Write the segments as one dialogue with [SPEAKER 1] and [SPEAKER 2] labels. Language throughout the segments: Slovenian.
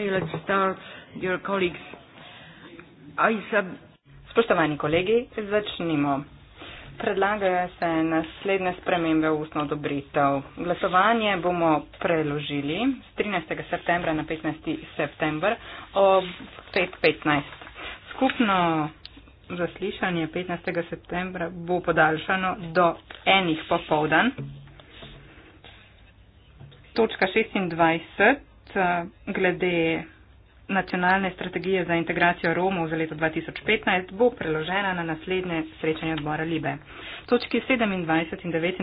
[SPEAKER 1] Okay, let's start. Dear colleagues, I sub Spoštovani kolegi, začnimo. Predlagajo se naslednje spremembe v ustno odobritev. Glasovanje bomo preložili z 13. septembra na 15. september ob 5.15. Skupno zaslišanje 15. septembra bo podaljšano do enih popovdan. Točka 26. Eh, glede nacionalne strategije za integracijo Romov za leto 2015 bo preložena na naslednje srečanje odbora Libe. Točki 27 in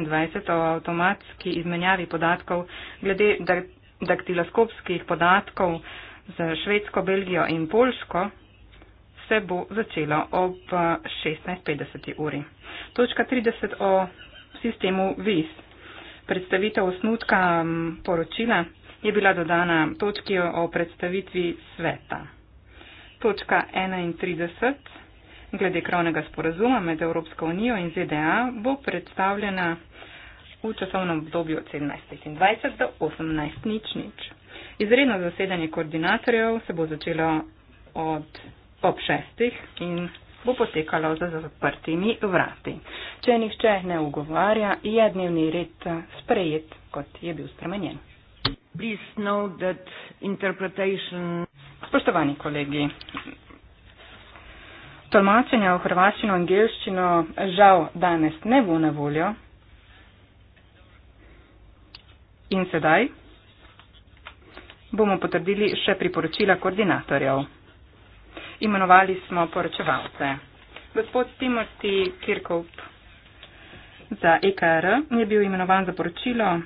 [SPEAKER 1] 29 o avtomatski izmenjavi podatkov glede daktiloskopskih podatkov z Švedsko, Belgijo in Polsko se bo začelo ob 16.50 eh, uri. Točka 30 o sistemu VIS. Predstavitev osnutka mm, poročila je bila dodana točki o predstavitvi sveta. Točka 31 glede krovnega sporazuma med Evropsko unijo in ZDA bo predstavljena v časovnem obdobju od 17.25 do 18.00. Izredno zasedanje koordinatorjev se bo začelo od ob 6.00 in bo potekalo za zaprtimi vrati. Če nihče ne ugovarja, je dnevni red sprejet, kot je bil spremenjen. Please note that interpretation... Spoštovani kolegi, tolmačenja v hrvaščino in angliščino žal danes ne bo na voljo. In sedaj bomo potrdili še priporočila koordinatorjev. Imenovali smo poročevalce. Gospod Timothy Kirkov za EKR je bil imenovan za poročilo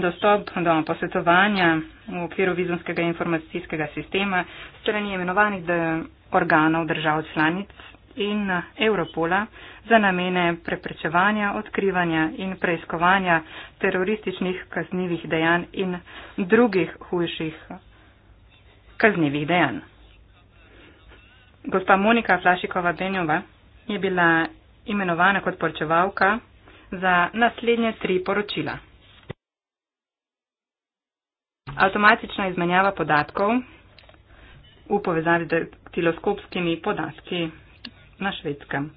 [SPEAKER 1] dostop do posvetovanja v okviru vizumskega informacijskega sistema strani imenovanih organov držav članic in eh, Europola za namene preprečevanja, odkrivanja in preiskovanja terorističnih kaznjivih dejanj in drugih hujših kaznjivih dejanj. Gospa Monika Flašikova Benjova je bila imenovana kot porčevalka za naslednje tri poročila avtomatična izmenjava podatkov v povezavi z daktiloskopskimi podatki na švedskem,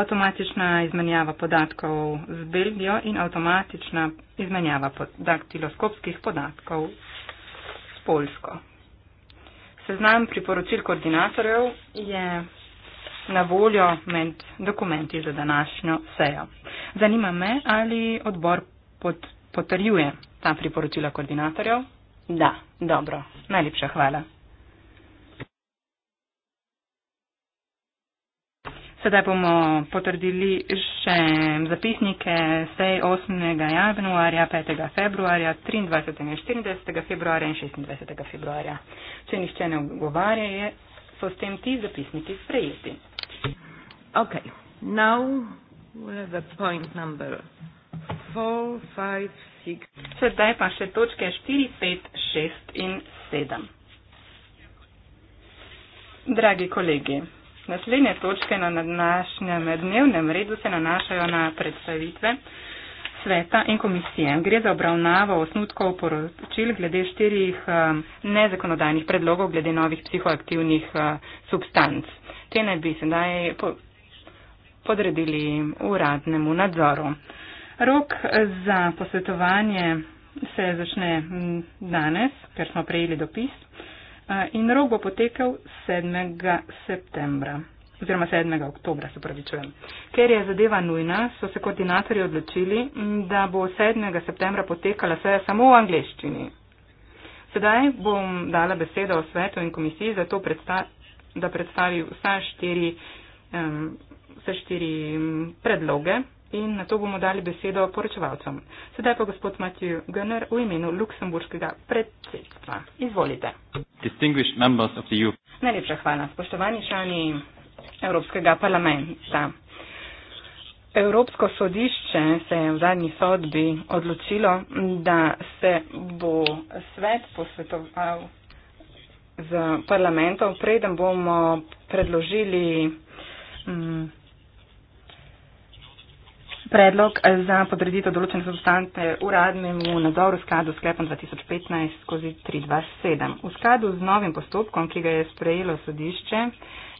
[SPEAKER 1] avtomatična izmenjava podatkov z Belgijo in avtomatična izmenjava daktiloskopskih podatkov s Polsko. Seznam priporočil koordinatorjev je na voljo med dokumenti za današnjo sejo. Zanima me, ali odbor pod, potrjuje ta priporočila koordinatorjev. Da, dobro. Najlepša hvala. Sedaj bomo potrdili še zapisnike sej 8. januarja, 5. februarja, 23. in 24. februarja in 26. februarja. Če nišče ne ogovarja, so s tem ti zapisniki sprejeti. Ok, now we have a point number 4, 5, 6. Higgs. Sedaj pa še točke 4, 5, 6 in 7. Dragi kolegi, naslednje točke na današnjem dnevnem redu se nanašajo na predstavitve sveta in komisije. Gre za obravnavo osnutkov poročil glede štirih um, nezakonodajnih predlogov glede novih psihoaktivnih uh, substanc. Te naj bi sedaj podredili uradnemu nadzoru. Rok za posvetovanje se začne danes, ker smo prejeli dopis. In rok bo potekel 7. septembra, oziroma 7. oktobra, se pravi, čujem. Ker je zadeva nujna, so se koordinatorji odločili, da bo 7. septembra potekala seja samo v angleščini. Sedaj bom dala besedo o svetu in komisiji, zato predsta da predstavim vse štiri, um, štiri predloge in na to bomo dali besedo poročevalcem. Sedaj pa gospod Matiju Gunner v imenu luksemburskega predsedstva. Izvolite. Najlepša hvala, spoštovani člani Evropskega parlamenta. Evropsko sodišče se je v zadnji sodbi odločilo, da se bo svet posvetoval z parlamentom, preden bomo predložili. Mm, predlog za podreditev določene substance uradnemu nadzoru v skladu s sklepom 2015 skozi 327. V skladu z novim postopkom, ki ga je sprejelo sodišče,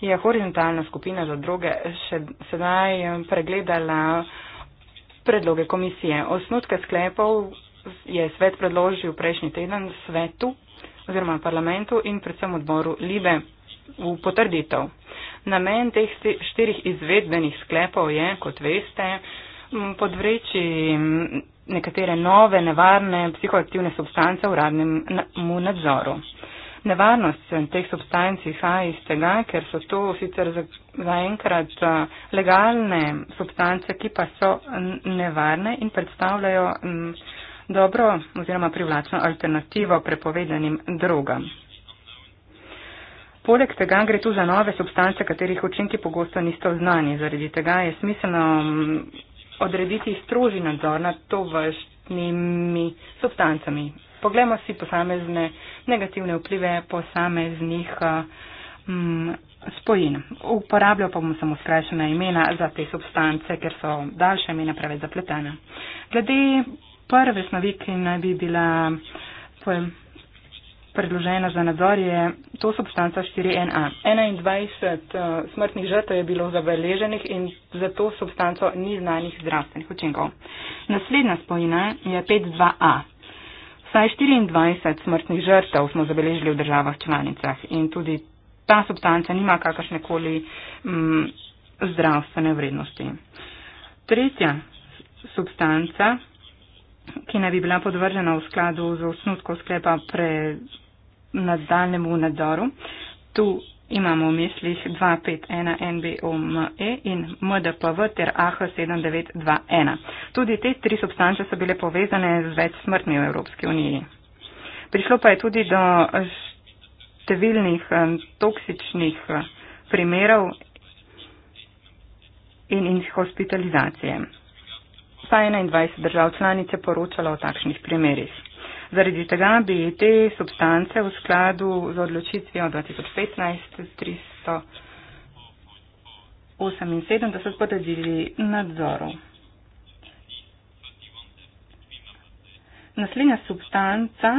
[SPEAKER 1] je horizontalna skupina za droge še sedaj eh, pregledala predloge komisije. Osnutke sklepov je svet predložil prejšnji teden svetu oziroma parlamentu in predvsem odboru Libe v potrditev. Namen teh štirih izvedbenih sklepov je, kot veste, podvreči nekatere nove nevarne psihoaktivne substance v radnem nadzoru. Nevarnost teh substanc izhaja iz tega, ker so to sicer zaenkrat za legalne substance, ki pa so nevarne in predstavljajo dobro oziroma privlačno alternativo prepovedanim drogam. Poleg tega gre tu za nove substance, katerih učinki pogosto niso znani. Zaradi tega je smiselno odrediti stroži nadzor nad to vrstnimi substancami. Poglejmo si posamezne negativne vplive posameznih um, spojin. Uporabljal pa bom samo skrajšena imena za te substance, ker so daljša imena preveč zapletena. Glede prve snovi, ki naj bi bila. Pojem, predložena za nadzor, je to substanca 4NA. 21 uh, smrtnih žrtev je bilo zabeleženih in za to substanco ni znanih zdravstvenih učinkov. Naslednja spojina je 52A. Vsaj 24 smrtnih žrtev smo zabeležili v državah članicah in tudi ta substanca nima kakršnekoli mm, zdravstvene vrednosti. Tretja substanca ki naj bi bila podvržena v skladu z osnutko sklepa pre nadaljnemu nadzoru. Tu imamo v mislih 251 NBOME in MDPV ter AH7921. Tudi te tri substance so bile povezane z več smrtmi v Evropski uniji. Prišlo pa je tudi do številnih eh, toksičnih eh, primerov in hospitalizacije pa 21 držav članice poročalo o takšnih primerjih. Zaradi tega bi te substance v skladu z odločitvijo 2015-378 podadili nadzoru. Naslednja substanca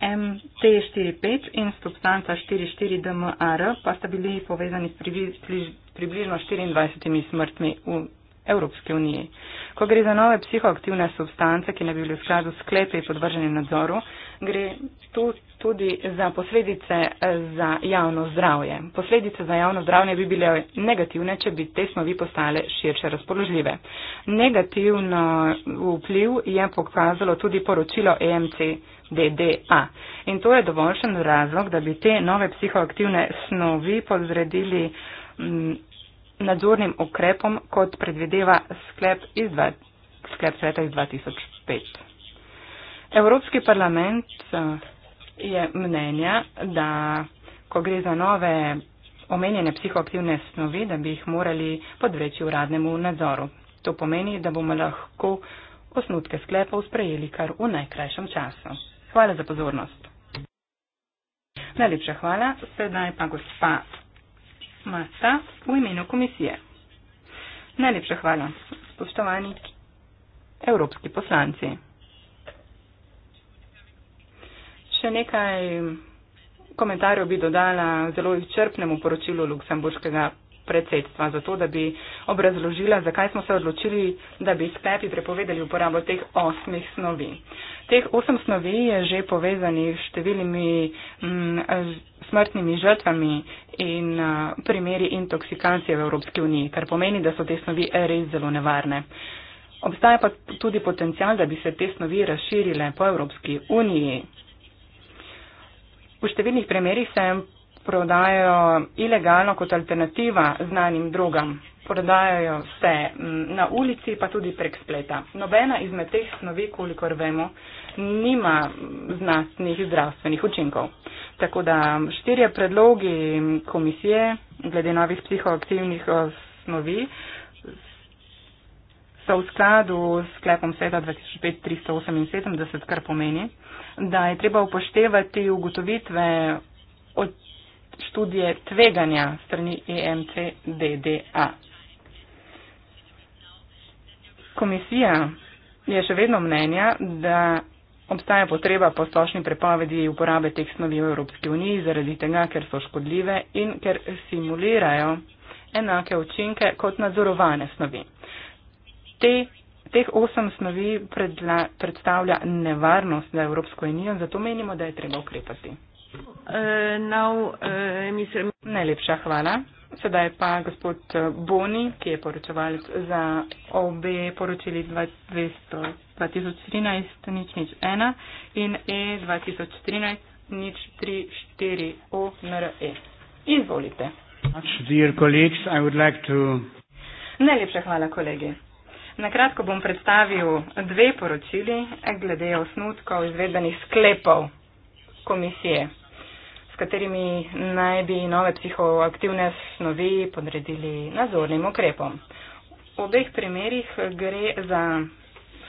[SPEAKER 1] MT45 in substanca 44DMR pa sta bili povezani s približno 24 smrtmi v Evropske unije. Ko gre za nove psihoaktivne substance, ki ne bi bili v skladu s sklepi podvrženi nadzoru, gre tu tudi za posledice eh, za javno zdravje. Posledice za javno zdravje bi bile negativne, če bi te snovi postale širše razpoložljive. Negativno vpliv je pokazalo tudi poročilo EMC. DDA. In to je dovoljšen razlog, da bi te nove psihoaktivne snovi podredili mm, nadzornim okrepom, kot predvideva sklep, iz dva, sklep sveta iz 2005. Evropski parlament eh, je mnenja, da ko gre za nove omenjene psihoaktivne snovi, da bi jih morali podreči uradnemu nadzoru. To pomeni, da bomo lahko osnutke sklepov sprejeli kar v najkrajšem času. Hvala za pozornost. Najlepša hvala. Sedaj pa gospa Masta v imenu komisije. Najlepša hvala, spoštovani evropski poslanci. Še nekaj komentarjev bi dodala zelo izčrpnemu poročilu Luksemburškega predsedstva, zato da bi obrazložila, zakaj smo se odločili, da bi sklepi prepovedali uporabo teh osmih snovi. Teh osem snovi je že povezanih s številnimi m, mm, smrtnimi žrtvami in a, eh, primeri intoksikacije v Evropski uniji, kar pomeni, da so te snovi res zelo nevarne. Obstaja pa tudi potencial, da bi se te snovi razširile po Evropski uniji. V številnih primerih se prodajajo ilegalno kot alternativa znanim drogam. Prodajajo se na ulici, pa tudi prek spleta. Nobena izmed teh snovi, kolikor vemo, nima znatnih zdravstvenih učinkov. Tako da štirje predlogi komisije glede novih psihoaktivnih snovi so v skladu s sklepom sveta 2578, kar pomeni, da je treba upoštevati ugotovitve od študije tveganja strani EMCDDA. Komisija je še vedno mnenja, da obstaja potreba po splošni prepovedi uporabe teh snovi v Evropski uniji zaradi tega, ker so škodljive in ker simulirajo enake učinke kot nadzorovane snovi. Te, teh osem snovi predla, predstavlja nevarnost za Evropsko unijo, zato menimo, da je treba ukrepati. Eh, eh, Najlepša hvala. Sedaj pa gospod Boni, ki je poročevalec za obe poročili 2013-01 in E2013-034 ORE. Izvolite. Najlepša hvala, kolegi. Nakratko bom predstavil dve poročili glede osnutkov izvedbenih sklepov komisije s katerimi naj bi nove psihoaktivne snovi podredili nadzornim ukrepom. V obeh primerih gre za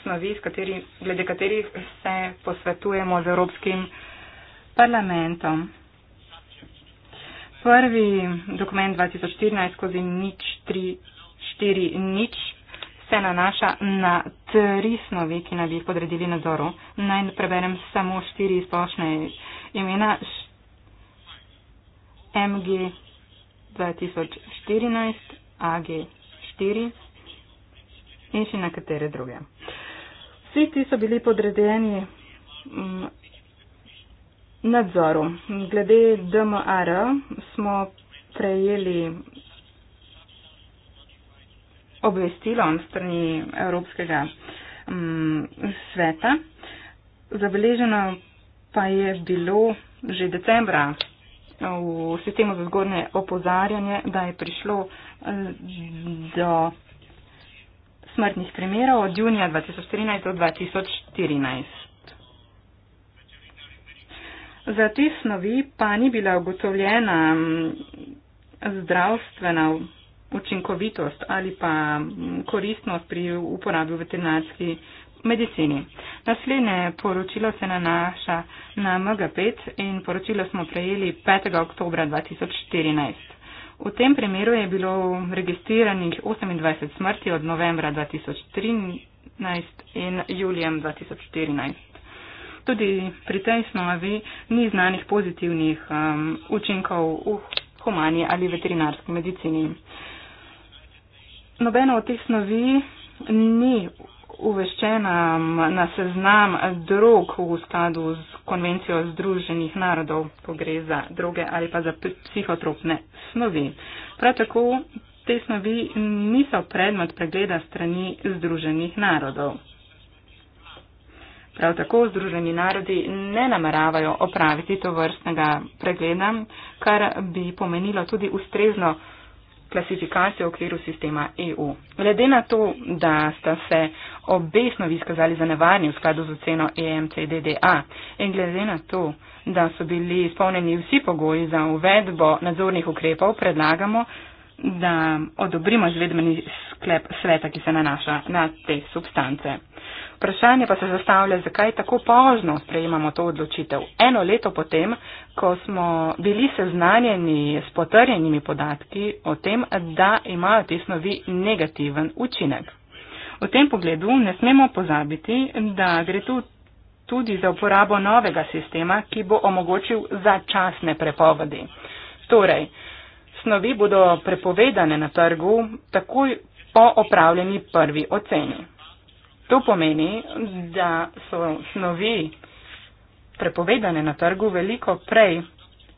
[SPEAKER 1] snovi, kateri, glede katerih se posvetujemo z Evropskim parlamentom. Prvi dokument 2014 skozi nič 34 nič se nanaša na tri snovi, ki naj bi jih podredili nadzoru. Naj preberem samo štiri splošne imena. MG 2014, AG 4 in še nekatere druge. Vsi ti so bili podredeni mm, nadzoru. Glede DMR smo prejeli obvestilo od strani Evropskega mm, sveta. Zabeleženo pa je bilo že decembra v sistemu za zgodne opozarjanje, da je prišlo eh, do smrtnih primerov od junija 2013 do 2014. Za te snovi pa ni bila ugotovljena mm, zdravstvena učinkovitost ali pa mm, koristnost pri uporabi v veterinarski medicini. Naslednje poročilo se nanaša na MG5 in poročilo smo prejeli 5. oktobra 2014. V tem primeru je bilo registriranih 28 smrti od novembra 2013 in julijem 2014. Tudi pri tej snovi ni znanih pozitivnih um, učinkov v humani ali veterinarski medicini. Nobeno od teh snovi ni uveščena na seznam drog v skladu z konvencijo Združenih narodov, ko gre za droge ali pa za psihotropne snovi. Prav tako te snovi niso predmet pregleda strani Združenih narodov. Prav tako Združeni narodi ne nameravajo opraviti to vrstnega pregleda, kar bi pomenilo tudi ustrezno klasifikacijo v okviru sistema EU. Glede na to, da sta se obe snovi izkazali za nevarni v skladu z oceno EMCDDA in glede na to, da so bili izpolneni vsi pogoji za uvedbo nadzornih ukrepov, predlagamo, da odobrimo izvedbeni sklep sveta, ki se nanaša na te substance. Vprašanje pa se zastavlja, zakaj tako pozno sprejemamo to odločitev. Eno leto potem, ko smo bili seznanjeni s potrjenimi podatki o tem, da imajo te snovi negativen učinek. V tem pogledu ne smemo pozabiti, da gre tu tudi za uporabo novega sistema, ki bo omogočil začasne prepovedi. Torej, snovi bodo prepovedane na trgu takoj po opravljeni prvi oceni. To pomeni, da so snovi prepovedane na trgu veliko prej,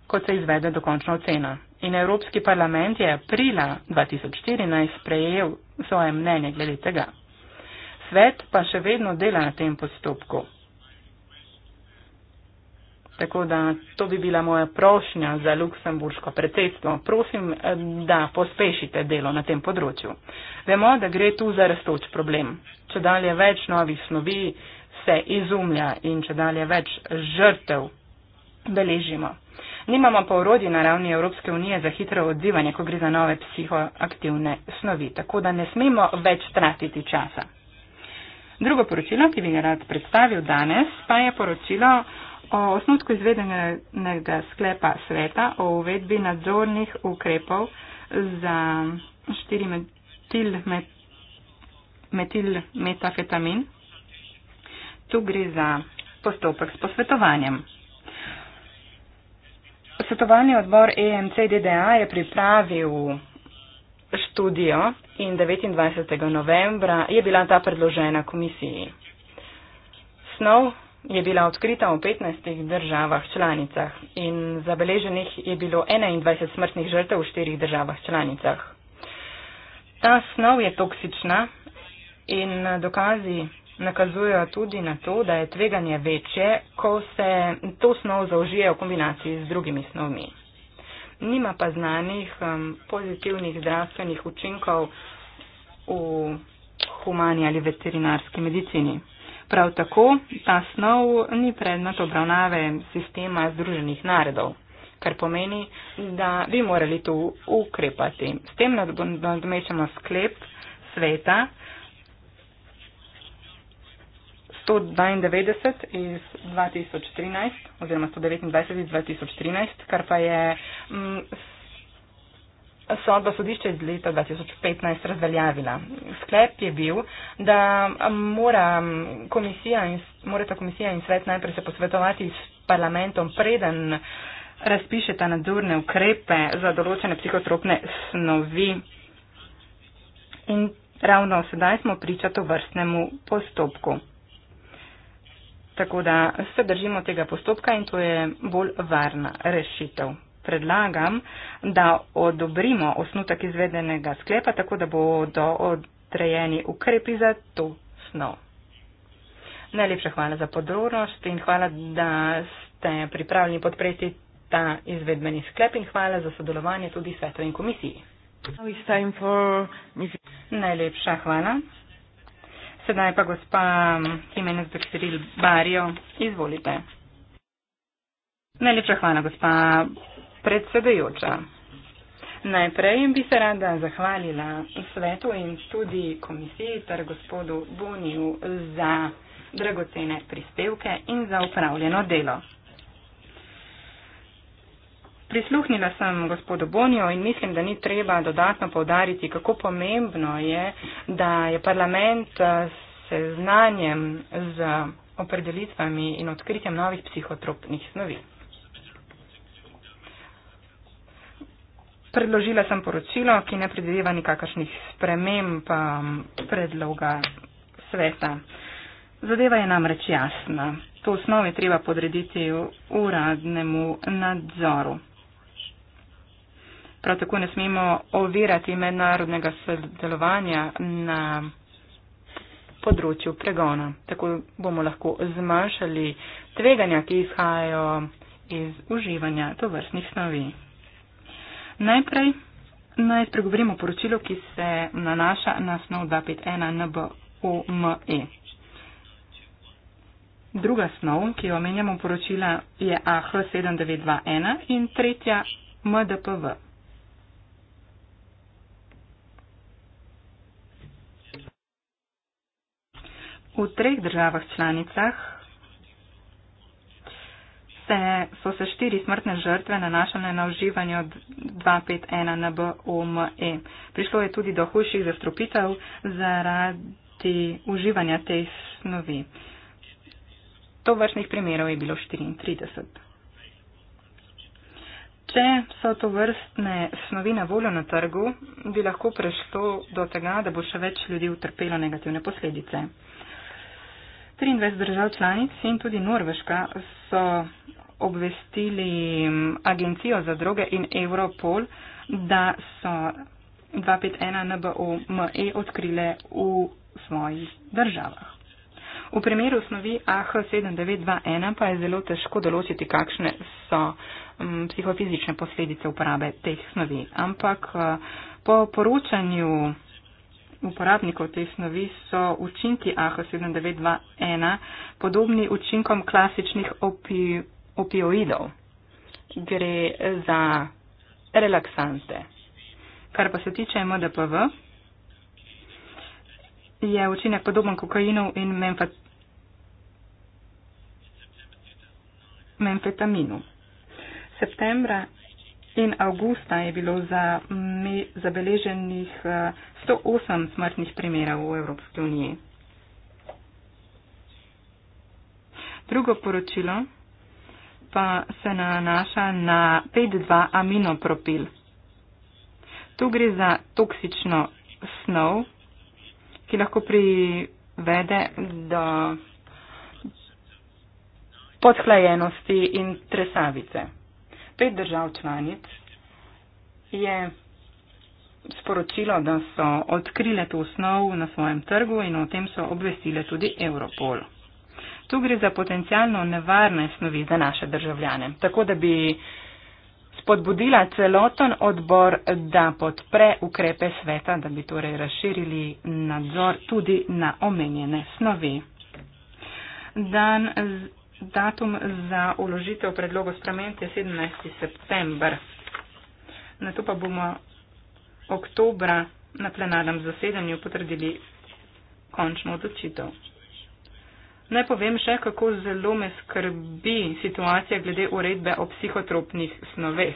[SPEAKER 1] kot se izvede dokončna ocena. In Evropski parlament je aprila 2014 sprejel svoje mnenje glede tega. Svet pa še vedno dela na tem postopku. Tako da to bi bila moja prošnja za luksemburško predsedstvo. Prosim, eh, da pospešite delo na tem področju. Vemo, da gre tu za rastoč problem če dalje več novih snovi se izumlja in če dalje več žrtev beležimo. Nimamo pa urodi na ravni Evropske unije za hitro odzivanje, ko gre za nove psihoaktivne snovi, tako da ne smemo več tratiti časa. Drugo poročilo, ki bi ga rad predstavil danes, pa je poročilo o osnutku izvedenega sklepa sveta o uvedbi nadzornih ukrepov za štiri metil med metilmetafetamin. Tu gre za postopek s posvetovanjem. Svetovalni odbor EMCDDA je pripravil študijo in 29. novembra je bila ta predložena komisiji. Snov je bila odkrita v 15 državah članicah in zabeleženih je bilo 21 smrtnih žrtev v 4 državah članicah. Ta snov je toksična In eh, dokazi nakazujejo tudi na to, da je tveganje večje, ko se to snov zaužije v kombinaciji z drugimi snovmi. Nima pa znanih pozitivnih zdravstvenih učinkov v humani ali veterinarski medicini. Prav tako ta snov ni predmet obravnave sistema Združenih narodov, kar pomeni, da bi morali tu ukrepati. S tem nadomečamo sklep sveta, 192 iz 2013 oziroma 129 iz 2013, kar pa je mm, sodba sodišča iz leta 2015 razveljavila. Sklep je bil, da mora komisija in, morata komisija in svet najprej se posvetovati s parlamentom, preden razpišeta nadzorne ukrepe za določene psihotropne snovi. In ravno sedaj smo priča to vrstnemu postopku. Tako da se držimo tega postopka in to je bolj varna rešitev. Predlagam, da odobrimo osnutek izvedenega sklepa, tako da bodo odrejeni ukrepi za to snov. Najlepša hvala za podrobnost in hvala, da ste pripravljeni podpreti ta izvedbeni sklep in hvala za sodelovanje tudi svetovim komisiji. Najlepša hvala. Sedaj pa gospa Jimenez doktoril Barjo, izvolite. Najlepša hvala, gospa predsedajoča. Najprej bi se rada zahvalila svetu in tudi komisiji ter gospodu Boniju za dragocene prispevke in za upravljeno delo. Prisluhnila sem gospodu Bonijo in mislim, da ni treba dodatno povdariti, kako pomembno je, da je parlament s eh, seznanjem z opredelitvami in odkritjem novih psihotropnih snovi. Predložila sem poročilo, ki ne predvideva nikakršnih sprememb um, predloga sveta. Zadeva je namreč jasna. To osnovi treba podrediti uradnemu nadzoru. Prav tako ne smemo ovirati mednarodnega sodelovanja na področju pregona. Tako bomo lahko zmanjšali tveganja, ki izhajajo iz uživanja tovrstnih snovi. Najprej naj spregovorimo o poročilu, ki se nanaša na snov 251 NBOME. Druga snov, ki jo omenjamo poročila, je AH7921 in tretja MDPV. V treh državah članicah se, so se štiri smrtne žrtve nanašale na uživanje od 251 NBOME. Prišlo je tudi do hujših zastrupitev zaradi uživanja teh snovi. To vrstnih primerov je bilo 34. Če so to vrstne snovi na voljo na trgu, bi lahko prešlo do tega, da bo še več ljudi utrpelo negativne posledice. 23 držav članic in tudi Norveška so obvestili mm, Agencijo za droge in Europol, da so 251 NBOME odkrile v svojih državah. V primeru snovi AH7921 pa je zelo težko določiti, kakšne so um, psihofizične posledice uporabe teh snovi. Ampak uh, po poročanju uporabnikov te snovi so učinki AHO 7921 podobni učinkom klasičnih opi, opioidov. Gre za relaksante. Kar pa se tiče MDPV, je učinek podoben kokainu in menfetaminu. Septembra in avgusta je bilo za me, zabeleženih 108 eh, smrtnih primerov v Evropski uniji. Drugo poročilo pa se nanaša na 5-2 aminopropil. Tu gre za toksično snov, ki lahko privede do podhlajenosti in tresavice pet držav članic je sporočilo, da so odkrile to snov na svojem trgu in o tem so obvestile tudi Europol. Tu gre za potencijalno nevarne snovi za naše državljane, tako da bi spodbudila celoten odbor, da podpre ukrepe sveta, da bi torej razširili nadzor tudi na omenjene snovi. Dan Datum za uložitev predlogov sprememb je 17. september. Na to pa bomo oktobra na plenarnem zasedanju potrdili končno odločitev. Naj povem še, kako zelo me skrbi situacija glede uredbe o psihotropnih snoveh.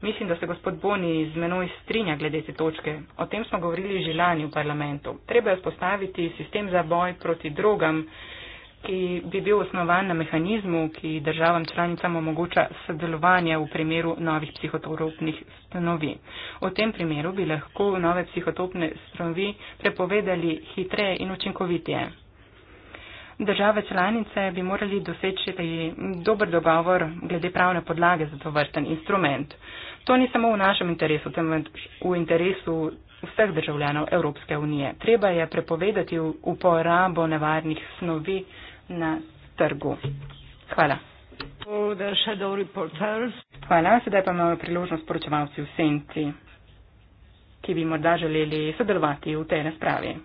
[SPEAKER 1] Mislim, da se gospod Boni z menoj strinja glede te točke. O tem smo govorili že lani v parlamentu. Treba je vzpostaviti sistem za boj proti drogam ki bi bil osnovan na mehanizmu, ki državam članicam omogoča sodelovanje v primeru novih psihotropnih stanovi. V tem primeru bi lahko nove psihotropne stanovi prepovedali hitreje in učinkovitije. Države članice bi morali doseči dober dogovor glede pravne podlage za to vrsten instrument. To ni samo v našem interesu, temveč v interesu vseh državljanov Evropske unije. Treba je prepovedati uporabo nevarnih snovi na trgu. Hvala. Hvala, sedaj pa imamo priložnost poročevalci v senci, ki bi morda želeli sodelovati v tej razpravi.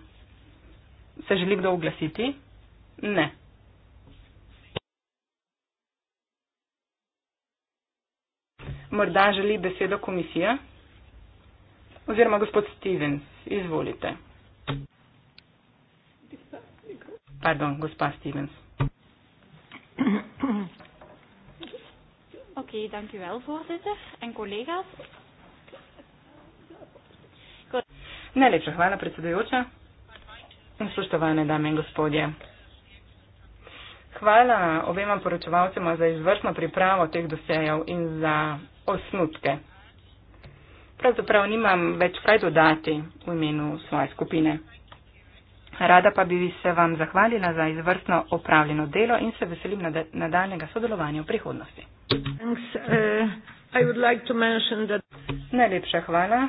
[SPEAKER 1] Se želi kdo oglasiti? Ne. Morda želi besedo komisija? Oziroma gospod Stevens, izvolite. Pardon, gospa Stevens. Oké, okay, dank u wel, voorzitter en collega's. Najlepša hvala, predsedujoča. Spoštovane dame in gospodje. Hvala obema poročevalcema za izvršno pripravo teh dosejev in za osnutke. Pravzaprav nimam več kaj dodati v imenu svoje skupine. Rada pa bi se vam zahvalila za izvrstno opravljeno delo in se veselim nadaljnega sodelovanja v prihodnosti. Uh, like that... Najlepša hvala.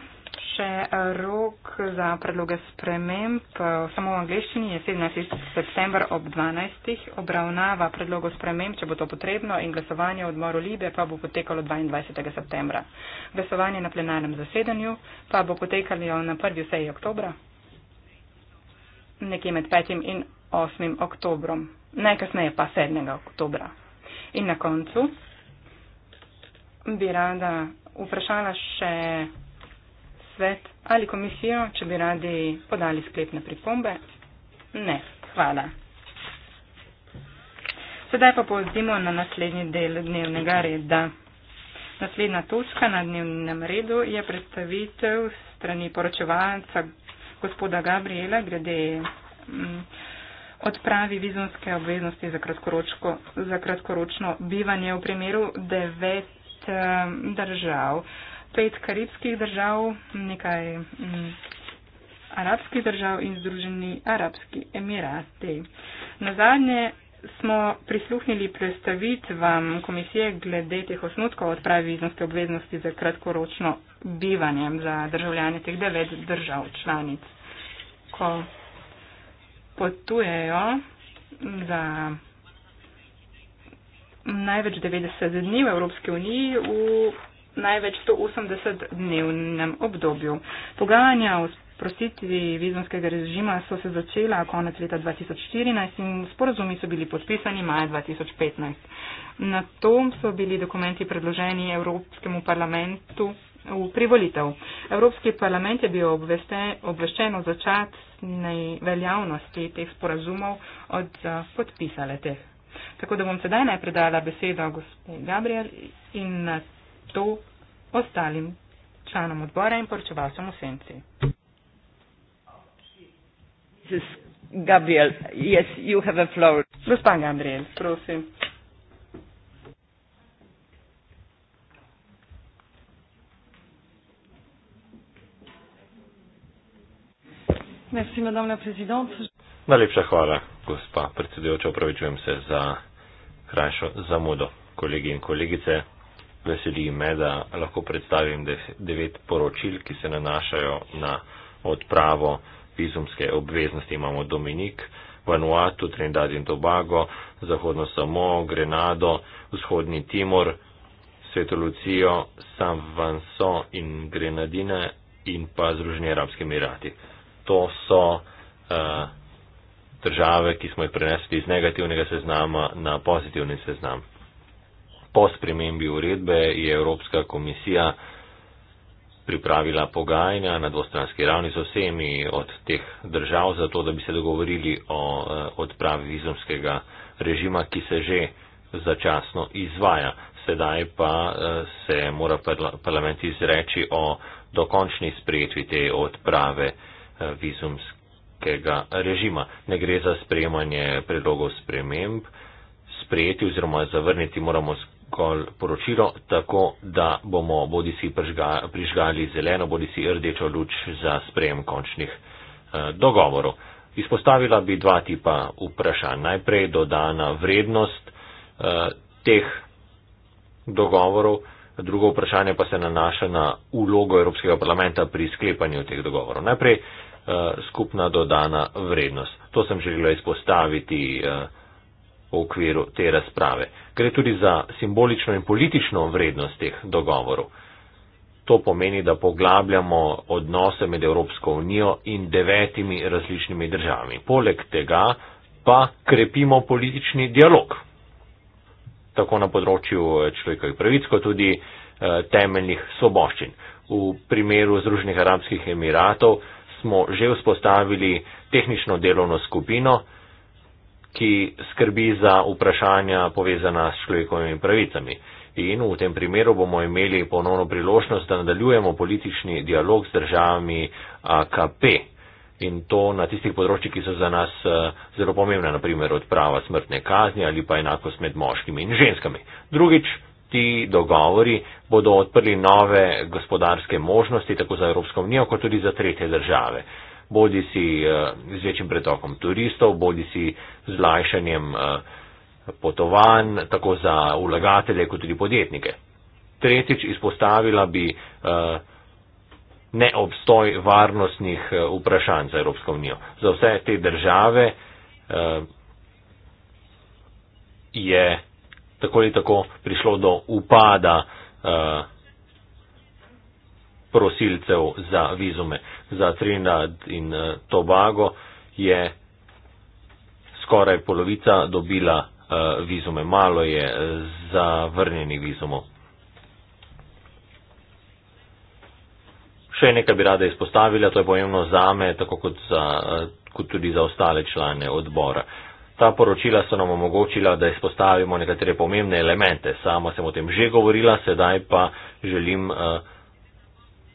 [SPEAKER 1] Še eh, rok za predloge sprememb eh, samo v angleščini je 17. september ob 12. obravnava predlogo sprememb, če bo to potrebno, in glasovanje v odmoru Libe pa bo potekalo 22. septembra. Glasovanje na plenarnem zasedanju pa bo potekalo na prvi vsej oktobra nekje med 5 in 8 oktobrom, najkasneje pa 7. oktobra. In na koncu bi rada vprašala še svet ali komisijo, če bi radi podali sklepne pripombe. Ne, hvala. Sedaj pa povzdimo na naslednji del dnevnega reda. Naslednja točka na dnevnem redu je predstavitev strani poročevalca gospoda Gabriela glede m, mm, odpravi vizumske obveznosti za, za kratkoročno bivanje v primeru devet m, držav, pet karibskih držav, nekaj m, mm, arabskih držav in Združeni arabski emirati. Na zadnje smo prisluhnili predstavitvam komisije glede teh osnutkov odpravi iznosti obveznosti za kratkoročno bivanje za državljane teh devet držav članic. Ko potujejo za največ 90 dni v Evropski uniji v največ 180 dnevnem obdobju. Pogajanja o prostitvi vizumskega režima so se začela konec leta 2014 in sporozumi so bili podpisani maja 2015. Na to so bili dokumenti predloženi Evropskemu parlamentu v privolitev. Evropski parlament je bil obveščen o začatnej veljavnosti teh sporazumov od podpisale teh. Tako da bom sedaj najprej dala besedo gospod Gabriel in na to ostalim članom odbora in poročevalcem v senci. Mrs. Gabriel, yes, you have a floor. Gospa Gabriel, prosim. Merci, madame la présidente.
[SPEAKER 2] Najlepša hvala, gospa predsedujoča. Opravičujem se za krajšo zamudo. Kolegi in kolegice, veseli me, da lahko predstavim devet poročil, ki se nanašajo na odpravo vizumske obveznosti imamo Dominik, Vanuatu, Trinidad in Tobago, Zahodno Samo, Grenado, Vzhodni Timor, Sveto Lucijo, San Vanso in Grenadine in pa Združeni Arabski Emirati. To so uh, države, ki smo jih prenesli iz negativnega seznama na pozitivni seznam. Po spremembi uredbe je Evropska komisija pripravila pogajanja na dvostranski ravni z vsemi od teh držav, zato da bi se dogovorili o eh, odpravi vizumskega režima, ki se že začasno izvaja. Sedaj pa eh, se mora parlament izreči o dokončni sprejetvi te odprave eh, vizumskega režima. Ne gre za sprejemanje predlogov sprememb, sprejeti oziroma zavrniti moramo skupaj kol poročilo, tako da bomo bodi si prižga, prižgali zeleno, bodi si rdečo luč za sprejem končnih eh, dogovorov. Izpostavila bi dva tipa vprašanj. Najprej dodana vrednost eh, teh dogovorov, drugo vprašanje pa se nanaša na ulogo Evropskega parlamenta pri sklepanju teh dogovorov. Najprej eh, skupna dodana vrednost. To sem želela izpostaviti. Eh, v okviru te razprave. Gre tudi za simbolično in politično vrednost teh dogovorov. To pomeni, da poglabljamo odnose med Evropsko unijo in devetimi različnimi državami. Poleg tega pa krepimo politični dialog, tako na področju eh, človekovih pravic, kot tudi eh, temeljnih svoboščin. V primeru Združenih arabskih emiratov smo že vzpostavili tehnično delovno skupino, ki skrbi za vprašanja povezana s človekovimi pravicami. In v tem primeru bomo imeli ponovno priložnost, da nadaljujemo politični dialog s državami AKP. In to na tistih področjih, ki so za nas zelo pomembna, naprimer odprava smrtne kazni ali pa enakost med moškimi in ženskami. Drugič, ti dogovori bodo odprli nove gospodarske možnosti tako za Evropsko unijo, kot tudi za tretje države bodi si eh, z večjim pretokom turistov, bodi si z lajšanjem eh, potovanj tako za vlagatelje kot tudi podjetnike. Tretjič izpostavila bi eh, neobstoj varnostnih vprašanj za Evropsko unijo. Za vse te države je tako ali tako prišlo do upada prosilcev za vizume. Uh, za Trinidad in eh, Tobago je skoraj polovica dobila eh, vizume, malo je eh, zavrnjenih vizumov. Še nekaj bi rada izpostavila, to je pomembno zame, tako kot, za, kot tudi za ostale člane odbora. Ta poročila so nam omogočila, da izpostavimo nekatere pomembne elemente. Sama sem o tem že govorila, sedaj pa želim eh,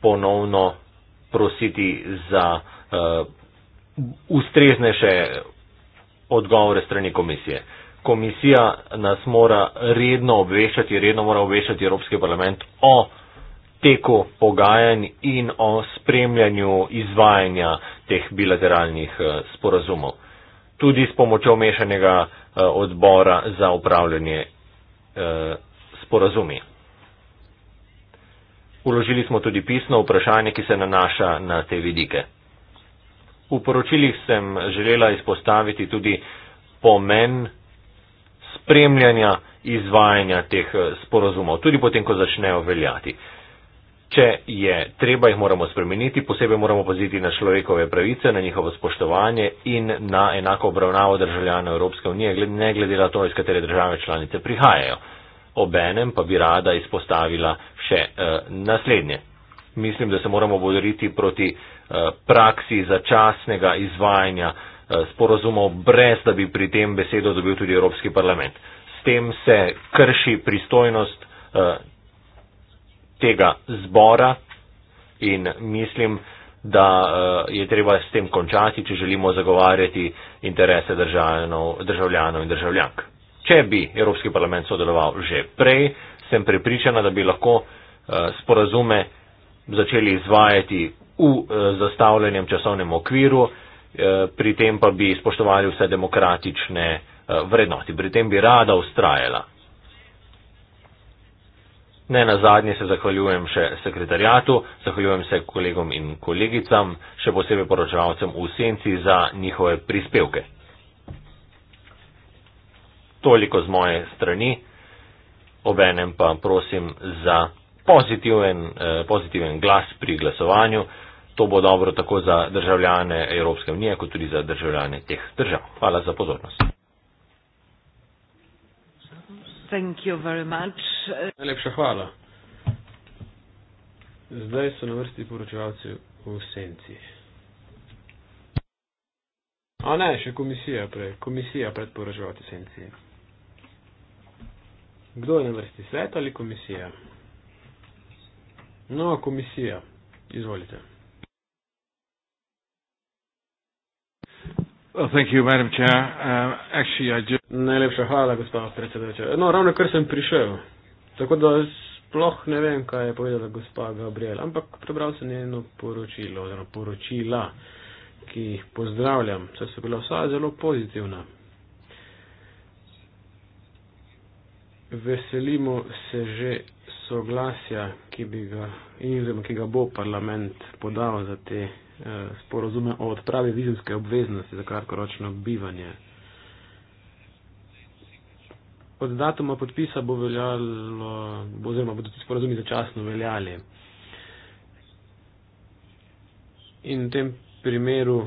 [SPEAKER 2] ponovno prositi za uh, ustreznejše odgovore strani komisije. Komisija nas mora redno obveščati, redno mora obveščati Evropski parlament o teku pogajanj in o spremljanju izvajanja teh bilateralnih eh, sporazumov. Tudi s pomočjo mešanega eh, odbora za upravljanje sporazumi. Uložili smo tudi pisno vprašanje, ki se nanaša na te vidike. V poročilih sem želela izpostaviti tudi pomen spremljanja izvajanja teh eh, sporozumov, tudi potem, ko začnejo veljati. Če je treba, jih moramo spremeniti, posebej moramo paziti na človekove pravice, na njihovo spoštovanje in na enako obravnavo državljanov Evropske unije, ne glede na to, iz katere države članice prihajajo. Obenem pa bi rada izpostavila še uh, naslednje. Mislim, da se moramo boriti proti uh, praksi začasnega izvajanja uh, eh, sporozumov, brez da bi pri tem besedo dobil tudi Evropski parlament. S tem se krši pristojnost uh, tega zbora in mislim, da uh, je treba s tem končati, če želimo zagovarjati interese državljanov, državljanov in državljank. Če bi Evropski parlament sodeloval že prej, sem prepričana, da bi lahko eh, sporazume začeli izvajati v eh, zastavljenem časovnem okviru, eh, pri tem pa bi spoštovali vse demokratične vrednosti, pri tem bi rada ustrajala. Ne na zadnje se zahvaljujem še sekretarjatu, zahvaljujem se kolegom in kolegicam, še posebej poročevalcem v senci za njihove prispevke toliko z moje strani, obenem pa prosim za pozitiven, eh, pozitiven glas pri glasovanju. To bo dobro tako za državljane Evropske unije, kot tudi za državljane teh držav. Hvala za pozornost.
[SPEAKER 1] Najlepša
[SPEAKER 3] hvala. Zdaj so na vrsti poročevalci v senci. A ne, še komisija prej. Komisija pred poročevalci v senci. Kdo je na vrsti, svet ali komisija? No, komisija, izvolite. Well, you, uh, actually, just... Najlepša hvala, gospod predsedujoča. No, ravno kar sem prišel, tako da sploh ne vem, kaj je povedala gospa Gabriela, ampak prebral sem njeno poročilo, oziroma poročila, ki jih pozdravljam, saj so bila vsa zelo pozitivna. Veselimo se že soglasja, ki, bi ga, in, oziroma, ki ga bo parlament podal za te eh, sporozume o odpravi vizumske obveznosti za kratkoročno bivanje. Od datuma podpisa bo veljalo, bo, oziroma bodo ti sporozumi začasno veljali. In v tem primeru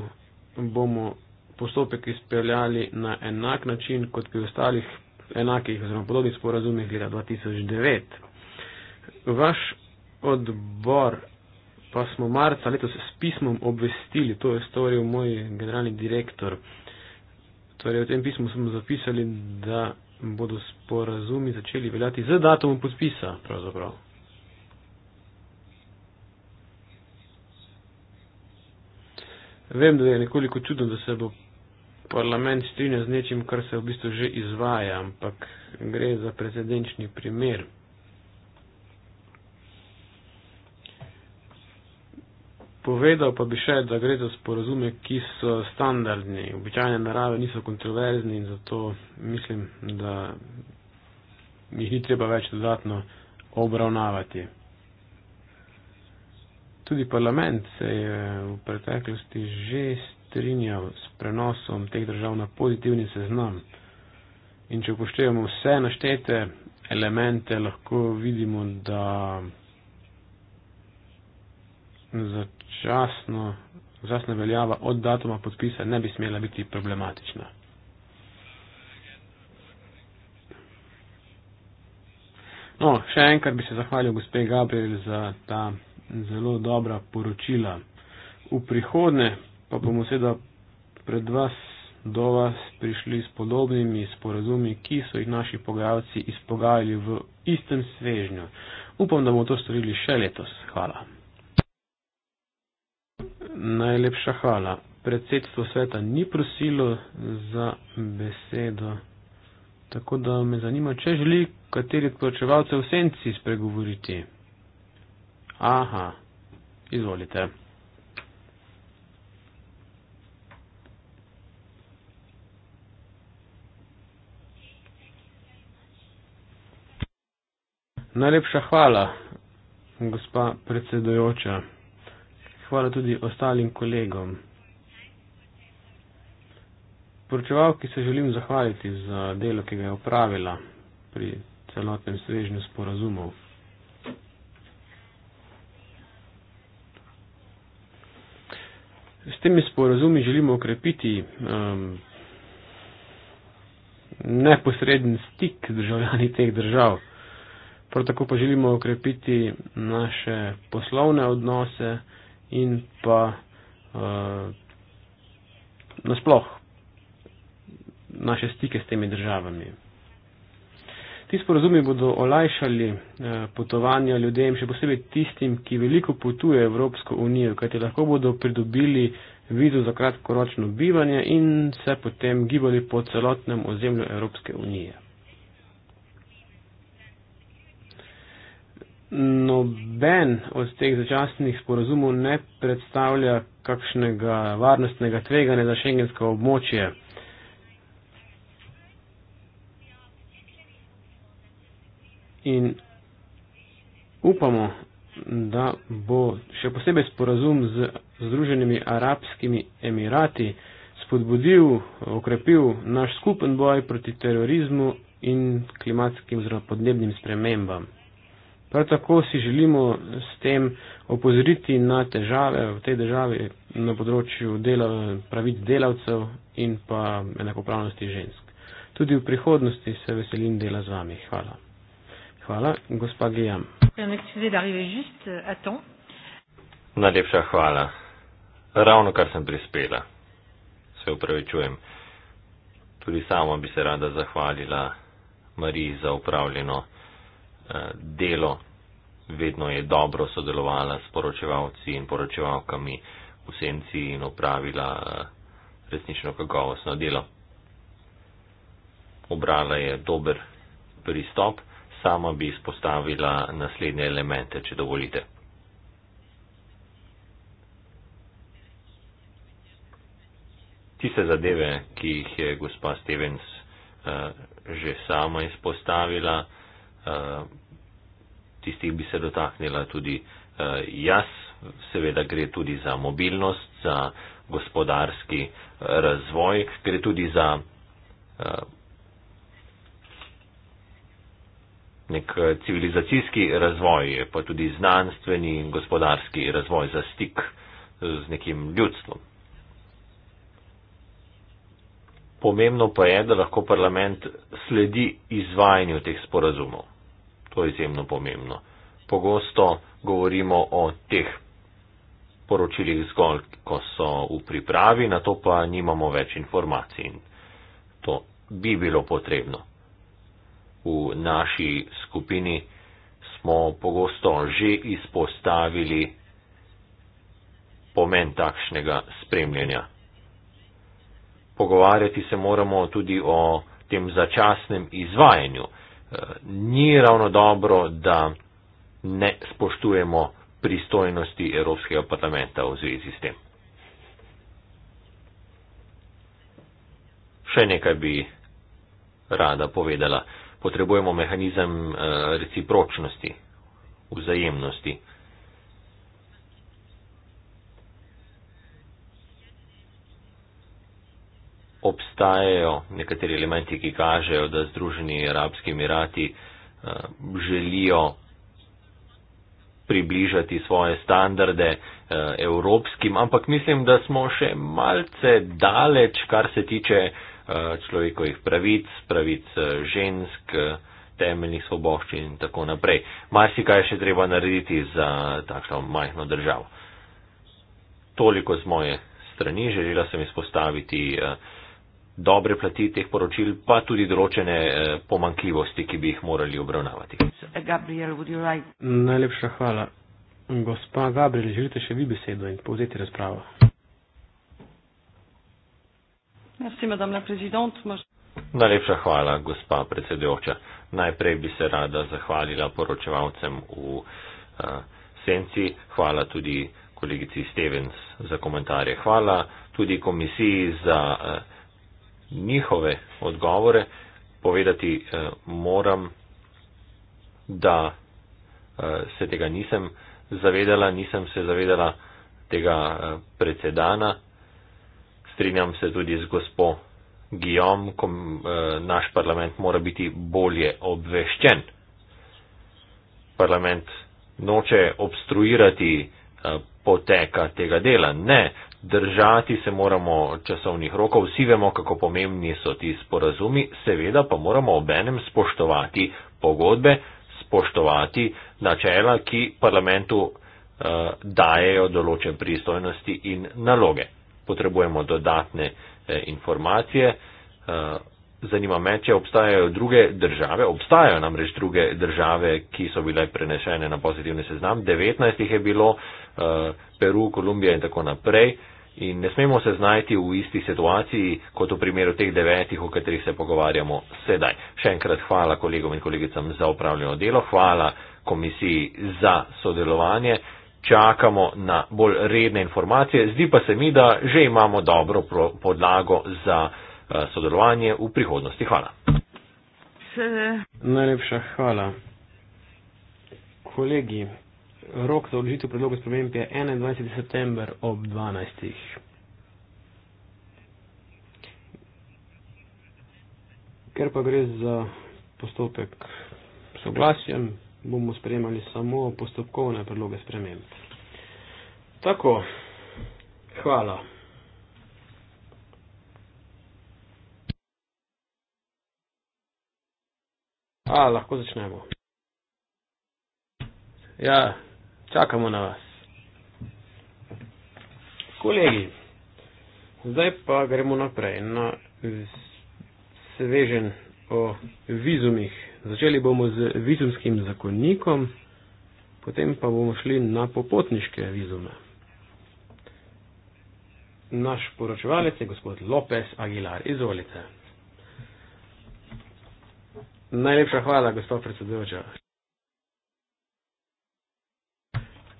[SPEAKER 3] bomo postopek izpeljali na enak način kot pri ostalih enakih oziroma podobnih sporazumih leta 2009. Vaš odbor pa smo marca letos s pismom obvestili, to je storil moj generalni direktor. Torej, v tem pismu smo zapisali, da bodo sporazumi začeli veljati z datumom podpisa, pravzaprav. Vem, da je nekoliko čudno, da se bo parlament strinja z nečim, kar se v bistvu že izvaja, ampak gre za precedenčni primer. Povedal pa bi še, da gre za sporozume, ki so standardni, običajne narave, niso kontroverzni in zato mislim, da jih ni treba več dodatno obravnavati. Tudi parlament se je v preteklosti že strinjal strinjal s prenosom teh držav na pozitivni seznam. In če upoštevamo vse naštete elemente, lahko vidimo, da začasno, začasna veljava od datuma podpisa ne bi smela biti problematična. No, še enkrat bi se zahvalil gospe Gabriel za ta zelo dobra poročila. V prihodne pa bomo seveda pred vas, do vas prišli s podobnimi sporazumi, ki so jih naši pogajalci izpogajali v istem svežnju. Upam, da bomo to storili še letos. Hvala. Najlepša hvala. Predsedstvo sveta ni prosilo za besedo. Tako da me zanima, če želi kateri odpočevalce v senci spregovoriti. Aha, izvolite. Najlepša hvala, gospa predsedojoča. Hvala tudi ostalim kolegom. Poročevalki se želim zahvaliti za delo, ki ga je opravila pri celotnem svežnju sporazumov. S temi sporazumi želimo okrepiti um, neposreden stik državljani teh držav. Prav tako pa želimo okrepiti naše poslovne odnose in pa uh, nasploh naše stike s temi državami. Ti sporozumi bodo olajšali uh, potovanja ljudem, še posebej tistim, ki veliko potuje Evropsko unijo, kajti lahko bodo pridobili vizo za kratkoročno bivanje in se potem gibali po celotnem ozemlju Evropske unije. noben od teh začasnih sporozumov ne predstavlja kakšnega varnostnega tveganja za šengensko območje. In upamo, da bo še posebej sporozum z Združenimi arabskimi emirati spodbudil, okrepil naš skupen boj proti terorizmu in klimatskim oziroma podnebnim spremembam. Prav tako si želimo s tem opozoriti na težave v tej državi na področju delav, pravic delavcev in pa enakopravnosti žensk. Tudi v prihodnosti se veselim dela z vami. Hvala. Hvala, gospa Gijam.
[SPEAKER 1] Euh,
[SPEAKER 2] Najlepša hvala. Ravno kar sem prispela. Se upravičujem. Tudi sama bi se rada zahvalila Mariji za upravljeno. Eh, delo, vedno je dobro sodelovala s poročevalci in poročevalkami v senci in opravila eh, resnično kakovostno delo. Obrala je dober pristop, sama bi izpostavila naslednje elemente, če dovolite. Tiste zadeve, ki jih je gospa Stevens uh, že sama izpostavila, Eh, tistih bi se dotaknila tudi eh, jaz. Seveda gre tudi za mobilnost, za gospodarski eh, razvoj, gre tudi za nek civilizacijski razvoj, pa tudi znanstveni in gospodarski razvoj za stik z nekim ljudstvom. Pomembno pa je, da lahko parlament sledi izvajanju teh sporazumov. To je izjemno pomembno. Pogosto govorimo o teh poročilih zgolj, ko so v pripravi, na to pa nimamo več informacij in to bi bilo potrebno. V naši skupini smo pogosto že izpostavili pomen takšnega spremljanja. Pogovarjati se moramo tudi o tem začasnem izvajanju ni ravno dobro, da ne spoštujemo pristojnosti Evropskega parlamenta v zvezi s tem. Še nekaj bi rada povedala. Potrebujemo mehanizem eh, recipročnosti, vzajemnosti. obstajajo nekateri elementi, ki kažejo, da Združeni arabski emirati eh, želijo približati svoje standarde eh, evropskim, ampak mislim, da smo še malce daleč, kar se tiče eh, človekovih pravic, pravic žensk, temeljnih svoboščin in tako naprej. Masi kaj še treba narediti za takšno majhno državo. Toliko z moje strani, želela sem izpostaviti uh, dobre plati teh poročil, pa tudi določene eh, pomankljivosti, ki bi jih morali obravnavati.
[SPEAKER 1] Eh, Gabriel, like?
[SPEAKER 3] Najlepša hvala. Gospa Gabriel, želite
[SPEAKER 2] še vi besedo in povzeti razpravo? Merci, Najlepša hvala, gospa predsedujoča. Najprej bi se rada zahvalila poročevalcem v uh, senci. Hvala tudi kolegici Stevens za komentarje. Hvala tudi komisiji za. Uh, njihove odgovore, povedati eh, moram, da eh, se tega nisem zavedala, nisem se zavedala tega eh, predsedana. Strinjam se tudi z gospo Gijom, ko eh, naš parlament mora biti bolje obveščen. Parlament noče obstruirati eh, poteka tega dela. Ne, eh, držati se moramo časovnih rokov, vsi vemo, kako pomembni so ti sporazumi, seveda pa moramo obenem spoštovati pogodbe, spoštovati načela, ki parlamentu eh, dajejo določen pristojnosti in naloge. Potrebujemo dodatne eh, informacije, eh, zanima me, če obstajajo druge države, obstajajo namreč druge države, ki so bile prenešene na pozitivni seznam. 19 jih je bilo, uh, Peru, Kolumbija in tako naprej. In ne smemo se znajti v isti situaciji, kot v primeru teh devetih, o katerih se pogovarjamo sedaj. Še enkrat hvala kolegom in kolegicam za upravljeno delo, hvala komisiji za sodelovanje. Čakamo na bolj redne informacije. Zdi pa se mi, da že imamo dobro podlago za. Eh, sodelovanje v prihodnosti. Hvala. Najlepša
[SPEAKER 3] hvala. Kolegi, rok za odložitev predloga sprememb je 21. september ob 12. Ker pa gre za postopek soglasjem, bomo sprejemali samo postopkovne predloge sprememb. Tako, hvala. A, lahko začnemo. Ja, čakamo na vas. Kolegi, zdaj pa gremo naprej na svežen o vizumih. Začeli bomo z vizumskim zakonnikom, potem pa bomo šli na popotniške vizume. Naš poročevalec je gospod Lopes Aguilar. Izvolite. Najlepša hvala, gospod predsedujoča.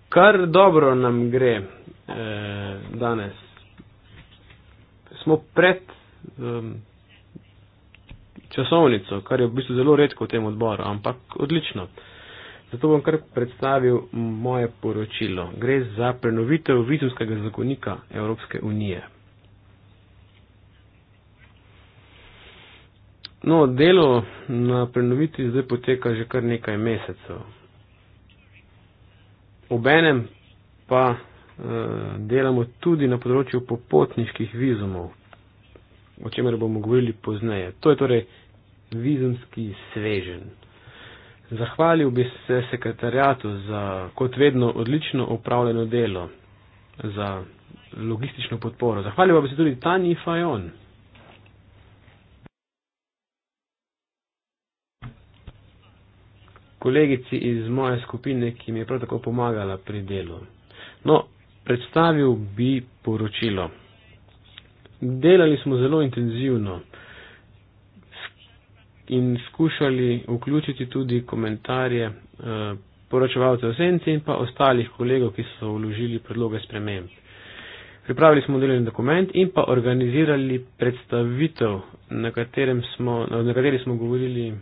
[SPEAKER 3] Kar dobro nam gre eh, danes. Smo pred um, časovnico, kar je v bistvu zelo redko v tem odboru, ampak odlično. Zato bom kar predstavil moje poročilo. Gre za prenovitev vizumskega zakonika Evropske unije. No, delo na prenoviti zdaj poteka že kar nekaj mesecev. Obenem pa eh, delamo tudi na področju popotniških vizumov, o čemer bomo govorili pozneje. To je torej vizumski svežen. Zahvalil bi se sekretarjatu za kot vedno odlično opravljeno delo, za logistično podporo. Zahvalil bi se tudi Tani Fajon. kolegici iz moje skupine, ki mi je prav tako pomagala pri delu. No, predstavil bi poročilo. Delali smo zelo intenzivno in skušali vključiti tudi komentarje eh, poročevalcev senci in pa ostalih kolegov, ki so vložili predloge sprememb. Pripravili smo delovni dokument in pa organizirali predstavitev, na, smo, na kateri smo govorili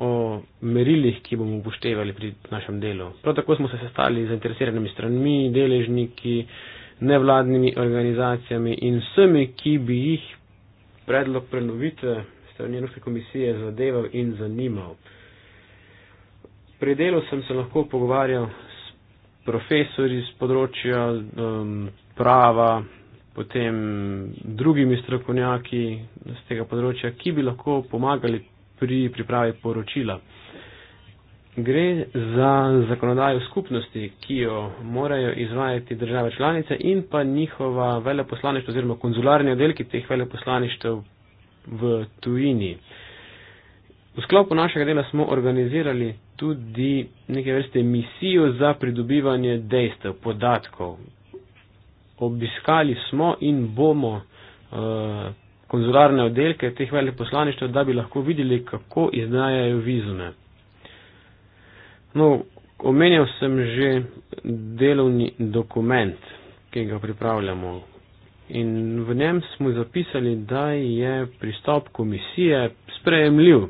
[SPEAKER 3] o merilih, ki bomo upoštevali pri našem delu. Prav tako smo se sestali z zainteresiranimi stranmi, deležniki, nevladnimi organizacijami in vsemi, ki bi jih predlog prenovitve strani Evropske komisije zadeval in zanimal. Pri delu sem se lahko pogovarjal s profesori z področja um, prava, potem drugimi strokovnjaki z tega področja, ki bi lahko pomagali pri pripravi poročila. Gre za zakonodajo skupnosti, ki jo morajo izvajati države članice in pa njihova veleposlaništva oziroma konzularni oddelki teh veleposlaništv v tujini. V sklopu našega dela smo organizirali tudi neke vrste misijo za pridobivanje dejstev, podatkov. Obiskali smo in bomo uh, konzularne oddelke teh veleposlaništev, da bi lahko videli, kako izdajajo vizume. No, omenjal sem že delovni dokument, ki ga pripravljamo. In v njem smo zapisali, da je pristop komisije sprejemljiv,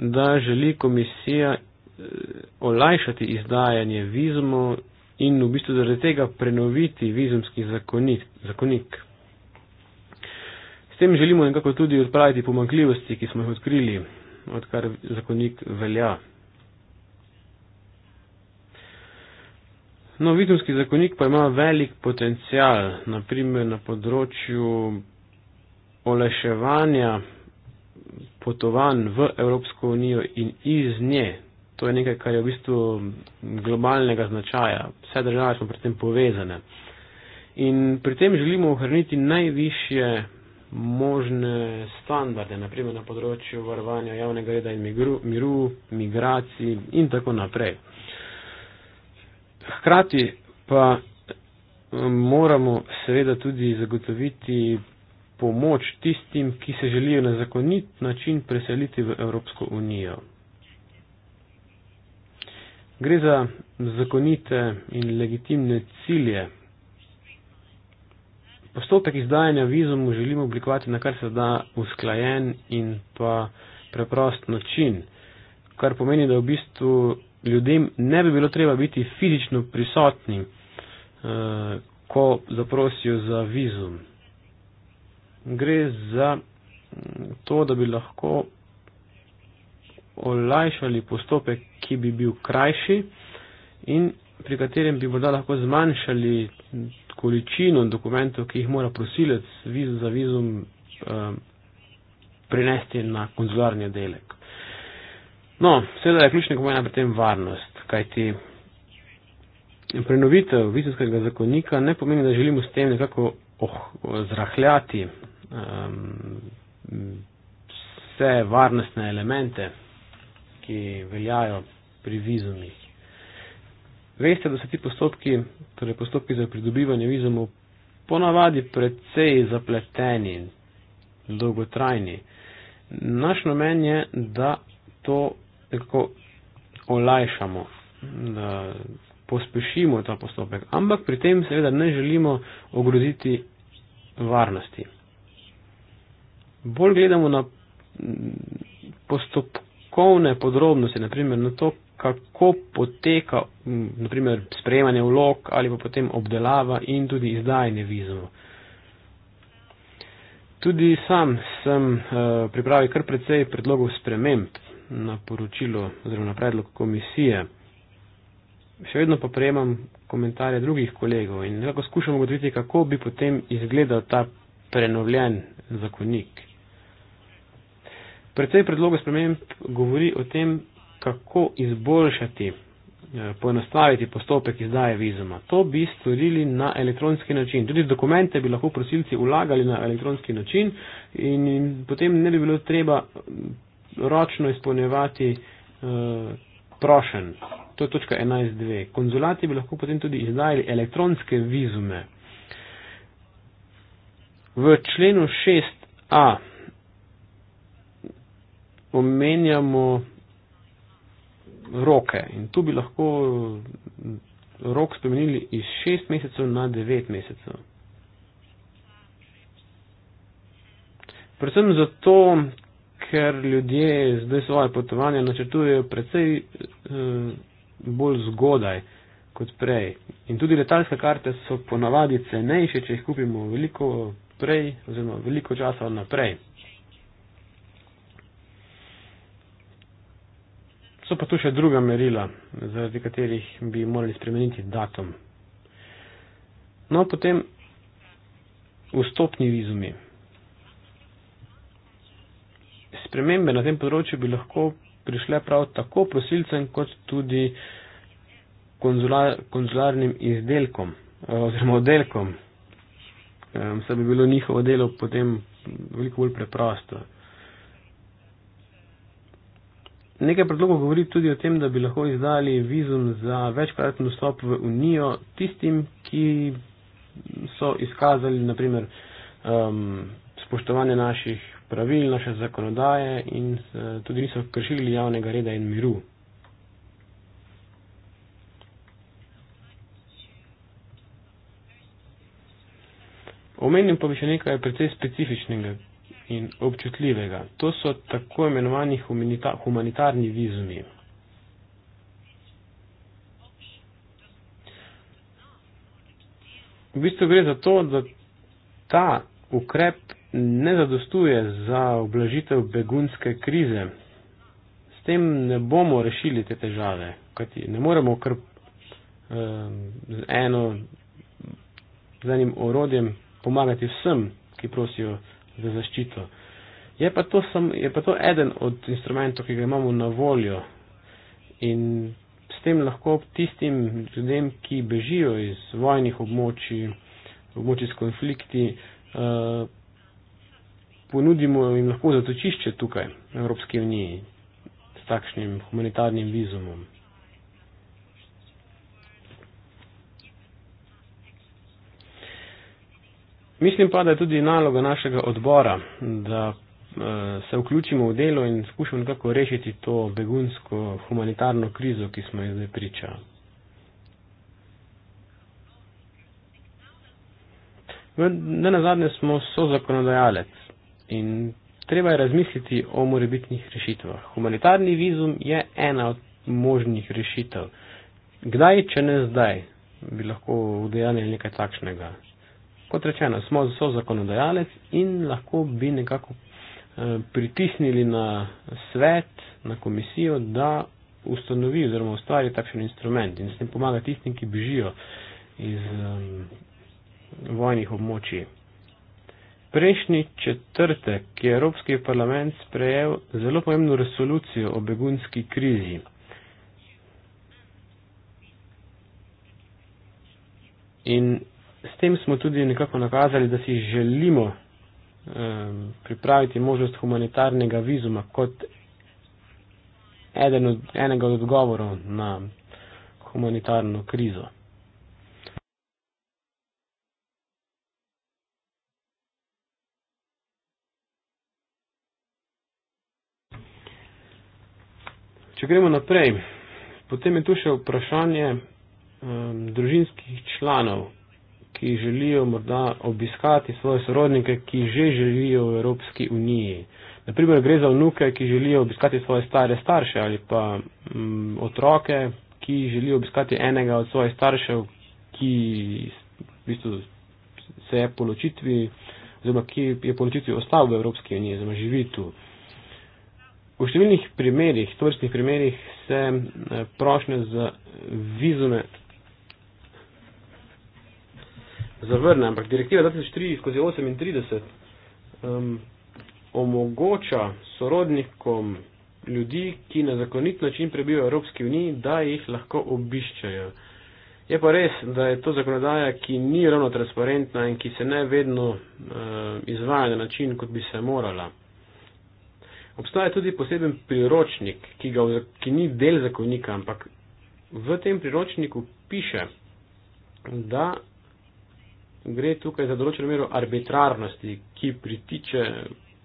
[SPEAKER 3] da želi komisija eh, olajšati izdajanje vizumov in v bistvu zaradi tega prenoviti vizumski zakonik. zakonik tem želimo nekako tudi odpraviti pomankljivosti, ki smo jih odkrili, odkar zakonik velja. No, vitumski zakonik pa ima velik potencial, naprimer na področju olaševanja potovanj v Evropsko unijo in iz nje. To je nekaj, kar je v bistvu globalnega značaja. Vse države smo pri tem povezane. In pri tem želimo ohraniti najvišje možne standarde, naprimer na področju varovanja javnega reda in migru, miru, migracij in tako naprej. Hkrati pa eh, moramo seveda tudi zagotoviti pomoč tistim, ki se želijo na zakonit način preseliti v Evropsko unijo. Gre za zakonite in legitimne cilje Postopek izdajanja vizumov želimo oblikovati na kar se da usklajen in pa preprost način, kar pomeni, da v bistvu ljudem ne bi bilo treba biti fizično prisotnim, eh, ko zaprosijo za vizum. Gre za mm, to, da bi lahko olajšali postopek, ki bi bil krajši in pri katerem bi morda lahko zmanjšali količino dokumentov, ki jih mora prosilec viz za vizum eh, prinesti na konzularni delek. No, seveda je ključnega pomena pri tem varnost, kajti prenovitev vizumskega zakonika ne pomeni, da želimo s tem nekako oh, zrahljati um, vse varnostne elemente, ki veljajo pri vizumih. Veste, da so ti postopki, torej postopki za pridobivanje vizumov, ponavadi precej zapleteni in dolgotrajni. Naš namen je, da to nekako olajšamo, da pospešimo ta postopek, ampak pri tem seveda ne želimo ogroziti varnosti. Bolj gledamo na postopke strokovne podrobnosti, naprimer na to, kako poteka naprimer, sprejemanje vlog ali pa potem obdelava in tudi izdajanje vizov. Tudi sam sem uh, pripravil kar precej predlogov sprememb na poročilo oziroma na predlog komisije. Še vedno pa prejemam komentarje drugih kolegov in nekako skušam ugotoviti, kako bi potem izgledal ta prenovljen zakonik. Predvsej predlogu spremem govori o tem, kako izboljšati, eh, poenostaviti postopek izdaje vizuma. To bi storili na elektronski način. Tudi dokumente bi lahko prosilci ulagali na elektronski način in potem ne bi bilo treba mm, ročno izpolnjevati eh, prošen. To je točka 11.2. Konzulati bi lahko potem tudi izdajali elektronske vizume. V členu 6a omenjamo roke. In tu bi lahko rok spremenili iz 6 mesecev na 9 mesecev. Predvsem zato, ker ljudje zdaj svoje potovanje načrtujejo precej eh, bolj zgodaj kot prej. In tudi letalske karte so ponavadi cenejše, če jih kupimo veliko prej oziroma veliko časa naprej. So pa tu še druga merila, zaradi katerih bi morali spremeniti datum. No, potem vstopni vizumi. Spremembe na tem področju bi lahko prišle prav tako prosilcem, kot tudi konzular, konzularnim izdelkom eh, oziroma oddelkom. Vse ehm, bi bilo njihovo delo potem veliko bolj preprosto. Nekaj predlogov govori tudi o tem, da bi lahko izdali vizum za večkratni vstop v Unijo tistim, ki so izkazali naprimer um, spoštovanje naših pravil, naše zakonodaje in uh, tudi niso kršili javnega reda in miru. Omenim pa bi še nekaj precej specifičnega, in občutljivega. To so tako imenovani humanita, humanitarni vizumi. V bistvu gre za to, da ta ukrep ne zadostuje za oblažitev begunske krize. S tem ne bomo rešili te težave, kajti ne moremo kar ehm, z, eno, z enim orodjem pomagati vsem, ki prosijo za zaščito. Je pa, to sam, je pa to eden od instrumentov, ki ga imamo na voljo in s tem lahko tistim ljudem, ki bežijo iz vojnih območij, območij s konflikti, eh, ponudimo jim lahko zatočišče tukaj, v Evropski uniji, s takšnim humanitarnim vizumom. Mislim pa, da je tudi naloga našega odbora, da eh, se vključimo v delo in skušamo nekako rešiti to begunsko humanitarno krizo, ki smo jo zdaj priča. Ne na zadnje smo so zakonodajalec in treba je razmisliti o morebitnih rešitvah. Humanitarni vizum je ena od možnih rešitev. Kdaj, če ne zdaj, bi lahko udejanje nekaj takšnega kot rečeno, smo za sozakonodajalec in lahko bi nekako eh, pritisnili na svet, na komisijo, da ustanovi oziroma ustvari takšen instrument in s tem pomaga tistim, ki bežijo iz um, vojnih območij. Prejšnji četrtek je Evropski parlament sprejel zelo pomembno resolucijo o begunski krizi. In s tem smo tudi nekako nakazali, da si želimo um, pripraviti možnost humanitarnega vizuma kot eden od, enega od odgovorov na humanitarno krizo. Če gremo naprej, potem je tu še vprašanje um, družinskih članov, ki želijo morda obiskati svoje sorodnike, ki že živijo v Evropski uniji. Naprimer, gre za vnuke, ki želijo obiskati svoje stare starše ali pa m, mm, otroke, ki želijo obiskati enega od svojih staršev, ki v bistvu se je po ločitvi, oziroma ki je po ločitvi ostal v Evropski uniji, oziroma živi tu. V številnih primerjih, tovrstnih primerjih, se eh, prošnje za vizume zavrne, ampak direktiva 2003 skozi 38 um, omogoča sorodnikom ljudi, ki na zakonit način prebivajo v Evropski uniji, da jih lahko obiščajo. Je pa res, da je to zakonodaja, ki ni ravno transparentna in ki se ne vedno uh, izvaja na način, kot bi se morala. Obstaja tudi poseben priročnik, ki, ga, ki ni del zakonika, ampak v tem priročniku piše, da gre tukaj za določeno mero arbitrarnosti, ki pritiče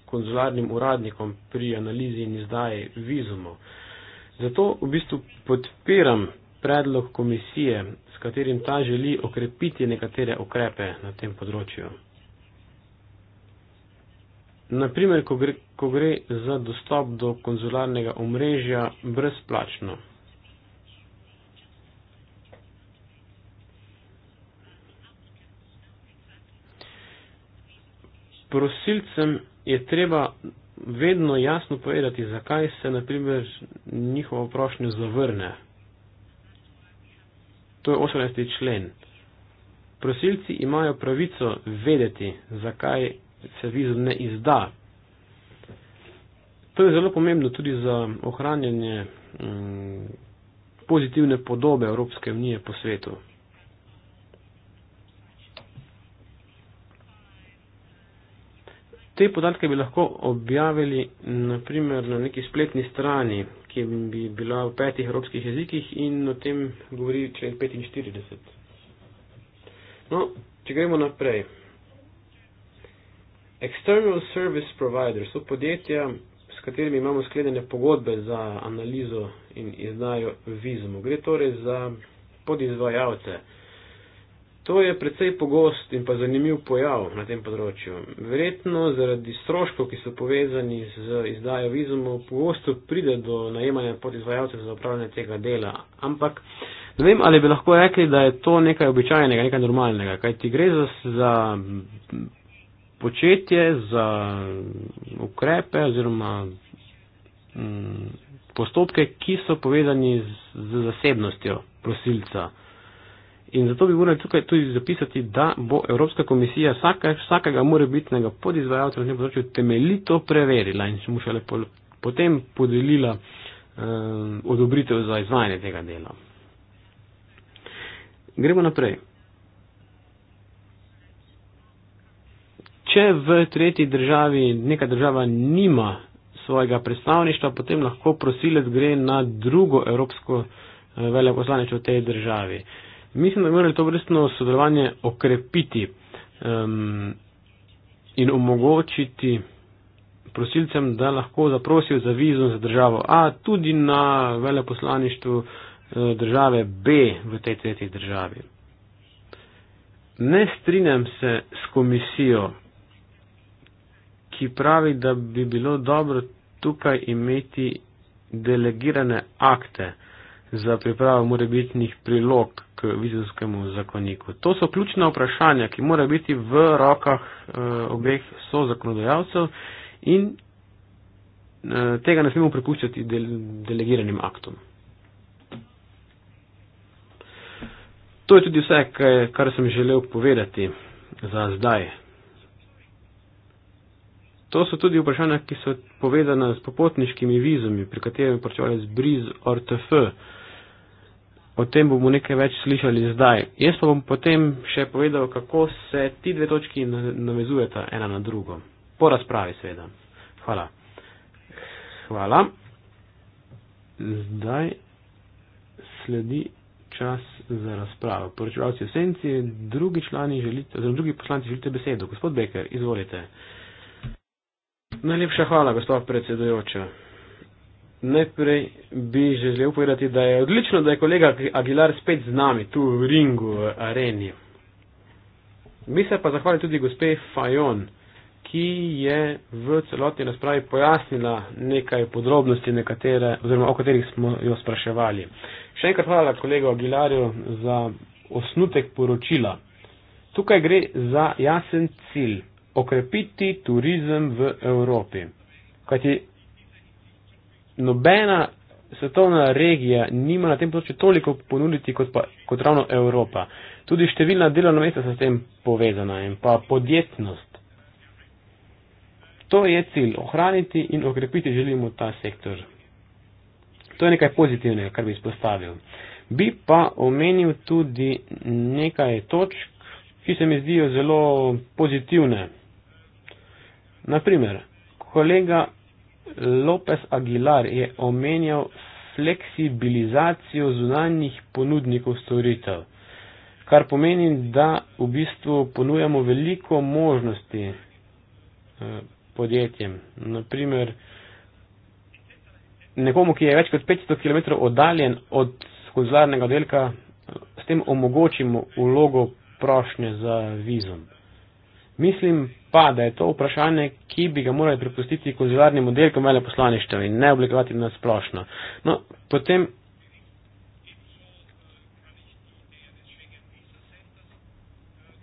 [SPEAKER 3] konzularnim uradnikom pri analizi in izdaji vizumov. Zato v bistvu podpiram predlog komisije, s katerim ta želi okrepiti nekatere ukrepe na tem področju. Naprimer, ko gre, ko gre za dostop do konzularnega omrežja brezplačno, prosilcem je treba vedno jasno povedati, zakaj se naprimer njihovo prošnjo zavrne. To je 18. člen. Prosilci imajo pravico vedeti, zakaj se vizum ne izda. To je zelo pomembno tudi za ohranjanje m, mm, pozitivne podobe Evropske unije po svetu. Te podatke bi lahko objavili naprimer na neki spletni strani, ki bi bila v petih evropskih jezikih in o tem govori člen 45. No, če gremo naprej. External service providers so podjetja, s katerimi imamo sklenjene pogodbe za analizo in izdajo vizumov. Gre torej za podizvajalce. To je precej pogost in pa zanimiv pojav na tem področju. Verjetno zaradi stroškov, ki so povezani z izdajo vizumov, pogosto pride do najemanja podizvajalcev za upravljanje tega dela. Ampak ne vem, ali bi lahko rekli, da je to nekaj običajnega, nekaj normalnega, kajti gre za, za početje, za ukrepe oziroma m, mm, postopke, ki so povezani z, z zasebnostjo prosilca. In zato bi morali tukaj tudi zapisati, da bo Evropska komisija vsake, vsakega morebitnega podizvajalca na tem področju temeljito preverila in mu šele po, potem podelila um, odobritev za izvajanje tega dela. Gremo naprej. Če v tretji državi neka država nima svojega predstavništva, potem lahko prosilec gre na drugo evropsko eh, veleposlaništvo v tej državi. Uh, Mislim, da bi morali to vrstno sodelovanje okrepiti um, in omogočiti prosilcem, da lahko zaprosijo za vizum za državo A tudi na veleposlaništvu eh, države B v tej tretji državi. Ne strinjam se s komisijo, ki pravi, da bi bilo dobro tukaj imeti delegirane akte za pripravo morebitnih prilog k vizijskemu zakoniku. To so ključna vprašanja, ki mora biti v rokah eh, obeh so zakonodajalcev in eh, tega ne smemo prepuščati del, delegiranim aktom. To je tudi vse, kaj, kar sem želel povedati za zdaj. To so tudi vprašanja, ki so povezana s popotniškimi vizumi, pri katerem je poročalec Briz RTF. Uh, o tem bomo nekaj več slišali zdaj. Jaz pa bom potem še povedal, kako se ti dve točki navezujeta ena na drugo. Po razpravi, seveda. Hvala. Hvala. Zdaj sledi čas za razpravo. Poročevalci v senci, drugi člani želite, oziroma drugi poslanci želite besedo. Gospod Beker, izvolite. Najlepša hvala, gospod predsedujoča. Najprej bi želel povedati, da je odlično, da je kolega Aguilar spet z nami tu v ringu, v areni. Mi se pa zahvali tudi gospe Fajon, ki je v celotni razpravi pojasnila nekaj podrobnosti, nekatere, oziroma o katerih smo jo spraševali. Še enkrat hvala kolegu Aguilarju za osnutek poročila. Tukaj gre za jasen cilj. Okrepiti turizem v Evropi. Kajti nobena svetovna regija nima na tem področju toliko ponuditi kot, pa, kot ravno Evropa. Tudi številna delovna mesta so s tem povezana in pa podjetnost. To je cilj, ohraniti in okrepiti želimo ta sektor. To je nekaj pozitivnega, kar bi izpostavil. Bi pa omenil tudi nekaj točk, ki se mi zdijo zelo pozitivne. Naprimer, kolega López Aguilar je omenjal fleksibilizacijo zunanjih ponudnikov storitev, kar pomeni, da v bistvu ponujamo veliko možnosti eh, podjetjem. Naprimer, nekomu, ki je več kot 500 km oddaljen od konzularnega delka, s tem omogočimo vlogo prošnje za vizum. Mislim pa, da je to vprašanje, ki bi ga morali prepustiti konzularnim oddelkom veleposlaništev in ne oblikovati na splošno. No, potem.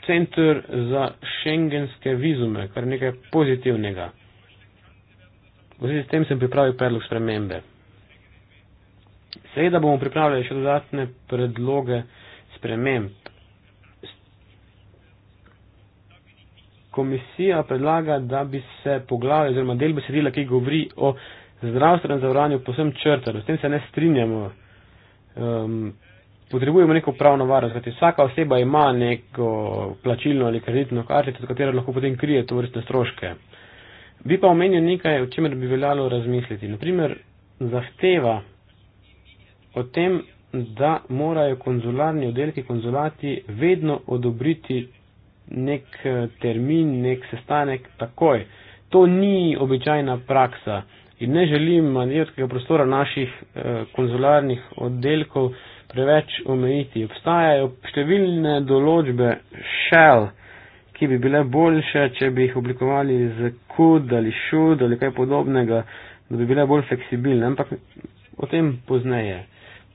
[SPEAKER 3] Centr za šengenske vizume, kar nekaj pozitivnega. V zvezi s tem sem pripravil predlog spremembe. Seveda bomo pripravljali še dodatne predloge sprememb. komisija predlaga, da bi se poglavje oziroma del besedila, ki govori o zdravstvenem zavarovanju, posem črtali. S tem se ne strinjamo. Um, potrebujemo neko pravno varnost, kajti vsaka oseba ima neko plačilno ali kreditno kartico, s katero lahko potem krije to vrstne stroške. Bi pa omenil nekaj, o čemer bi veljalo razmisliti. Naprimer, zahteva o tem, da morajo konzularni oddelki konzulati vedno odobriti nek eh, termin, nek sestanek takoj. To ni običajna praksa in ne želim manjotkega prostora naših eh, konzularnih oddelkov preveč omejiti. Obstajajo številne določbe shell, ki bi bile boljše, če bi jih oblikovali z could ali should ali kaj podobnega, da bi bile bolj fleksibilne, ampak o tem pozneje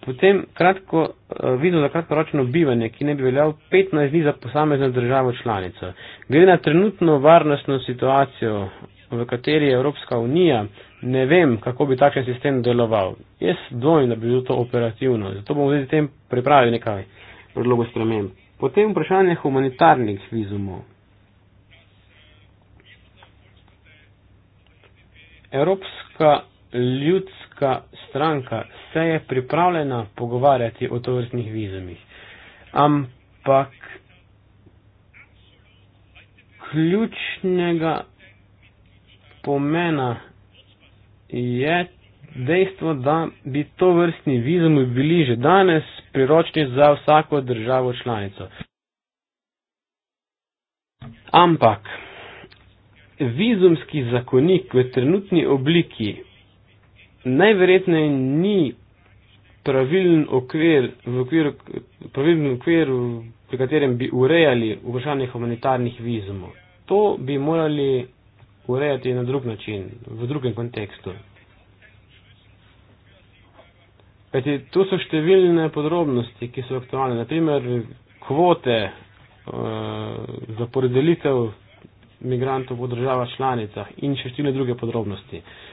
[SPEAKER 3] potem kratko, eh, vidno za kratkoročno bivanje, ki ne bi veljal 15 dni za posamezno državo članico. Glede na trenutno varnostno situacijo, v kateri je Evropska unija, ne vem, kako bi takšen sistem deloval. Jaz dvojim, da bi bilo to operativno, zato bomo zdaj tem pripravili nekaj predlogo sprememb. Potem vprašanje humanitarnih vizumov. Evropska ljudska stranka se je pripravljena pogovarjati o tovrstnih vizumih. Ampak ključnega pomena je dejstvo, da bi to vrstni vizumi bili že danes priročni za vsako državo članico. Ampak vizumski zakonik v trenutni obliki najverjetneje ni pravilen okvir, v okviru, pravilen okvir, pri katerem bi urejali vprašanje humanitarnih vizumov. To bi morali urejati na drug način, v drugem kontekstu. Kajti tu so številne podrobnosti, ki so aktualne, naprimer kvote uh, za porodelitev migrantov v državah članicah in še številne druge podrobnosti. Uh,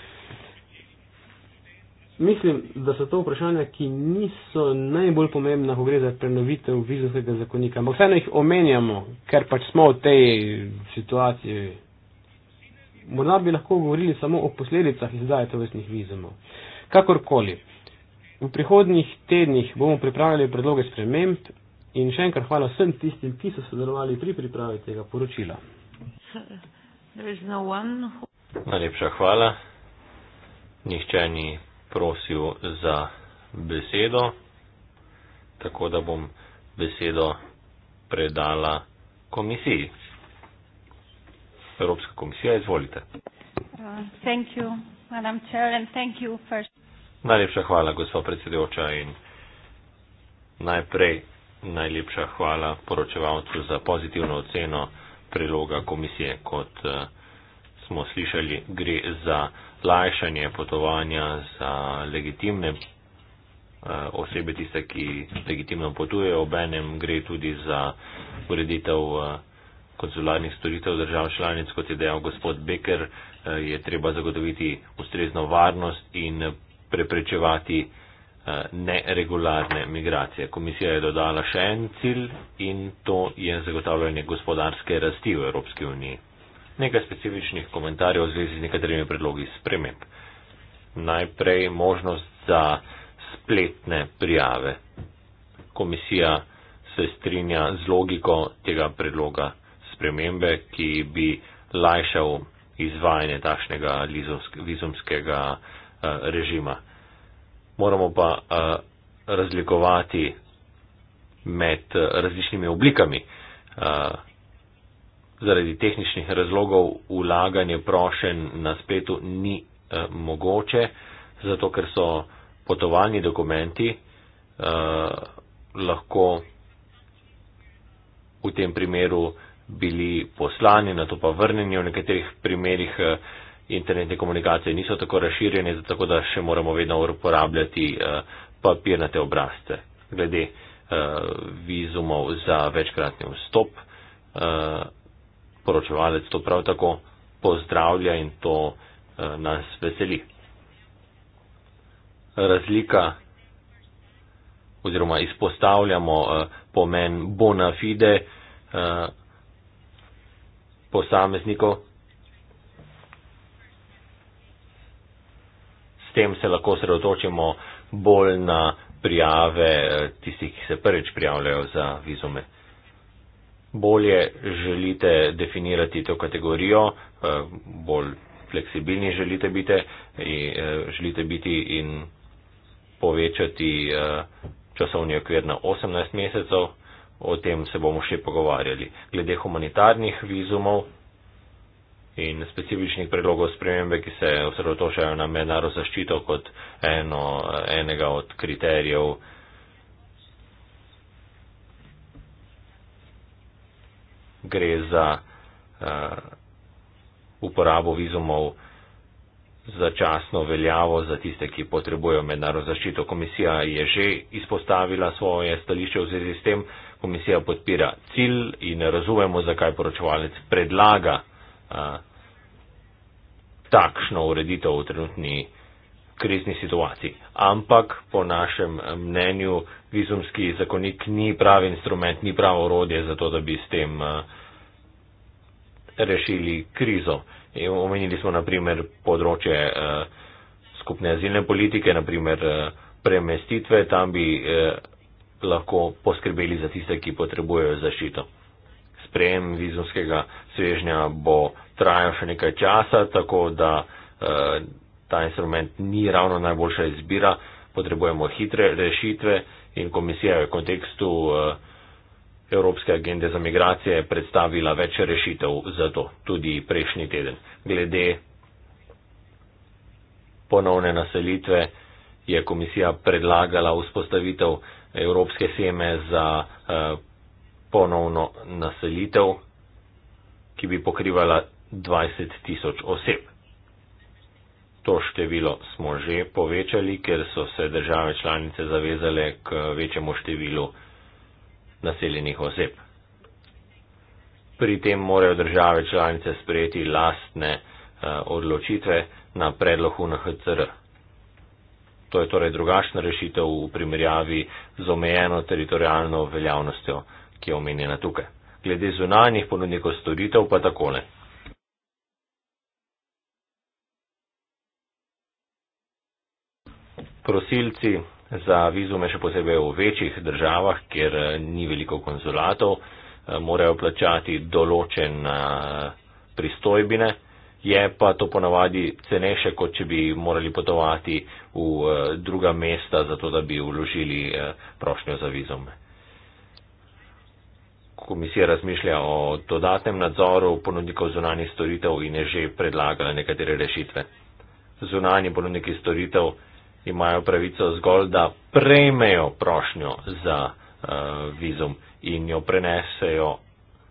[SPEAKER 3] Mislim, da so to vprašanja, ki niso najbolj pomembna, ko gre za prenovitev vizovskega zakonika, ampak vseeno jih omenjamo, ker pač smo v tej situaciji. Morda bi lahko govorili samo o posledicah izdaje tovrstnih vizumov. Kakorkoli, v prihodnjih tednih bomo pripravili predloge sprememb in še enkrat hvala vsem tistim, ki so sodelovali pri pripravi tega poročila.
[SPEAKER 1] No
[SPEAKER 2] Najlepša hvala. Nihče ni prosil za besedo, tako da bom besedo predala komisiji. Evropska komisija, izvolite.
[SPEAKER 1] Uh,
[SPEAKER 2] najlepša hvala, gospa predsedujoča, in najprej najlepša hvala poročevalcu za pozitivno oceno priloga komisije. Kot uh, smo slišali, gre za lajšanje potovanja za legitimne eh, osebe, tiste, ki legitimno potujejo, obenem gre tudi za ureditev eh, konzularnih storitev držav članic, kot je dejal gospod Becker, eh, je treba zagotoviti ustrezno varnost in preprečevati neregularne migracije. Komisija je dodala še en cilj in to je zagotavljanje gospodarske rasti v Evropski uniji nekaj specifičnih komentarjev v zvezi z nekaterimi predlogi sprememb. Najprej možnost za spletne prijave. Komisija se strinja z logiko tega predloga spremembe, ki bi lajšal izvajanje takšnega vizumskega eh, režima. Moramo pa eh, razlikovati med eh, različnimi oblikami zaradi tehničnih razlogov ulaganje prošen na spletu ni e, mogoče, zato ker so potovalni dokumenti e, lahko v tem primeru bili poslani, na to pa vrnjeni. V nekaterih primerih e, internetne komunikacije niso tako razširjene, zato da še moramo vedno uporabljati e, papirnate obrazce. Glede vizumov za večkratni vstop poročevalec to prav tako pozdravlja in to eh, nas veseli. Razlika oziroma izpostavljamo eh, pomen bona fide eh, posameznikov. S tem se lahko sredotočimo bolj na prijave tistih, ki se prvič prijavljajo za vizume bolje želite definirati to kategorijo, eh, bolj fleksibilni želite biti, eh, želite biti in povečati eh, časovni okvir na 18 mesecev, o tem se bomo še pogovarjali. Glede humanitarnih vizumov in specifičnih predlogov spremembe, ki se osredotočajo na mednarodno zaščito kot eno, enega od kriterijev, gre za uh, uporabo vizumov začasno veljavo za tiste, ki potrebujejo mednarodno zaščito. Komisija je že izpostavila svoje stališče v zvezi s tem. Komisija podpira cilj in razumemo, zakaj poročevalec predlaga uh, takšno ureditev v trenutni. Uh, krizni situaciji. Ampak po našem eh, mnenju vizumski zakonik ni pravi instrument, ni pravo orodje za to, da bi s tem eh, rešili krizo. In omenili smo naprimer področje eh, skupne azilne politike, naprimer premestitve, tam bi lahko poskrbeli za tiste, ki potrebujejo zaščito. Sprejem vizumskega svežnja bo trajal še nekaj časa, tako da ta instrument ni ravno najboljša izbira, potrebujemo hitre rešitve in komisija je v kontekstu eh, Evropske agende za migracije predstavila več rešitev za to, tudi prejšnji teden. Glede ponovne naselitve je komisija predlagala vzpostavitev Evropske seme za eh, ponovno naselitev, ki bi pokrivala 20 tisoč oseb. To število smo že povečali, ker so se države članice zavezale k večjemu številu naseljenih oseb. Pri tem morajo države članice sprejeti lastne eh, odločitve na predlog UNHCR. To je torej drugačna rešitev v primerjavi z omejeno teritorijalno veljavnostjo, ki je omenjena tukaj. Glede zunanjih ponudnikov storitev pa takole. prosilci za vizume, še posebej v večjih državah, kjer eh, ni veliko konzulatov, eh, morajo plačati določene eh, pristojbine. Je pa to ponavadi cenejše, kot če bi morali potovati v druga mesta, zato da bi vložili prošnjo za vizum. Komisija razmišlja o dodatnem nadzoru ponudnikov zunanih storitev in je že predlagala nekatere rešitve. Zunanji ponudniki storitev imajo pravico zgolj, da prejmejo prošnjo za uh, vizum in jo prenesejo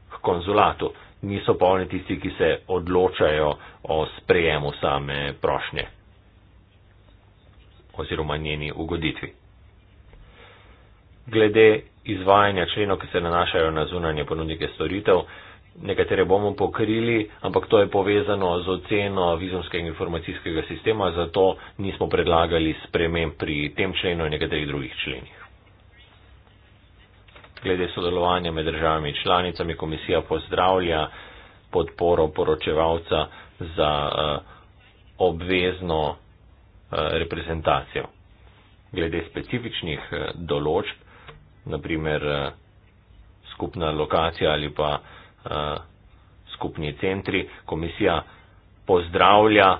[SPEAKER 2] k konzulatu. Niso pa oni tisti, ki se odločajo o sprejemu same prošnje oziroma njeni ugoditvi. Glede izvajanja členov, ki se nanašajo na zunanje ponudnike storitev, uh, nekatere bomo pokrili, ampak to je povezano z oceno vizumskega informacijskega sistema, zato nismo predlagali spremen pri tem členu in nekaterih drugih členih. Glede sodelovanja med državami in članicami komisija pozdravlja podporo poročevalca za uh, obvezno uh, reprezentacijo. Glede specifičnih uh, določb, naprimer uh, skupna lokacija ali pa uh, uh, skupni centri. Komisija pozdravlja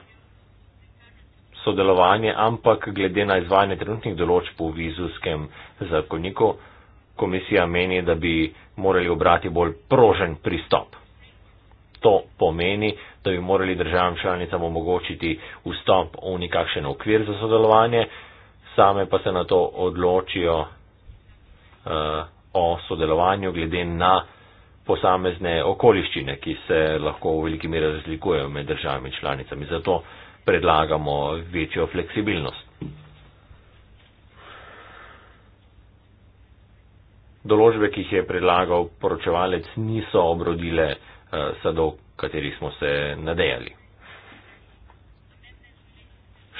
[SPEAKER 2] sodelovanje, ampak glede na izvajanje trenutnih določb v vizuskem zakoniku, komisija meni, da bi morali obrati bolj prožen pristop. To pomeni, da bi morali državam članicam omogočiti vstop v nekakšen okvir za sodelovanje, same pa se na to odločijo uh, o sodelovanju glede na posamezne okoliščine, ki se lahko v veliki meri razlikujejo med državami članicami. Zato predlagamo večjo fleksibilnost. Doložbe, ki jih je predlagal poročevalec, niso obrodile eh, sadov, katerih smo se nadejali.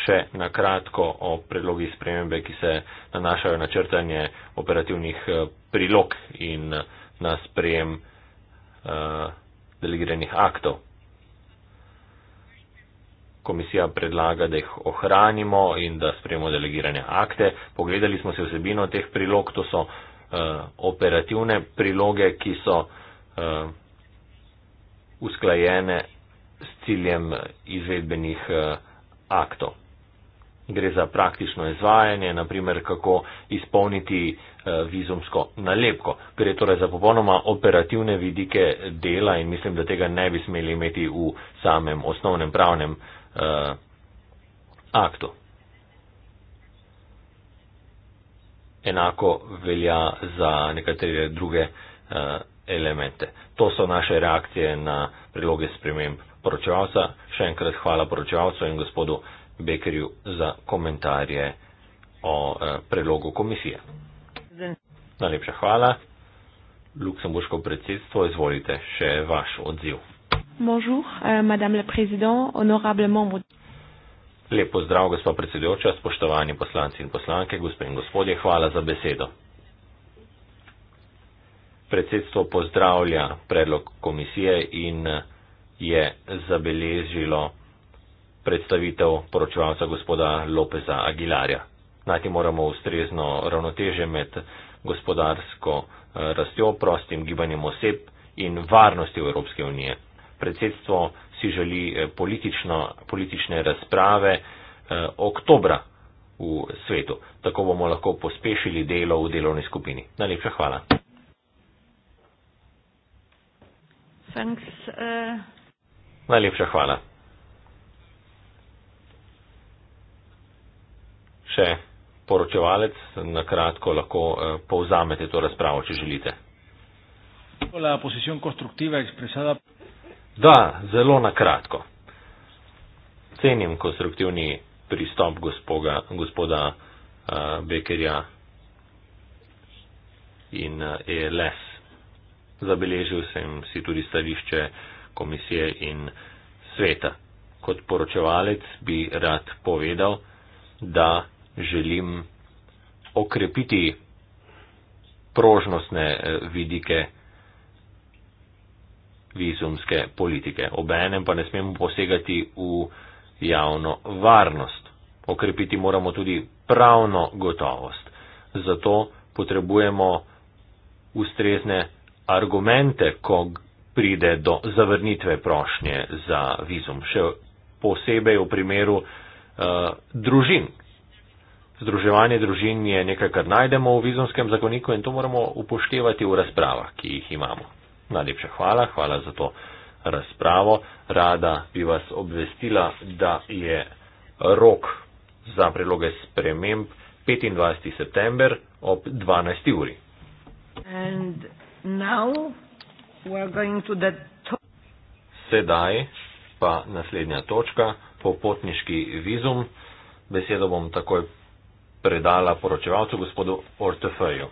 [SPEAKER 2] Še na kratko o predlogi spremembe, ki se nanašajo na črtanje operativnih eh, prilog in eh, na sprejem Eh, delegiranih aktov. Komisija predlaga, da jih ohranimo in da sprejemo delegirane akte. Pogledali smo se vsebino teh prilog, to so uh, operativne priloge, ki so uh, usklajene s ciljem izvedbenih uh, aktov. Gre za praktično izvajanje, naprimer kako izpolniti eh, vizumsko nalepko. Gre torej za popolnoma operativne vidike dela in mislim, da tega ne bi smeli imeti v samem osnovnem pravnem uh, aktu. Enako velja za nekatere druge uh, elemente. To so naše reakcije na priloge sprememb poročevalca. Še enkrat hvala poročevalcu in gospodu. Bekerju za komentarje o eh, predlogu komisije. Najlepša hvala. Luksemburško predsedstvo, izvolite še vaš odziv.
[SPEAKER 1] Bonjour, euh, madame la président, honorable membre.
[SPEAKER 2] Lepo zdrav, gospod predsedujoča, spoštovani poslanci in poslanke, gospe in gospodje, hvala za besedo. Predsedstvo pozdravlja predlog komisije in eh, je zabeležilo predstavitev poročevalca gospoda Lopeza Aguilarja. Najti moramo ustrezno ravnoteže med gospodarsko eh, rastjo, prostim gibanjem oseb in varnosti v Evropske unije. Predsedstvo si želi eh, politično, politične razprave eh, oktobra v svetu. Tako bomo lahko pospešili delo v delovni skupini. Najlepša hvala.
[SPEAKER 1] Thanks, uh...
[SPEAKER 2] Najlepša hvala. še poročevalec, na kratko lahko eh, povzamete to razpravo, če želite. Da, zelo na kratko. Cenim konstruktivni pristop gospoga, gospoda uh, Bekerja in uh, eh, ELS. Zabeležil sem si tudi stališče komisije in sveta. Kot poročevalec bi rad povedal, da želim okrepiti prožnostne eh, vidike vizumske politike. Obenem pa ne smemo posegati v javno varnost. Okrepiti moramo tudi pravno gotovost. Zato potrebujemo ustrezne argumente, ko pride do zavrnitve prošnje za vizum. Še posebej v primeru uh, družin, Združevanje družin je nekaj, kar najdemo v vizumskem zakoniku in to moramo upoštevati v razpravah, ki jih imamo. Najlepša hvala, hvala za to razpravo. Rada bi vas obvestila, da je rok za priloge sprememb 25. september ob 12. uri. Sedaj pa naslednja točka, popotniški vizum. Besedo bom takoj predala poročevalcu gospodu Ortefeju.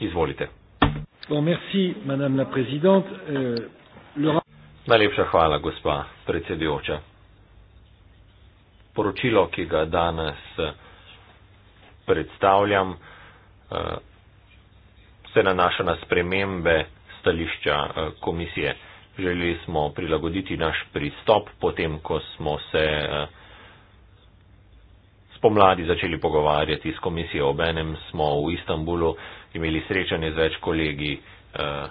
[SPEAKER 2] Izvolite.
[SPEAKER 3] Bon, merci, la euh, le...
[SPEAKER 2] Najlepša hvala, gospa predsedujoča. Poročilo, ki ga danes eh, predstavljam, eh, se nanaša na spremembe stališča eh, komisije. Želeli smo prilagoditi naš pristop, potem ko smo se spomladi začeli pogovarjati s komisijo. Obenem smo v Istanbulu imeli srečanje z več kolegi eh,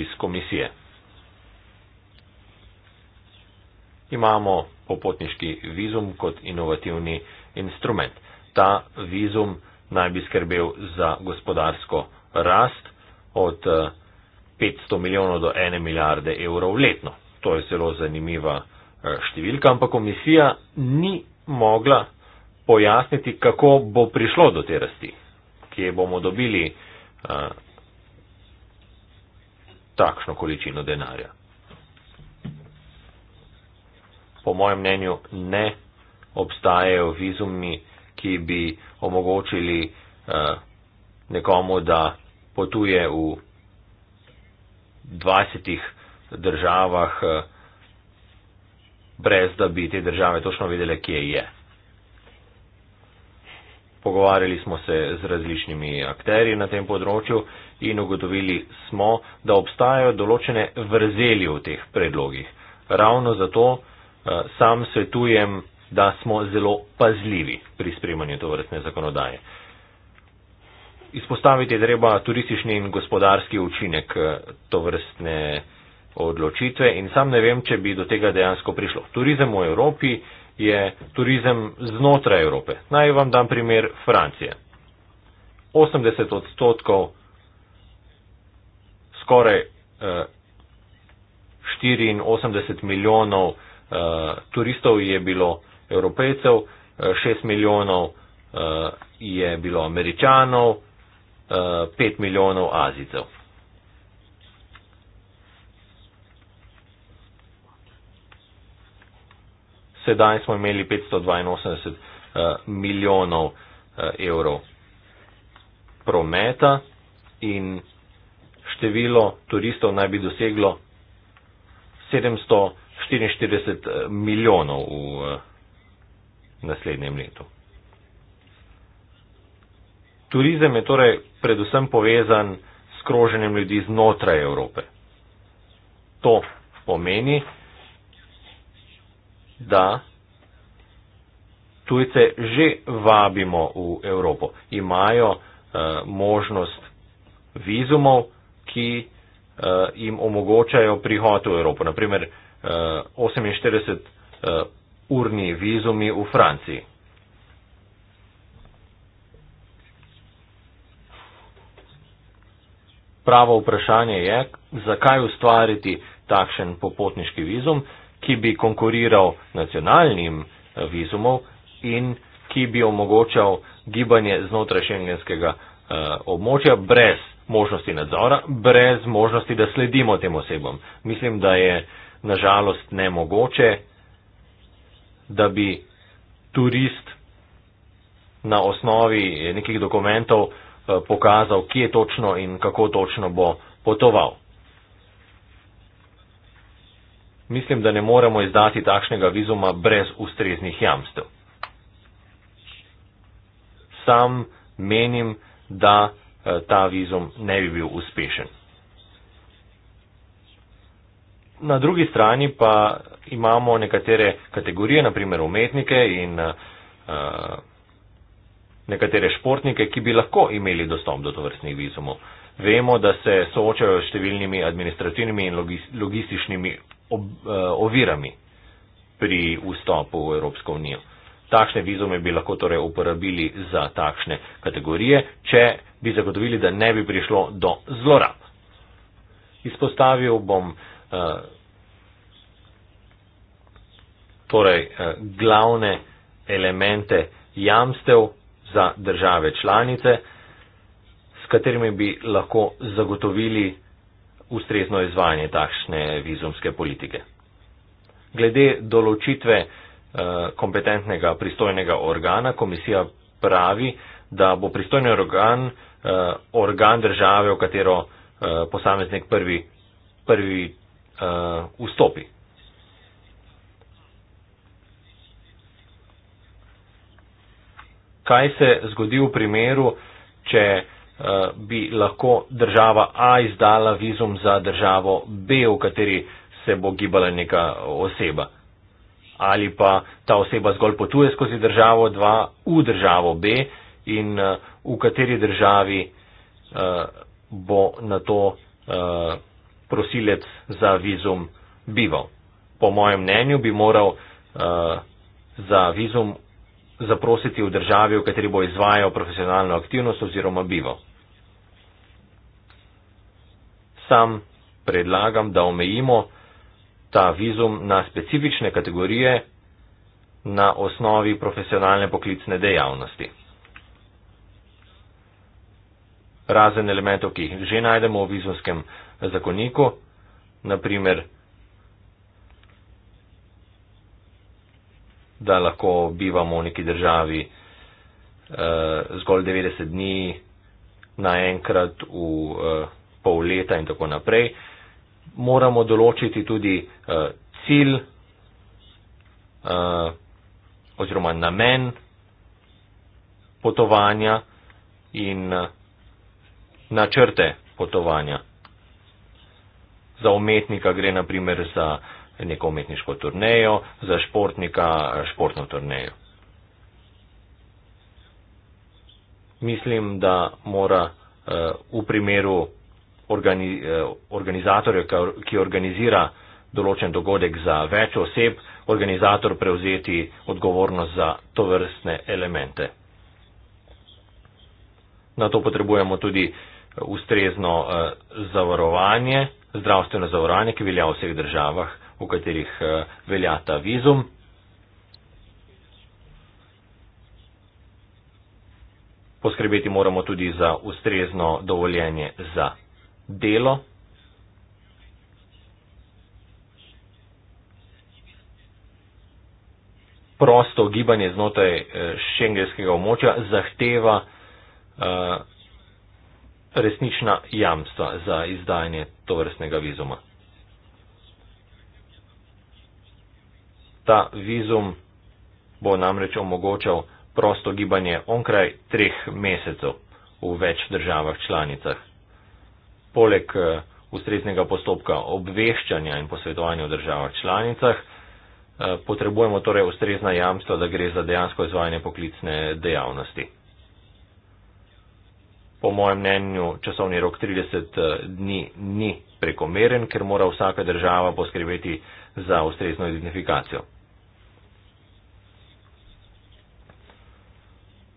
[SPEAKER 2] iz komisije. Imamo popotniški vizum kot inovativni instrument. Ta vizum naj bi skrbel za gospodarsko rast od 500 eh, milijonov do 1 milijarde evrov letno. To je zelo zanimiva eh, številka, ampak komisija ni mogla pojasniti, kako bo prišlo do te rasti, kje bomo dobili a, takšno količino denarja. Po mojem mnenju ne obstajajo vizumi, ki bi omogočili a, nekomu, da potuje v 20 državah, a, brez da bi te države točno vedele, kje je. Pogovarjali smo se z različnimi akteri na tem področju in ugotovili smo, da obstajajo določene vrzeli v teh predlogih. Ravno zato eh, sam svetujem, da smo zelo pazljivi pri spremanju tovrstne zakonodaje. Izpostaviti je treba turistični in gospodarski učinek eh, tovrstne odločitve in sam ne vem, če bi do tega dejansko prišlo. Turizem v Evropi je turizem znotraj Evrope. Naj vam dam primer Francije. 80 odstotkov skoraj eh, 84 milijonov eh, turistov je bilo evropejcev, eh, 6 milijonov eh, je bilo američanov, eh, 5 milijonov azicev. sedaj smo imeli 582 uh, eh, milijonov uh, evrov prometa in število turistov naj bi doseglo 744 eh, milijonov v naslednjem letu. Turizem je torej predvsem povezan s kroženjem ljudi znotraj Evrope. To pomeni, da tujce že vabimo v Evropo. Imajo uh, možnost vizumov, ki uh, jim omogočajo prihod v Evropo. Naprimer, uh, eh, 48-urni uh, vizumi v Franciji. Pravo vprašanje je, zakaj ustvariti takšen popotniški vizum. Uh, ki bi konkuriral nacionalnim eh, vizumom in ki bi omogočal gibanje znotraj šengenskega eh, območja brez možnosti nadzora, brez možnosti, da sledimo tem osebam. Mislim, da je nažalost nemogoče, da bi turist na osnovi nekih dokumentov eh, pokazal, kje točno in kako točno bo potoval mislim, da ne moremo izdati takšnega vizuma brez ustreznih jamstev. Sam menim, da eh, ta vizum ne bi bil uspešen. Na drugi strani pa imamo nekatere kategorije, naprimer umetnike in uh, nekatere športnike, ki bi lahko imeli dostop do tovrstnih vizumov. Vemo, da se soočajo s številnimi administrativnimi in logističnimi ob, uh, ovirami pri vstopu v Evropsko unijo. Takšne vizume bi lahko torej uporabili za takšne kategorije, če bi zagotovili, da ne bi prišlo do zlorab. Izpostavil bom uh, torej, uh, glavne elemente jamstev za države članice, s katerimi bi lahko zagotovili ustrezno izvajanje takšne vizumske politike. Glede določitve eh, kompetentnega pristojnega organa, komisija pravi, da bo pristojni organ eh, organ države, v katero eh, posameznik prvi, prvi vstopi. Kaj se zgodi v primeru, če Eh, bi lahko država A izdala vizum za državo B, v kateri se bo gibala neka oseba. Ali pa ta oseba zgolj potuje skozi državo 2 v državo B in eh, v kateri državi eh, bo na to prosilec za vizum bival. Po mojem mnenju bi moral za vizum zaprositi v državi, v kateri bo izvajal profesionalno aktivnost oziroma bival sam predlagam, da omejimo ta vizum na specifične kategorije na osnovi profesionalne poklicne dejavnosti. Razen elementov, ki jih že najdemo v vizumskem zakoniku, naprimer, da lahko bivamo v neki državi eh, zgolj 90 dni naenkrat v. Eh, pol leta in tako naprej, moramo določiti tudi uh, cilj uh, oziroma namen potovanja in uh, načrte potovanja. Za umetnika gre naprimer za neko umetniško turnejo, za športnika športno turnejo. Mislim, da mora uh, v primeru organi, eh, organizatorja, ki organizira določen dogodek za več oseb, organizator prevzeti odgovornost za to vrstne elemente. Na to potrebujemo tudi eh, ustrezno eh, zavarovanje, zdravstveno zavarovanje, ki velja v vseh državah, v katerih velja ta vizum. Poskrbeti moramo tudi za ustrezno dovoljenje za delo. Prosto gibanje znotraj eh, šengenskega območja zahteva uh, resnična jamstva za izdajanje tovrstnega vizuma. Ta vizum bo namreč omogočal prosto gibanje onkraj treh mesecev v več državah članicah poleg eh, ustreznega postopka obveščanja in posvetovanja v državah članicah, eh, potrebujemo torej ustrezna jamstva, da gre za dejansko izvajanje poklicne dejavnosti. Po mojem mnenju časovni rok 30 eh, dni ni prekomeren, ker mora vsaka država poskrbeti za ustrezno identifikacijo.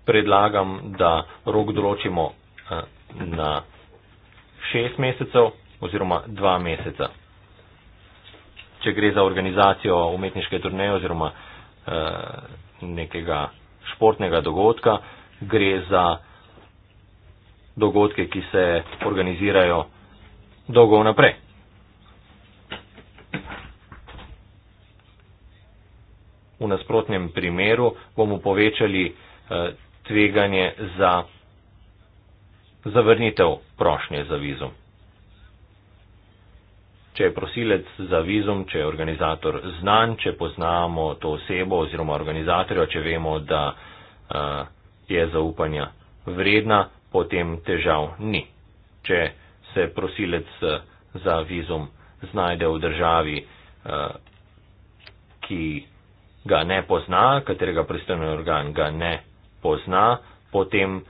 [SPEAKER 2] Predlagam, da rok določimo na šest mesecev oziroma dva meseca. Če gre za organizacijo umetniške turneje oziroma eh, nekega športnega dogodka, gre za dogodke, ki se organizirajo dolgo naprej. V nasprotnem primeru bomo povečali eh, tveganje za zavrnitev prošnje za vizum. Če je prosilec za vizum, če je organizator znan, če poznamo to osebo oziroma organizatorja, če vemo, da uh, je zaupanja vredna, potem težav ni. Če se prosilec eh, za vizum znajde v državi, uh, ki ga ne pozna, katerega pristojni organ ga ne pozna, potem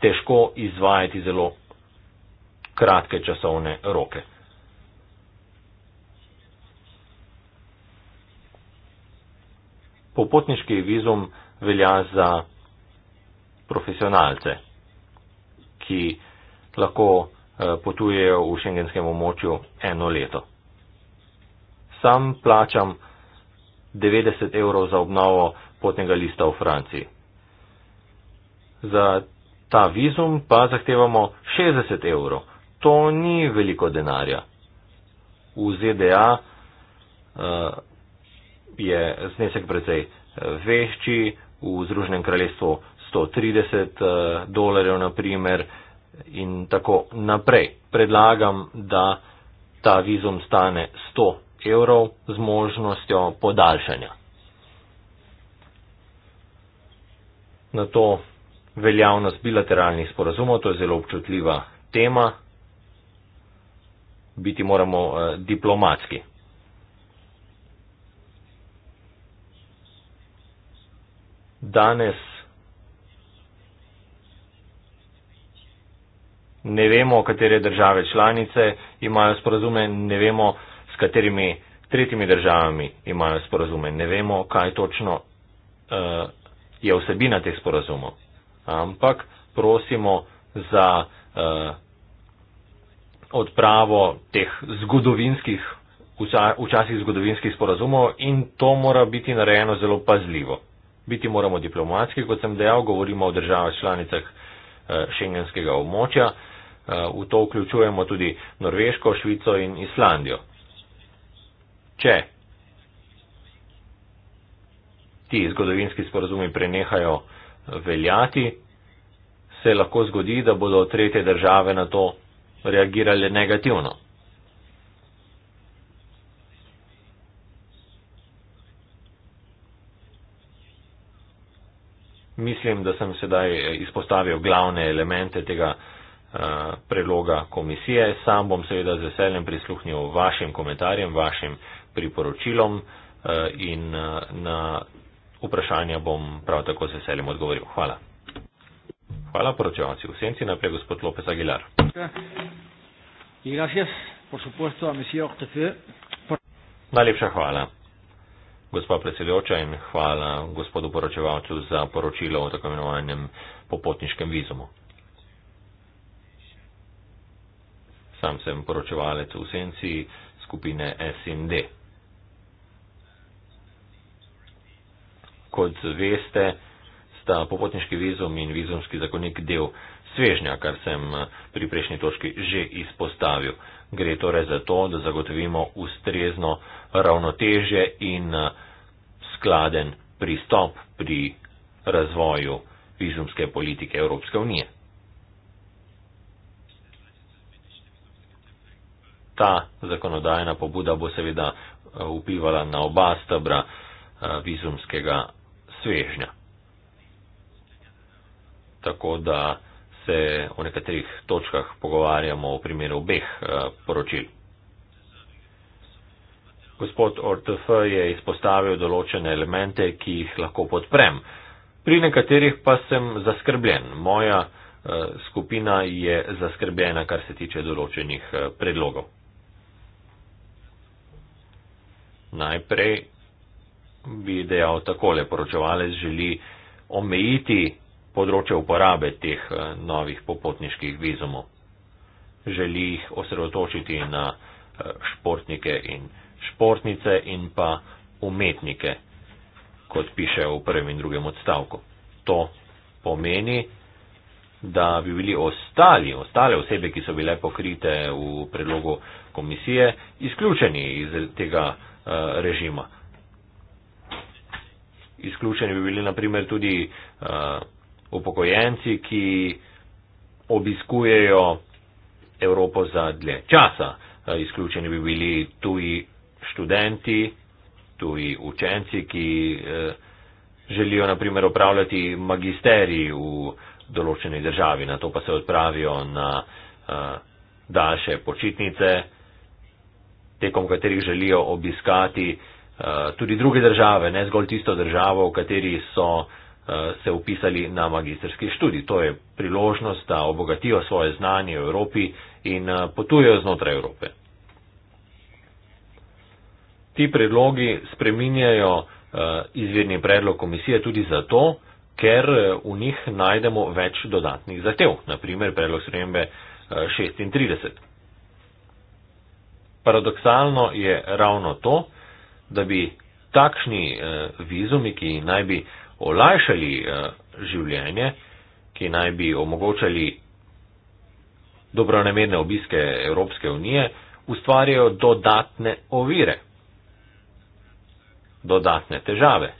[SPEAKER 2] težko izvajati zelo kratke časovne roke. Popotniški vizum velja za profesionalce, ki lahko eh, potujejo v šengenskem območju eno leto. Sam plačam 90 evrov za obnovo potnega lista v Franciji. Za ta vizum pa zahtevamo 60 evrov. To ni veliko denarja. V ZDA uh, eh, je znesek precej eh, večji, v Združenem kraljestvu 130 uh, eh, dolarjev naprimer in tako naprej. Predlagam, da ta vizum stane 100 evrov z možnostjo podaljšanja. Na to veljavnost bilateralnih sporazumov, to je zelo občutljiva tema, biti moramo eh, diplomatski. Danes ne vemo, katere države članice imajo sporazume, ne vemo, s katerimi tretjimi državami imajo sporazume, ne vemo, kaj točno eh, je vsebina teh sporazumov ampak prosimo za eh, odpravo teh zgodovinskih, vča, včasih zgodovinskih sporazumov in to mora biti narejeno zelo pazljivo. Biti moramo diplomatski, kot sem dejal, govorimo o državah članicah eh, šengenskega območja, eh, v to vključujemo tudi Norveško, Švico in Islandijo. Če ti zgodovinski sporazumi prenehajo, veljati, se lahko zgodi, da bodo tretje države na to reagirale negativno. Mislim, da sem sedaj izpostavil glavne elemente tega eh, predloga komisije. Sam bom seveda z veseljem prisluhnil vašim komentarjem, vašim priporočilom eh, in eh, na vprašanja bom prav tako z veseljem odgovoril. Hvala. Hvala, poročevalci. V senci naprej gospod Lopez Aguilar. Najlepša hvala, gospa predsedujoča, in hvala gospodu poročevalcu za poročilo o tako imenovanem popotniškem vizumu. Sam sem poročevalec v senci skupine SND. kot veste, sta popotniški vizum in vizumski zakonik del svežnja, kar sem eh, pri prejšnji točki že izpostavil. Gre torej za to, da zagotovimo ustrezno ravnotežje in eh, skladen pristop pri razvoju vizumske politike Evropske unije. Ta zakonodajna pobuda bo seveda eh, vplivala na oba stebra vizumskega svežnja. Tako da se o nekaterih točkah pogovarjamo v primeru obeh eh, poročil. Gospod ORTF je izpostavil določene elemente, ki jih lahko podprem. Pri nekaterih pa sem zaskrbljen. Moja eh, skupina je zaskrbljena, kar se tiče določenih eh, predlogov. Najprej bi dejal takole, poročevalec želi omejiti področje uporabe teh eh, novih popotniških vizumov. Želi jih osredotočiti na eh, športnike in športnice in pa umetnike, kot piše v prvem in drugem odstavku. To pomeni, da bi bili ostali, ostale osebe, ki so bile pokrite v predlogu komisije, izključeni iz tega eh, režima. Izključeni bi bili naprimer tudi uh, upokojenci, ki obiskujejo Evropo za dlje časa. Uh, izključeni bi bili tuji študenti, tuji učenci, ki uh, želijo naprimer opravljati magisterij v določeni državi. Na to pa se odpravijo na uh, daljše počitnice, tekom katerih želijo obiskati uh, Eh, tudi druge države, ne zgolj tisto državo, v kateri so eh, se upisali na magistrski študij. To je priložnost, da obogatijo svoje znanje v Evropi in eh, potujejo znotraj Evrope. Ti predlogi spreminjajo izvirni predlog komisije tudi zato, ker v njih najdemo več dodatnih zahtev, naprimer predlog spremembe 36. Paradoksalno je ravno to, da bi takšni eh, vizumi, ki naj bi olajšali eh, življenje, ki naj bi omogočali dobronamerne obiske Evropske unije, ustvarjajo dodatne ovire, dodatne težave.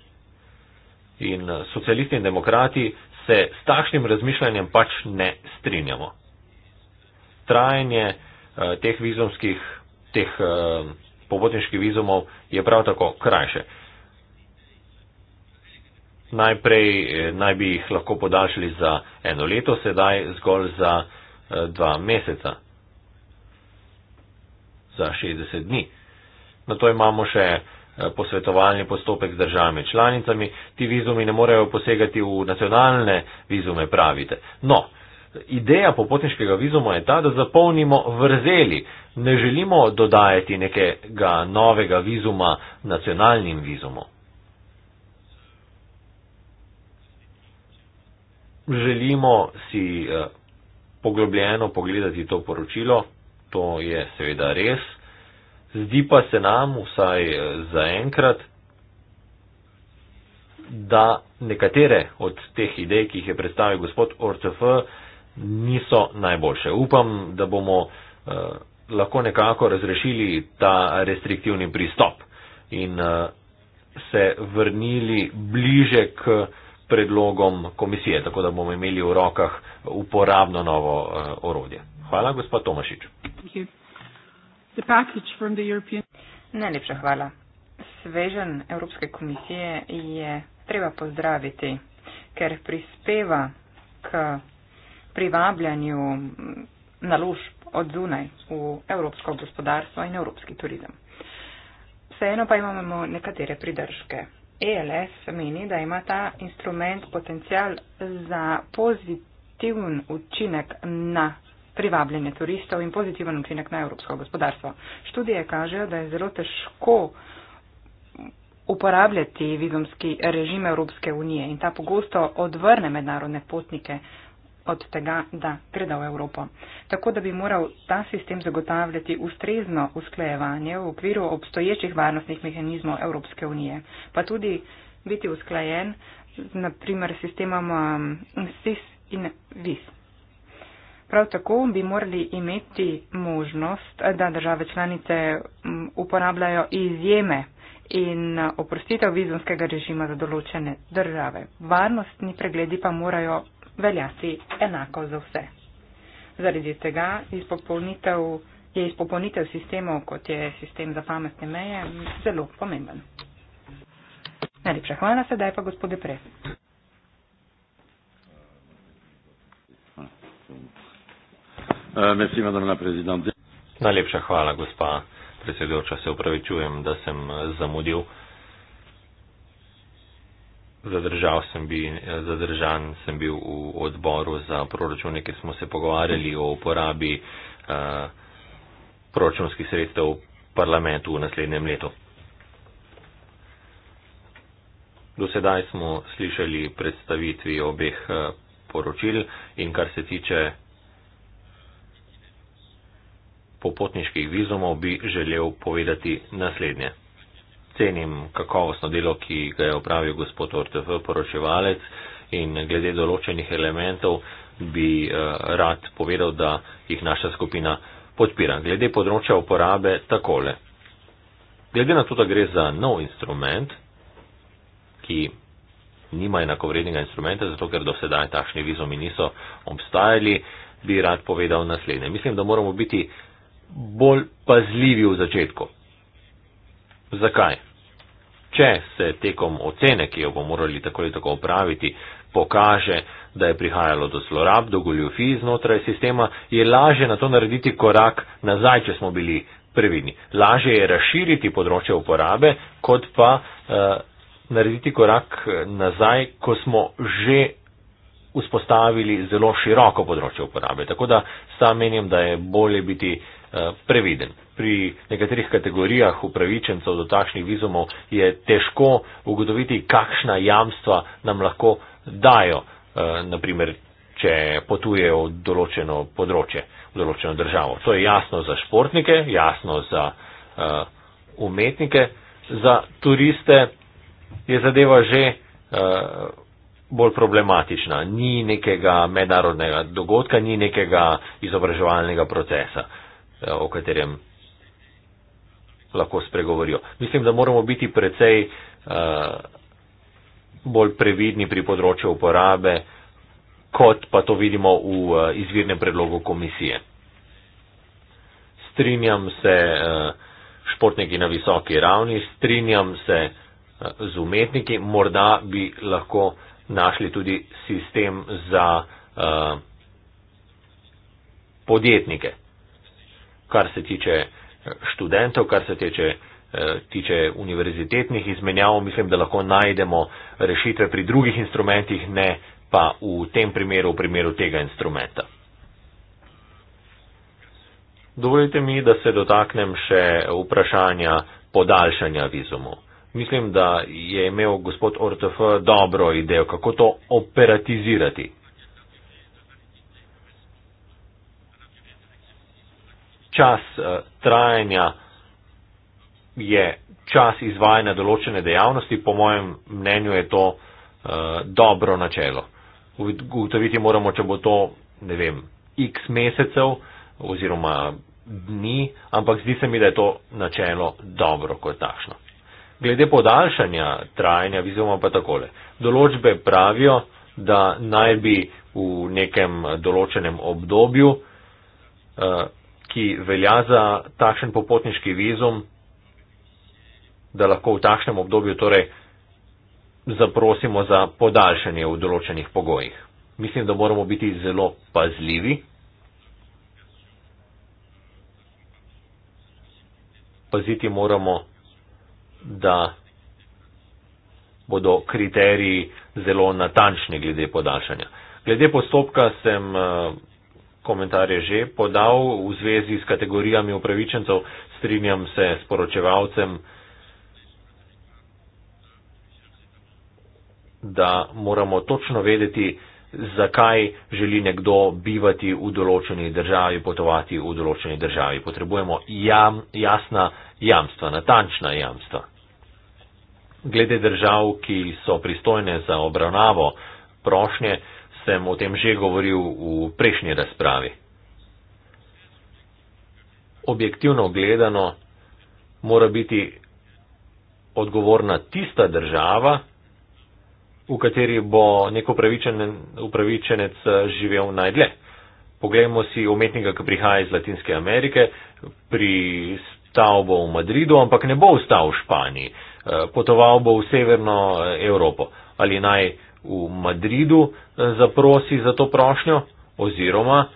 [SPEAKER 2] In eh, socialisti in demokrati se s takšnim razmišljanjem pač ne strinjamo. Trajanje teh vizumskih, teh popotniških vizumov je prav tako krajše. Najprej eh, naj bi jih lahko podaljšali za eno leto, sedaj zgolj za eh, dva meseca, za 60 dni. Na to imamo še eh, posvetovalni postopek z državami članicami. Ti vizumi ne morejo posegati v nacionalne vizume, pravite. No, ideja popotniškega vizuma je ta, da zapolnimo vrzeli. Ne želimo dodajati nekega novega vizuma nacionalnim vizumom. Želimo si eh, poglobljeno pogledati to poročilo, to je seveda res. Zdi pa se nam, vsaj eh, zaenkrat, da nekatere od teh idej, ki jih je predstavil gospod Ortefe, niso najboljše. Upam, da bomo eh, lahko nekako razrešili ta restriktivni pristop in eh, se vrnili bliže k predlogom komisije, tako da bomo imeli v rokah uporabno novo eh, orodje. Hvala, gospod Tomašič.
[SPEAKER 1] Najlepša hvala. Svežen Evropske komisije je treba pozdraviti, ker prispeva k privabljanju naložb od zunaj v evropsko gospodarstvo in evropski turizem. Vseeno pa imamo nekatere pridržke. ELS meni, da ima ta instrument potencial za pozitiven učinek na privabljanje turistov in pozitiven učinek na evropsko gospodarstvo. Študije kažejo, da je zelo težko uporabljati vizumski režim Evropske unije in ta pogosto odvrne mednarodne potnike od tega, da gredo v Evropo. Tako da bi moral ta sistem zagotavljati ustrezno usklajevanje v okviru obstoječih varnostnih mehanizmov Evropske unije, pa tudi biti usklajen z naprimer sistemom um, SIS in VIS. Prav tako bi morali imeti možnost, da države članice um, uporabljajo izjeme in uh, oprostitev vizumskega režima za določene države. Varnostni pregledi pa morajo veljati enako za vse. Zaradi tega je izpopolnitev sistemov, kot je sistem za pametne meje, zelo pomemben. Najlepša hvala, sedaj pa gospode Pre.
[SPEAKER 2] Eh, Najlepša hvala, gospa predsedujoča. Se upravičujem, da sem zamudil zadržal sem bil, zadržan sem bil v odboru za proračune, ker smo se pogovarjali o uporabi uh, proračunskih sredstev v parlamentu v naslednjem letu. Do sedaj smo slišali predstavitvi obeh eh, poročil in kar se tiče popotniških vizumov, bi želel povedati naslednje cenim kakovostno delo, ki ga je opravil gospod Ortev, poročevalec in glede določenih elementov bi eh, rad povedal, da jih naša skupina podpira. Glede področja uporabe takole. Glede na to, da gre za nov instrument, ki nima enakovrednega instrumenta, zato ker do sedaj takšni vizumi niso obstajali, bi rad povedal naslednje. Mislim, da moramo biti bolj pazljivi v začetku. Zakaj? Če se tekom ocene, ki jo bomo morali tako ali tako opraviti, pokaže, da je prihajalo do zlorab, do goljufij znotraj sistema, je laže na to narediti korak nazaj, če smo bili previdni. Laže je razširiti področje uporabe, kot pa uh, narediti korak eh, nazaj, ko smo že vzpostavili zelo široko področje uporabe. Tako da sam menim, da je bolje biti uh, previden pri nekaterih kategorijah upravičencev do takšnih vizumov je težko ugotoviti, kakšna jamstva nam lahko dajo, eh, naprimer, če potujejo v določeno področje, v določeno državo. To je jasno za športnike, jasno za eh, umetnike, za turiste je zadeva že eh, bolj problematična. Ni nekega mednarodnega dogodka, ni nekega izobraževalnega procesa, o katerem lahko spregovorijo. Mislim, da moramo biti precej uh, bolj previdni pri področju uporabe, kot pa to vidimo v uh, izvirnem predlogu komisije. Strinjam se uh, športniki na visoki ravni, strinjam se uh, z umetniki, morda bi lahko našli tudi sistem za uh, podjetnike, kar se tiče študentov, kar se tiče, eh, tiče univerzitetnih izmenjav, mislim, da lahko najdemo rešitve pri drugih instrumentih, ne pa v tem primeru, v primeru tega instrumenta. Dovolite mi, da se dotaknem še vprašanja podaljšanja vizumov. Mislim, da je imel gospod Ortof dobro idejo, kako to operatizirati. Čas eh, trajanja je čas izvajanja določene dejavnosti, po mojem mnenju je to uh, dobro načelo. Ugotoviti moramo, če bo to, ne vem, x mesecev oziroma dni, ampak zdi se mi, da je to načelo dobro kot takšno. Glede podaljšanja trajanja vizuma pa takole. Določbe pravijo, da naj bi v nekem določenem obdobju uh, ki velja za takšen popotniški vizum, da lahko v takšnem obdobju torej zaprosimo za podaljšanje v določenih pogojih. Mislim, da moramo biti zelo pazljivi. Paziti moramo, da bodo kriteriji zelo natančni glede podaljšanja. Glede postopka sem eh, komentarje že podal v zvezi s kategorijami upravičencev, strinjam se s poročevalcem, da moramo točno vedeti, zakaj želi nekdo bivati v določeni državi, potovati v določeni državi. Potrebujemo jam, jasna jamstva, natančna jamstva. Glede držav, ki so pristojne za obravnavo prošnje, sem o tem že govoril v prejšnji razpravi. Objektivno gledano mora biti odgovorna tista država, v kateri bo nek upravičenec, upravičenec eh, živel najdlje. Poglejmo si umetnika, ki prihaja iz Latinske Amerike, pristal bo v Madridu, ampak ne bo ostal v Španiji, eh, potoval bo v severno eh, Evropo ali naj v Madridu eh, zaprosi za to prošnjo oziroma eh,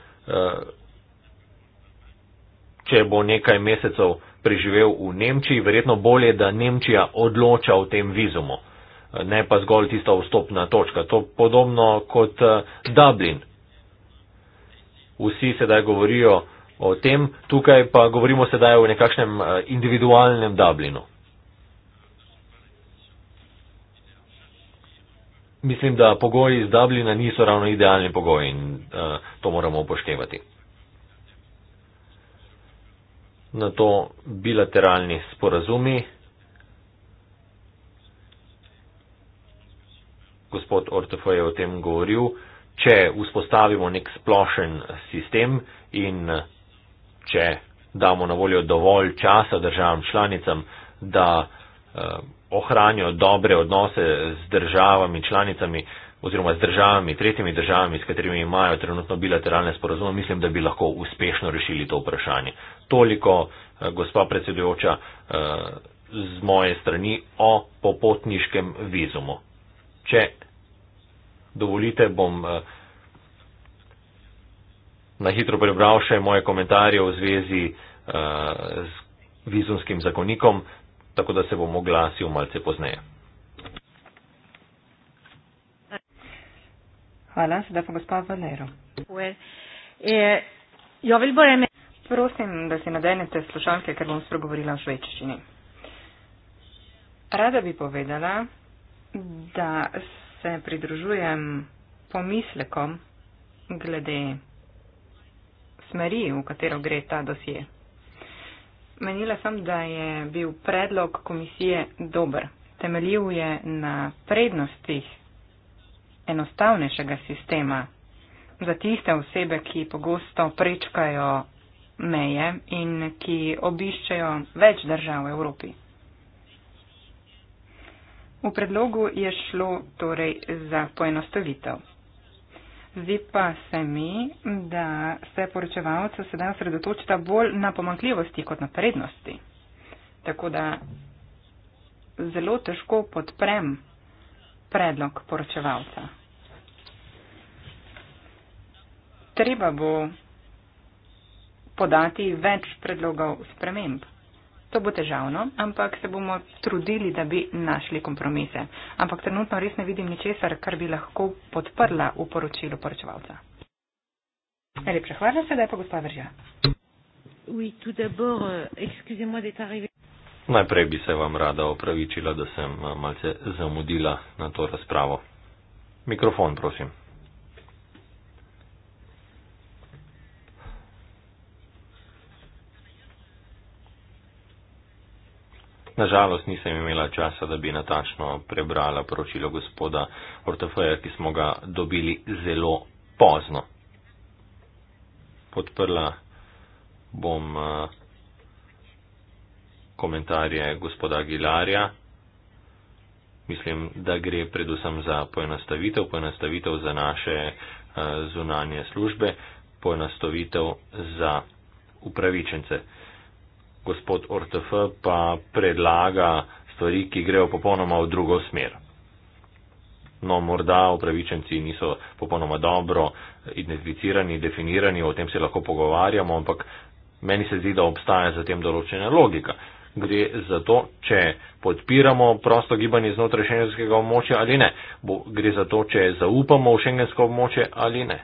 [SPEAKER 2] če bo nekaj mesecev preživel v Nemčiji, verjetno bolje, da Nemčija odloča o tem vizumu, eh, ne pa zgolj tista vstopna točka. To podobno kot Dublin. Vsi sedaj govorijo o tem, tukaj pa govorimo sedaj o nekakšnem individualnem Dublinu. mislim, da pogoji iz Dublina niso ravno idealni pogoji in eh, to moramo upoštevati. Na to bilateralni sporazumi. Gospod Ortefo je o tem govoril. Če vzpostavimo nek splošen sistem in če damo na voljo dovolj časa državam članicam, da eh, ohranijo dobre odnose z državami, članicami oziroma z državami, tretjimi državami, s katerimi imajo trenutno bilateralne sporozume, mislim, da bi lahko uspešno rešili to vprašanje. Toliko, eh, gospa predsedujoča, eh, z moje strani o popotniškem vizumu. Če dovolite, bom eh, na hitro prebral še moje komentarje v zvezi z vizumskim zakonikom tako da se bom oglasil malce pozneje.
[SPEAKER 1] Hvala, sedaj pa gospod Valero. Well, eh, me... Prosim, da si nadenete slušalke, ker bom spregovorila v švečini. Rada bi povedala, da se pridružujem pomislekom glede smeri, v katero gre ta dosje menila sem, da je bil predlog komisije dober. Temeljil je na prednostih enostavnejšega sistema za tiste osebe, ki pogosto prečkajo meje in ki obiščajo več držav v Evropi. V predlogu je šlo torej za poenostavitev. Zdi pa se mi, da se poročevalca sedaj osredotočita bolj na pomankljivosti kot na prednosti. Tako da zelo težko podprem predlog poročevalca. Treba bo podati več predlogov sprememb. To bo težavno, ampak se bomo trudili, da bi našli kompromise. Ampak trenutno res ne vidim ničesar, kar bi lahko podprla v poročilu poročevalca. Najlepša hvala, sedaj pa gospod euh, Vrža.
[SPEAKER 2] Najprej bi se vam rada opravičila, da sem eh, malce zamudila na to razpravo. Mikrofon, prosim. Nažalost nisem imela časa, da bi natačno prebrala poročilo gospoda Ortofeja, ki smo ga dobili zelo pozno. Podprla bom eh, komentarje gospoda Gilarja. Mislim, da gre predvsem za poenostavitev, poenostavitev za naše eh, zunanje službe, poenostavitev za upravičence gospod ORTF pa predlaga stvari, ki grejo popolnoma v drugo smer. No, morda upravičenci niso popolnoma dobro identificirani, definirani, o tem se lahko pogovarjamo, ampak meni se zdi, da obstaja za tem določena logika. Gre za to, če podpiramo prosto gibanje znotraj šengenskega območja ali ne. Bo, gre za to, če zaupamo v šengensko območje ali ne.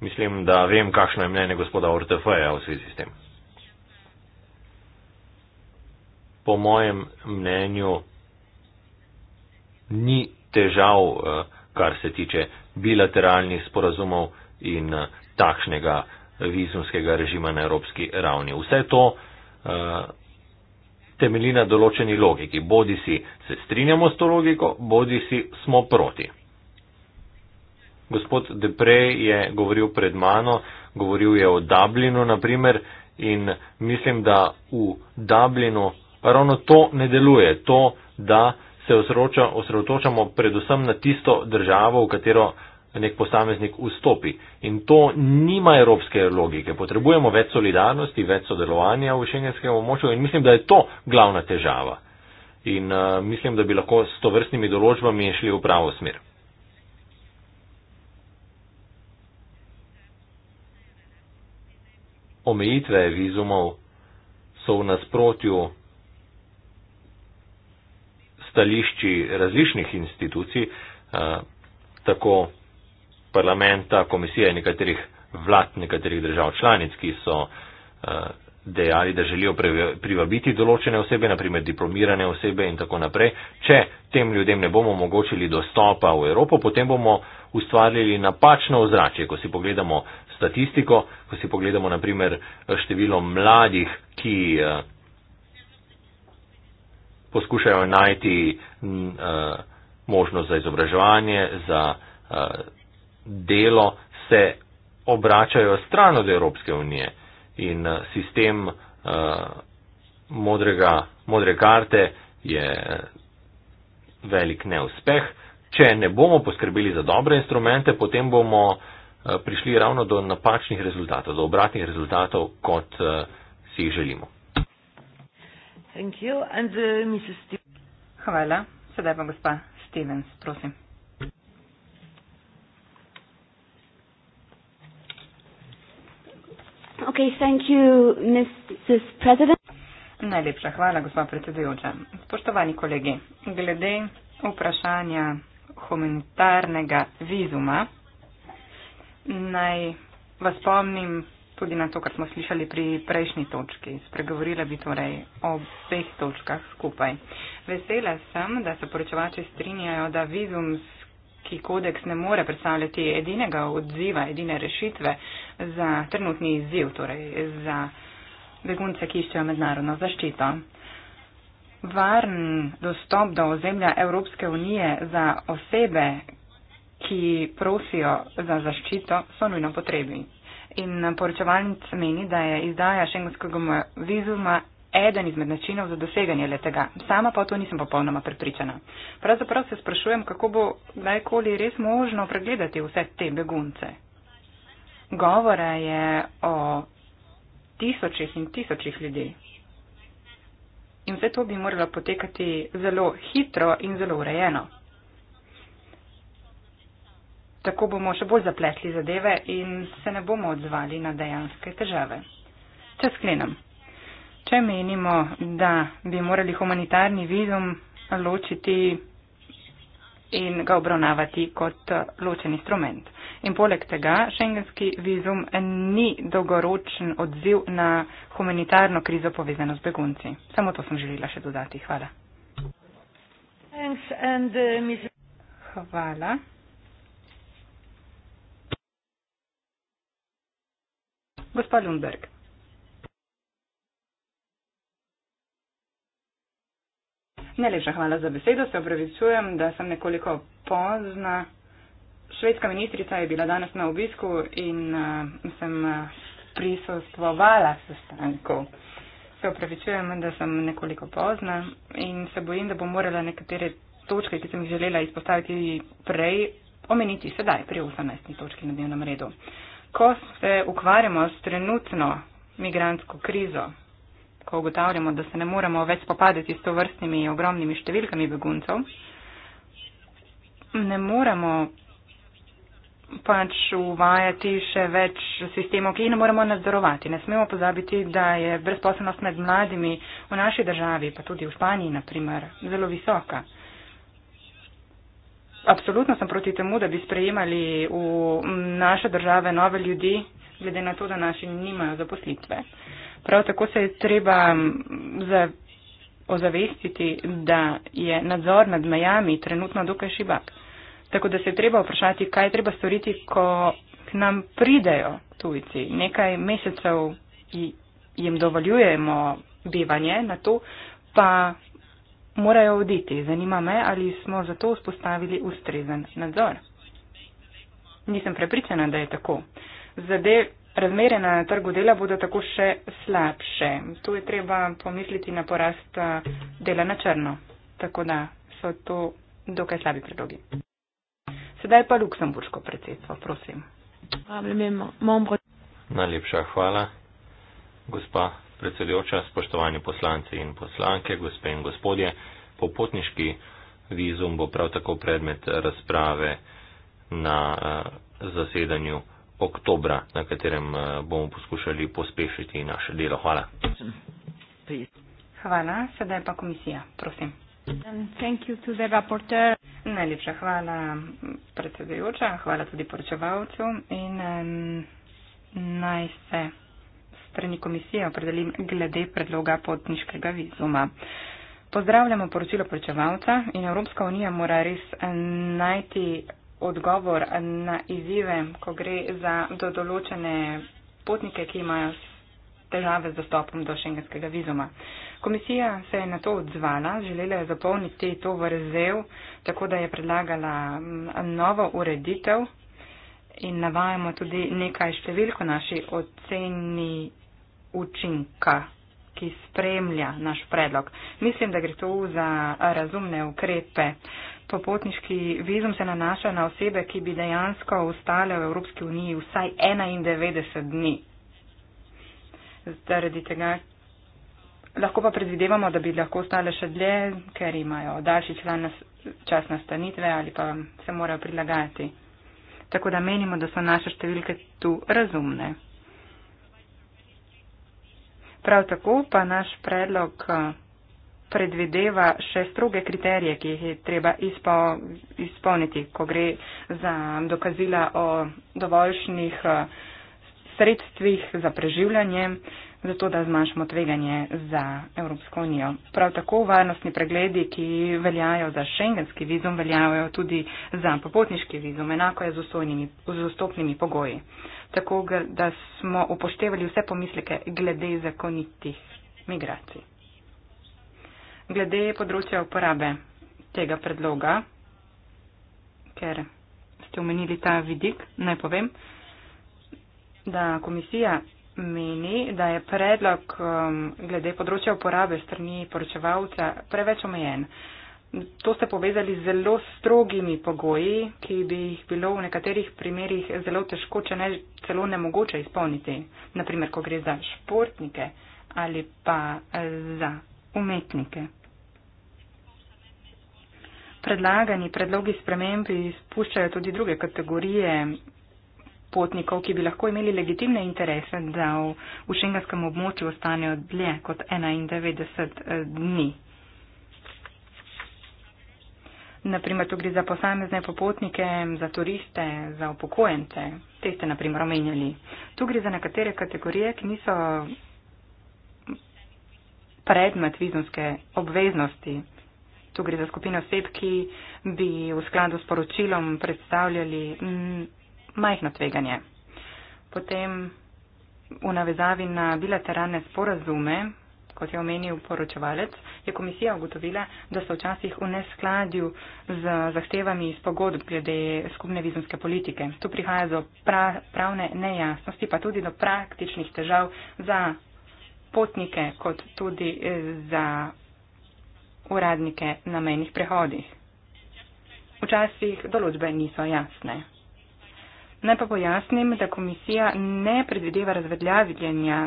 [SPEAKER 2] Mislim, da vem, kakšno je mnenje gospoda ORTF-ja v svezi s tem. po mojem mnenju ni težav, eh, kar se tiče bilateralnih sporazumov in eh, takšnega vizumskega režima na evropski ravni. Vse to eh, temelji na določeni logiki. Bodi si se strinjamo s to logiko, bodi si smo proti. Gospod Deprej je govoril pred mano, govoril je o Dublinu naprimer in mislim, da v Dublinu pa ravno to ne deluje, to, da se osroča, osredotočamo predvsem na tisto državo, v katero nek posameznik vstopi. In to nima evropske logike. Potrebujemo več solidarnosti, več sodelovanja v šengenskem območju in mislim, da je to glavna težava. In uh, mislim, da bi lahko s to vrstnimi določbami šli v pravo smer. Omejitve vizumov so v nasprotju stališči različnih institucij, eh, tako parlamenta, komisije in nekaterih vlad nekaterih držav članic, ki so eh, dejali, da želijo privabiti določene osebe, naprimer diplomirane osebe in tako naprej. Če tem ljudem ne bomo omogočili dostopa v Evropo, potem bomo ustvarili napačno ozračje. Ko si pogledamo statistiko, ko si pogledamo naprimer število mladih, ki eh, poskušajo najti eh, možnost za izobraževanje, za eh, delo, se obračajo stran od Evropske unije in eh, sistem modrega, modre karte je velik neuspeh. Če ne bomo poskrbeli za dobre instrumente, potem bomo prišli ravno do napačnih rezultatov, do obratnih rezultatov, kot si jih želimo.
[SPEAKER 1] Thank you. And uh, Mrs. Stevens. Hvala. Sedaj pa gospa Stevens, prosim.
[SPEAKER 3] Okay, thank you, Mrs. President.
[SPEAKER 1] Najlepša hvala, gospa predsedujoča. Spoštovani kolegi, glede vprašanja humanitarnega vizuma, naj vas spomnim tudi na to, kar smo slišali pri prejšnji točki. Spregovorila bi torej o obeh točkah skupaj. Vesela sem, da se poročevači strinjajo, da vizumski kodeks ne more predstavljati edinega odziva, edine rešitve za trenutni izziv, torej za begunce, ki iščejo mednarodno zaščito. Varn dostop do ozemlja Evropske unije za osebe, ki prosijo za zaščito, so nujno potrebni in poročevalnic meni, da je izdaja šengenskega vizuma eden izmed načinov za doseganje letega. Sama pa to nisem popolnoma prepričana. Pravzaprav se sprašujem, kako bo najkoli res možno pregledati vse te begunce. Govora je o tisočih in tisočih ljudi. In vse to bi moralo potekati zelo hitro in zelo urejeno. Tako bomo še bolj zapletli zadeve in se ne bomo odzvali na dejanske težave. Če sklenem. Če menimo, da bi morali humanitarni vizum ločiti in ga obravnavati kot ločen instrument. In poleg tega, šengenski vizum ni dolgoročen odziv na humanitarno krizo povezano z begunci. Samo to sem želela še dodati. Hvala. Uh, Hvala. Gospa Lundberg. Najlepša hvala za besedo. Se opravičujem, da sem nekoliko pozna. Švedska ministrica je bila danes na obisku in uh, sem eh, prisostvovala sestanku. Se opravičujem, da sem nekoliko pozna in se bojim, da bom morala nekatere točke, ki sem jih želela izpostaviti prej, omeniti sedaj pri 18. točki na dnevnem redu. Uh, ko se ukvarjamo s trenutno migransko krizo, ko ugotavljamo, da se ne moremo več spopadati s to vrstnimi ogromnimi številkami beguncev, ne moremo pač uvajati še več sistemov, ki jih ne moremo nadzorovati. Ne smemo pozabiti, da je brezposobnost med mladimi v naši državi, pa tudi v Španiji, naprimer, zelo visoka. Absolutno sem proti temu, da bi sprejemali v naše države nove ljudi, glede na to, da naši nimajo zaposlitve. Prav tako se je treba ozavestiti, da je nadzor nad mejami trenutno dokaj šibak. Tako da se je treba vprašati, kaj je treba storiti, ko k nam pridejo tujci. Nekaj mesecev jim dovoljujemo bivanje, na to pa morajo oditi. Zanima me, ali smo zato vzpostavili ustrezen nadzor. Nisem prepričana, da je tako. Zade razmere na trgu dela bodo tako še slabše. Tu je treba pomisliti na porast dela na črno. Tako da so to dokaj slabi predlogi. Sedaj pa Luksemburško predsedstvo, prosim.
[SPEAKER 2] Najlepša hvala, gospa predsedujoča, spoštovani poslanci in poslanke, gospe in gospodje, popotniški vizum bo prav tako predmet razprave na eh, zasedanju oktobra, na katerem eh, bomo poskušali pospešiti naše delo. Hvala.
[SPEAKER 1] Hvala, sedaj pa komisija, prosim. Najlepša hvala, predsedujoča, hvala tudi poročevalcu in um, naj se strani komisije opredelim glede predloga potniškega vizuma. Pozdravljamo poročilo pričevalca in Evropska unija mora res najti odgovor na izzive, ko gre za dodoločene potnike, ki imajo težave z dostopom do šengenskega vizuma. Komisija se je na to odzvala, želela je zapolniti to vrzel, tako da je predlagala mm, novo ureditev in navajamo tudi nekaj številko naši oceni učinka, ki spremlja naš predlog. Mislim, da gre tu za razumne ukrepe. Popotniški vizum se nanaša na osebe, ki bi dejansko ostale v Evropski uniji vsaj 91 dni. Zaradi tega lahko pa predvidevamo, da bi lahko ostale še dlje, ker imajo daljši čas nastanitve ali pa se morajo prilagajati. Tako da menimo, da so naše številke tu razumne. Prav tako pa naš predlog eh, predvideva še stroge kriterije, ki jih je treba izpolniti, ko gre za dokazila o dovoljšnih eh, sredstvih za preživljanje, zato da zmanjšamo tveganje za Evropsko unijo. Prav tako varnostni pregledi, ki veljajo za šengenski vizum, veljajo tudi za popotniški vizum. Enako je z vstopnimi pogoji tako, da smo upoštevali vse pomisleke glede zakonitih migracij. Glede področja uporabe tega predloga, ker ste omenili ta vidik, naj povem, da komisija meni, da je predlog um, glede področja uporabe strani poročevalca preveč omejen. To ste povezali z zelo strogimi pogoji, ki bi jih bilo v nekaterih primerjih zelo težko, če ne celo nemogoče izpolniti. Naprimer, ko gre za športnike ali pa za umetnike. Predlagani predlogi sprememb izpuščajo tudi druge kategorije potnikov, ki bi lahko imeli legitimne interese, da v šengenskem območju ostanejo dlje kot 91 eh, dni naprimer tu gre za posamezne popotnike, za turiste, za upokojence, te ste naprimer omenjali. Tu gre za nekatere kategorije, ki niso predmet vizumske obveznosti. Tu gre za skupino oseb, ki bi v skladu s poročilom predstavljali mm, majhno tveganje. Potem v navezavi na bilateralne sporazume kot je omenil poročevalec, je komisija ugotovila, da so včasih v neskladju z zahtevami iz pogodb glede skupne vizumske politike. Tu prihaja do pra pravne nejasnosti, pa tudi do praktičnih težav za potnike, kot tudi eh, za uradnike na menjih prehodih. Včasih določbe niso jasne. Naj pa pojasnim, da komisija ne predvideva razvedljavljenja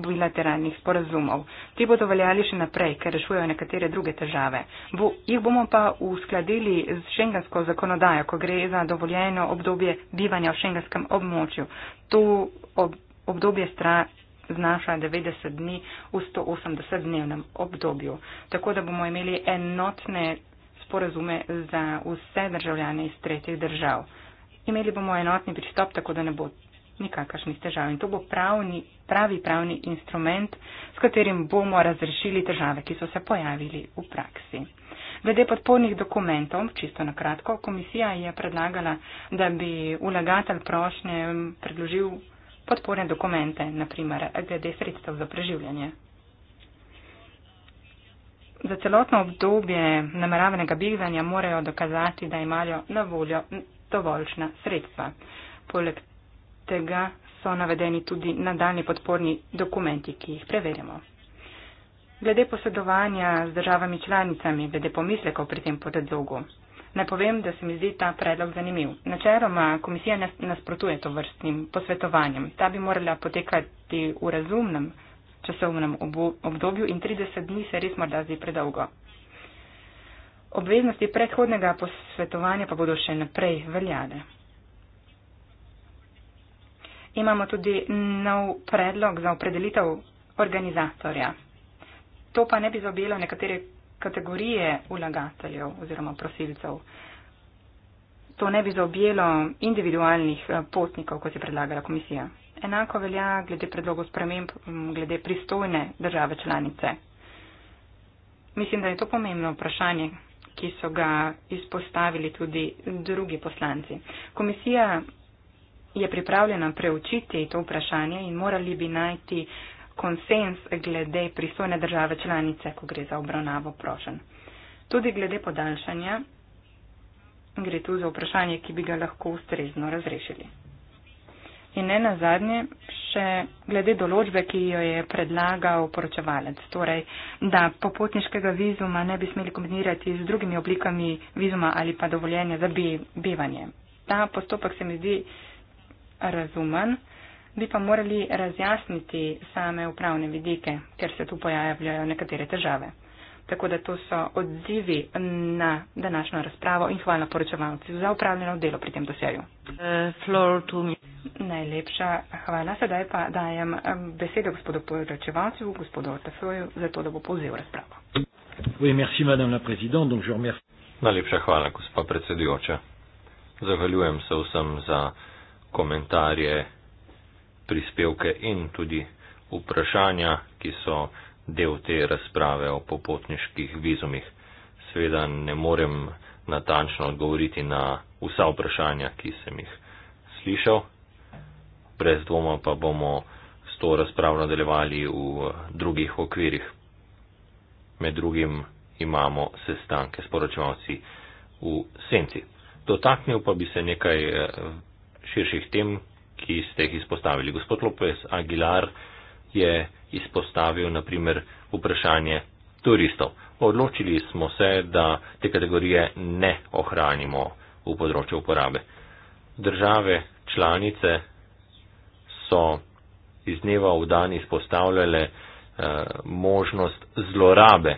[SPEAKER 1] bilateralnih sporazumov. Ti bodo veljali še naprej, ker rešujejo nekatere druge težave. Bo, jih bomo pa uskladili z šengansko zakonodajo, ko gre za dovoljeno obdobje bivanja v šenganskem območju. To ob, obdobje stra znaša 90 dni v 180-dnevnem obdobju. Tako da bomo imeli enotne sporazume za vse državljane iz tretjih držav. Imeli bomo enotni pristop, tako da ne bo nikakršnih težav. In to bo pravni, pravi pravni instrument, s katerim bomo razrešili težave, ki so se pojavili v praksi. Glede podpornih dokumentov, čisto na kratko, komisija je predlagala, da bi vlagatelj prošnje predložil podporne dokumente, naprimer glede sredstev za preživljanje. Za celotno obdobje nameravanega bivanja morajo dokazati, da imajo na voljo dovoljšna sredstva. Poleg tega so navedeni tudi nadaljni podporni dokumenti, ki jih preverjamo. Glede posedovanja z državami članicami, glede pomislekov pri tem podedlogu, ne povem, da se mi zdi ta predlog zanimiv. Načeloma komisija nasprotuje to vrstnim posvetovanjem. Ta bi morala potekati v razumnem časovnem obdobju in 30 dni se res morda zdi predolgo. Obveznosti predhodnega posvetovanja pa bodo še naprej veljale imamo tudi nov predlog za opredelitev organizatorja. To pa ne bi zaobjelo nekatere kategorije vlagateljev oziroma prosilcev. To ne bi zaobjelo individualnih eh, potnikov, kot je predlagala komisija. Enako velja glede predlogov sprememb, mm, glede pristojne države članice. Mislim, da je to pomembno vprašanje, ki so ga izpostavili tudi drugi poslanci. Komisija je pripravljena preučiti to vprašanje in morali bi najti konsens glede pristojne države članice, ko gre za obravnavo prošen. Tudi glede podaljšanja gre tu za vprašanje, ki bi ga lahko ustrezno razrešili. In ne nazadnje, še glede določbe, ki jo je predlagal poročevalec, torej, da popotniškega vizuma ne bi smeli kombinirati z drugimi oblikami vizuma ali pa dovoljenja za bivanje. Ta postopek se mi zdi razumen, bi pa morali razjasniti same upravne vidike, ker se tu pojavljajo nekatere težave. Tako da to so odzivi na današnjo razpravo in hvala poročevalci za upravljeno delo pri tem doseju. Eh, Najlepša hvala. Sedaj pa dajem eh, besedo gospodu poročevalcu, gospodu Otafroju, za to, da bo povzel razpravo.
[SPEAKER 2] Oui, merci, Najlepša hvala, gospod predsedujoča. Zahvaljujem se vsem za komentarje, prispevke in tudi vprašanja, ki so del te razprave o popotniških vizumih. Sveda ne morem natančno odgovoriti na vsa vprašanja, ki sem jih slišal. Brez dvoma pa bomo s to razpravo nadaljevali v drugih okvirih. Med drugim imamo sestanke s poročevalci v senci. Dotaknil pa bi se nekaj eh, širših tem, ki ste jih izpostavili. Gospod Lopez Aguilar je izpostavil naprimer vprašanje turistov. Odločili smo se, da te kategorije ne ohranimo v področju uporabe. Države članice so iz dneva v dan izpostavljale eh, možnost zlorabe,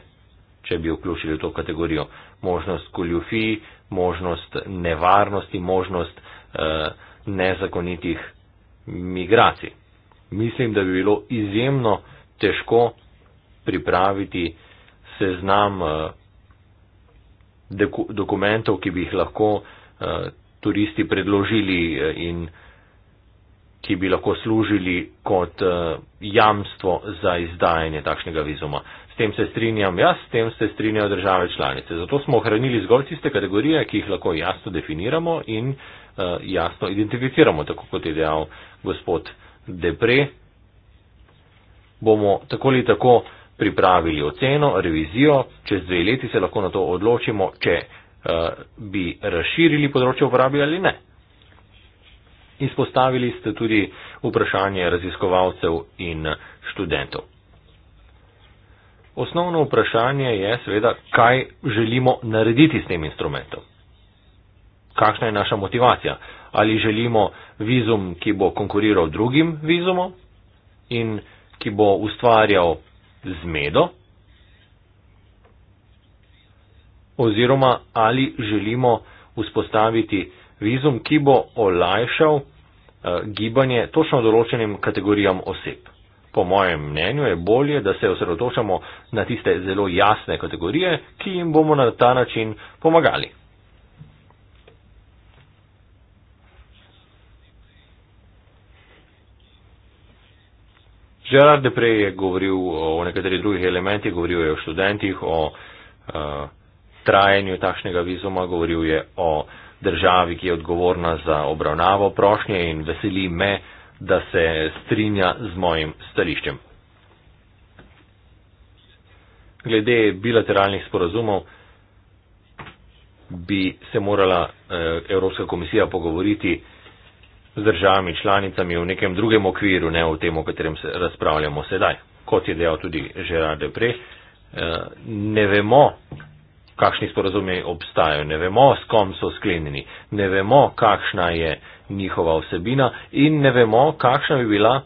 [SPEAKER 2] če bi vključili to kategorijo, možnost goljufij, možnost nevarnosti, možnost eh, nezakonitih migracij. Mislim, da bi bilo izjemno težko pripraviti seznam eh, dokumentov, ki bi jih lahko eh, turisti predložili eh, in ki bi lahko služili kot jamstvo za izdajanje takšnega vizuma tem se strinjam jaz, s tem se strinjajo države članice. Zato smo ohranili zgolj tiste kategorije, ki jih lahko jasno definiramo in uh, jasno identificiramo, tako kot je dejal gospod Depre. Bomo tako ali tako pripravili oceno, revizijo, čez dve leti se lahko na to odločimo, če uh, bi razširili področje uporabe ali ne. Izpostavili ste tudi vprašanje raziskovalcev in študentov. Osnovno vprašanje je seveda, kaj želimo narediti s tem instrumentom. Kakšna je naša motivacija? Ali želimo vizum, ki bo konkuriral drugim vizumom in ki bo ustvarjal zmedo? Oziroma, ali želimo vzpostaviti vizum, ki bo olajšal uh, gibanje točno določenim kategorijam oseb? po mojem mnenju, je bolje, da se osredotočamo na tiste zelo jasne kategorije, ki jim bomo na ta način pomagali. Gerard de Prey je govoril o nekaterih drugih elementih, govoril je o študentih, o uh, trajanju takšnega vizuma, govoril je o državi, ki je odgovorna za obravnavo prošnje in veseli me, da se strinja z mojim stališčem. Glede bilateralnih sporazumov bi se morala eh, Evropska komisija pogovoriti z državami članicami v nekem drugem okviru, ne v tem, o katerem se razpravljamo sedaj. Kot je dejal tudi Žerar Depre, eh, ne vemo, kakšni sporozumi obstajajo, ne vemo, s kom so sklenjeni, ne vemo, kakšna je njihova vsebina in ne vemo, kakšna bi bila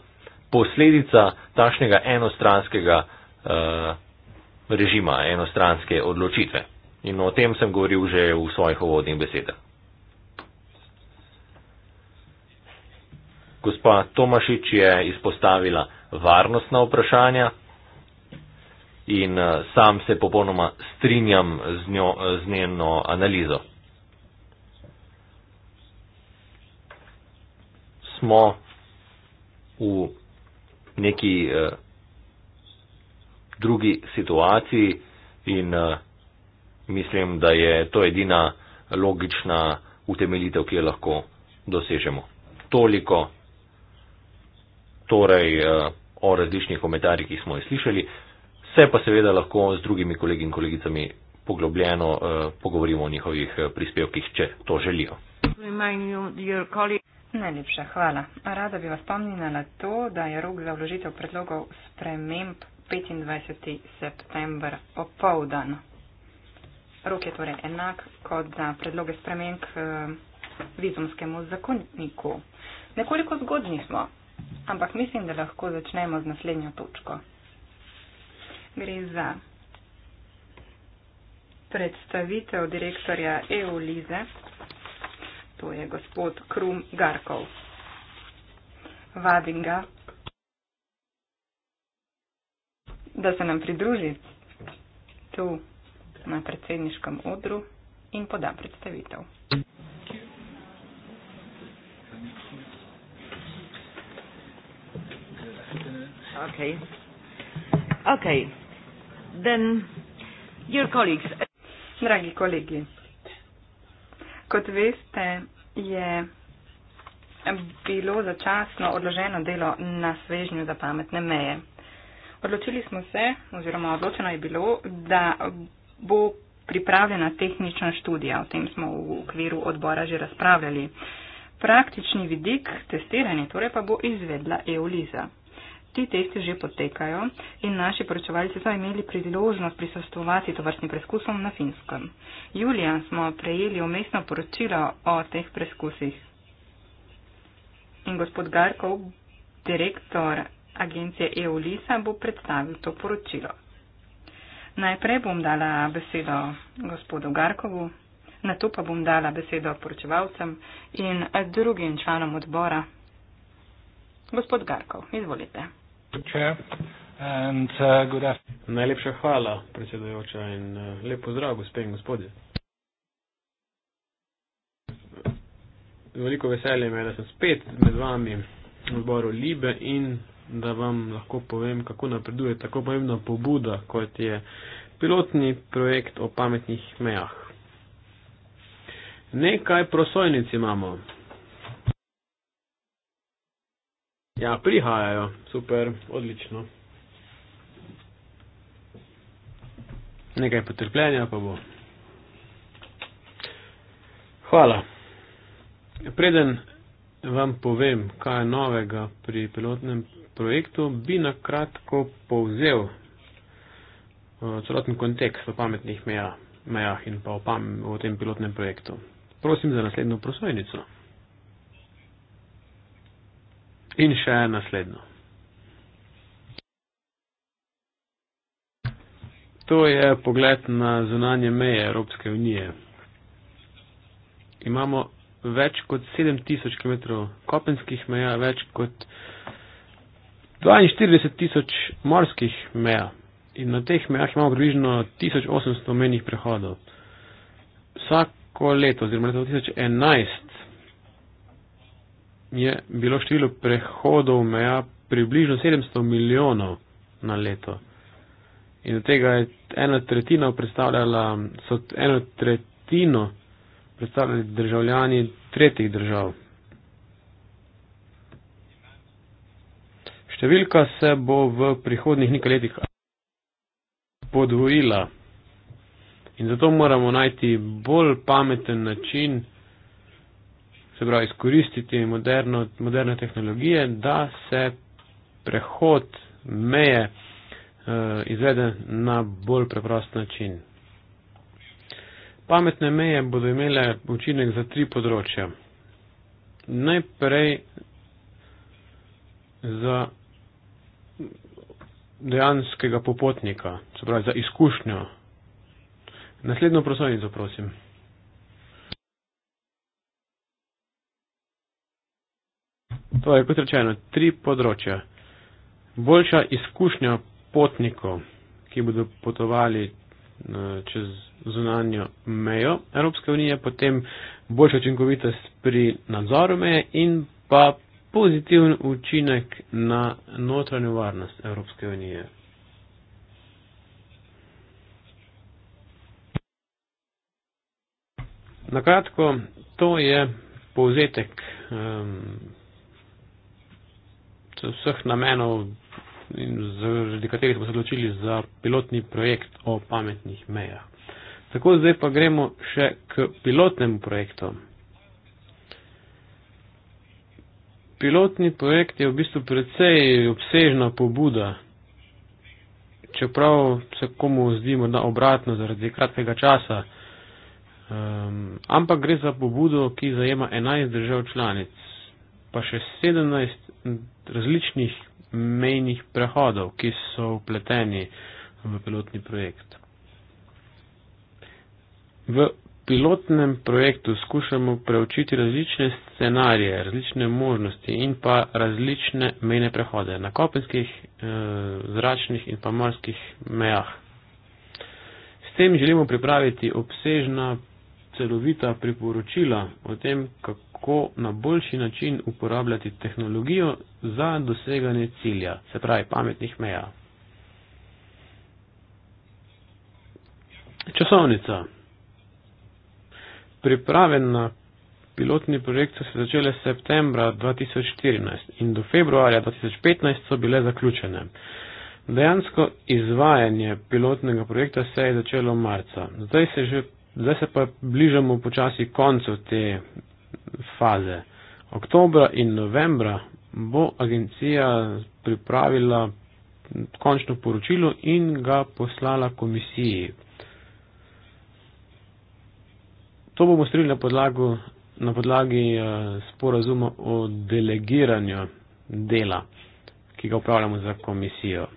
[SPEAKER 2] posledica takšnega enostranskega uh, režima, enostranske odločitve. In o tem sem govoril že v svojih uvodnih besedah. Gospa Tomašič je izpostavila varnostna vprašanja in eh, sam se popolnoma strinjam z, njo, eh, z njeno analizo. Smo v neki eh, drugi situaciji in eh, mislim, da je to edina logična utemeljitev, ki jo lahko dosežemo. Toliko torej eh, o različnih komentarjih, ki smo jih slišali. Se pa seveda lahko z drugimi kolegi in kolegicami poglobljeno eh, pogovorimo o njihovih eh, prispevkih, če to želijo.
[SPEAKER 1] Najlepša hvala. Rada bi vas spomnila na to, da je rok za vložitev predlogov sprememb 25. september opoldan. Rok je torej enak kot za predloge sprememb eh, vizumskemu zakoniku. Nekoliko zgodni smo, ampak mislim, da lahko začnemo z naslednjo točko gre za predstavitev direktorja EULIZE, to je gospod Krum Garkov. Vabim ga, da se nam pridruži tu na predsedniškem odru in poda predstavitev. Okay. Okay then your colleagues. Dragi kolegi, kot veste, je bilo začasno odloženo delo na svežnju za pametne meje. Odločili smo se, oziroma odločeno je bilo, da bo pripravljena tehnična študija. O tem smo v okviru odbora že razpravljali. Praktični vidik testiranja torej pa bo izvedla EULIZA. Ti testi že potekajo in naši poročevalci so imeli priložnost prisostovati tovrstnim preskusom na Finskem. Julija smo prejeli umestno poročilo o teh preskusih. In gospod Garkov, direktor agencije EULISA, bo predstavil to poročilo. Najprej bom dala besedo gospodu Garkovu, na to pa bom dala besedo poročevalcem in drugim članom odbora. Gospod Garkov, izvolite.
[SPEAKER 3] Uh, Najlepša hvala, predsedujoča, in uh, lep pozdrav, gospe in gospodje. Veliko veselje me je, da sem spet med vami v zboru Libe in da vam lahko povem, kako napreduje tako pomembna pobuda, kot je pilotni projekt o pametnih mejah. Nekaj prosojnic imamo, Ja, prihajajo, super, odlično. Nekaj potrpljenja pa bo. Hvala. Preden vam povem, kaj je novega pri pilotnem projektu, bi na kratko povzel eh, celoten kontekst o pametnih meja, mejah in pa o, pam, o tem pilotnem projektu. Prosim za naslednjo prosojnico. In še naslednjo. To je pogled na zunanje meje Evropske unije. Imamo več kot 7000 km kopenskih meja, več kot 42 tisoč morskih meja in na teh mejah imamo približno 1800 menjih prehodov. Vsako leto oziroma leto 2011 je bilo število prehodov meja približno 700 milijonov na leto. In od tega je ena tretjina predstavljala, so eno tretjino predstavljali državljani tretjih držav. Številka se bo v prihodnih nekaj letih podvojila. In zato moramo najti bolj pameten način, se pravi izkoristiti moderno, moderne tehnologije, da se prehod meje eh, izvede na bolj preprost način. Pametne meje bodo imele učinek za tri področja. Najprej za dejanskega popotnika, se pravi za izkušnjo. Naslednjo prosojnico, prosim. torej, kot rečeno, tri področja. Boljša izkušnja potnikov, ki bodo potovali eh, čez zunanjo mejo Evropske unije, potem boljša učinkovitost pri nadzoru meje in pa pozitiven učinek na notranjo varnost Evropske unije. Na kratko, to je povzetek um, vseh namenov, zaradi katerih smo se odločili za pilotni projekt o pametnih mejah. Tako zdaj pa gremo še k pilotnemu projektu. Pilotni projekt je v bistvu precej obsežna pobuda, čeprav se komu zdimo na obratno zaradi kratkega časa. Um, ampak gre za pobudo, ki zajema 11 držav članic, pa še 17 različnih mejnih prehodov, ki so upleteni v pilotni projekt. V pilotnem projektu skušamo preučiti različne scenarije, različne možnosti in pa različne mejne prehode na kopenskih, eh, zračnih in pa morskih mejah. S tem želimo pripraviti obsežna, celovita priporočila o tem, kako kako na boljši način uporabljati tehnologijo za doseganje cilja, se pravi pametnih meja. Časovnica. Priprave na pilotni projekt so se začele septembra 2014 in do februarja 2015 so bile zaključene. Dejansko izvajanje pilotnega projekta se je začelo marca. Zdaj se, že, zdaj se pa bližamo počasi koncu te faze. Oktobra in novembra bo agencija pripravila končno poročilo in ga poslala komisiji. To bomo storili na, podlagu, na podlagi eh, sporazuma o delegiranju dela, ki ga upravljamo za komisijo.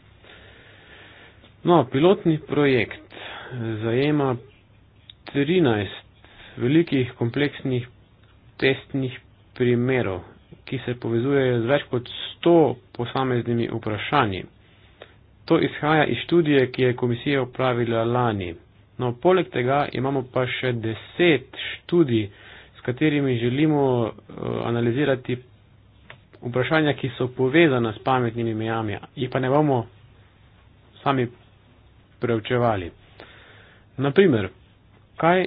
[SPEAKER 3] No, pilotni projekt zajema 13 velikih kompleksnih testnih primerov, ki se povezujejo z več kot 100 posameznimi vprašanji. To izhaja iz študije, ki je komisija upravila lani. No, poleg tega imamo pa še 10 študij, s katerimi želimo eh, analizirati vprašanja, ki so povezana s pametnimi mejami, jih pa ne bomo sami preučevali. Naprimer, kaj eh,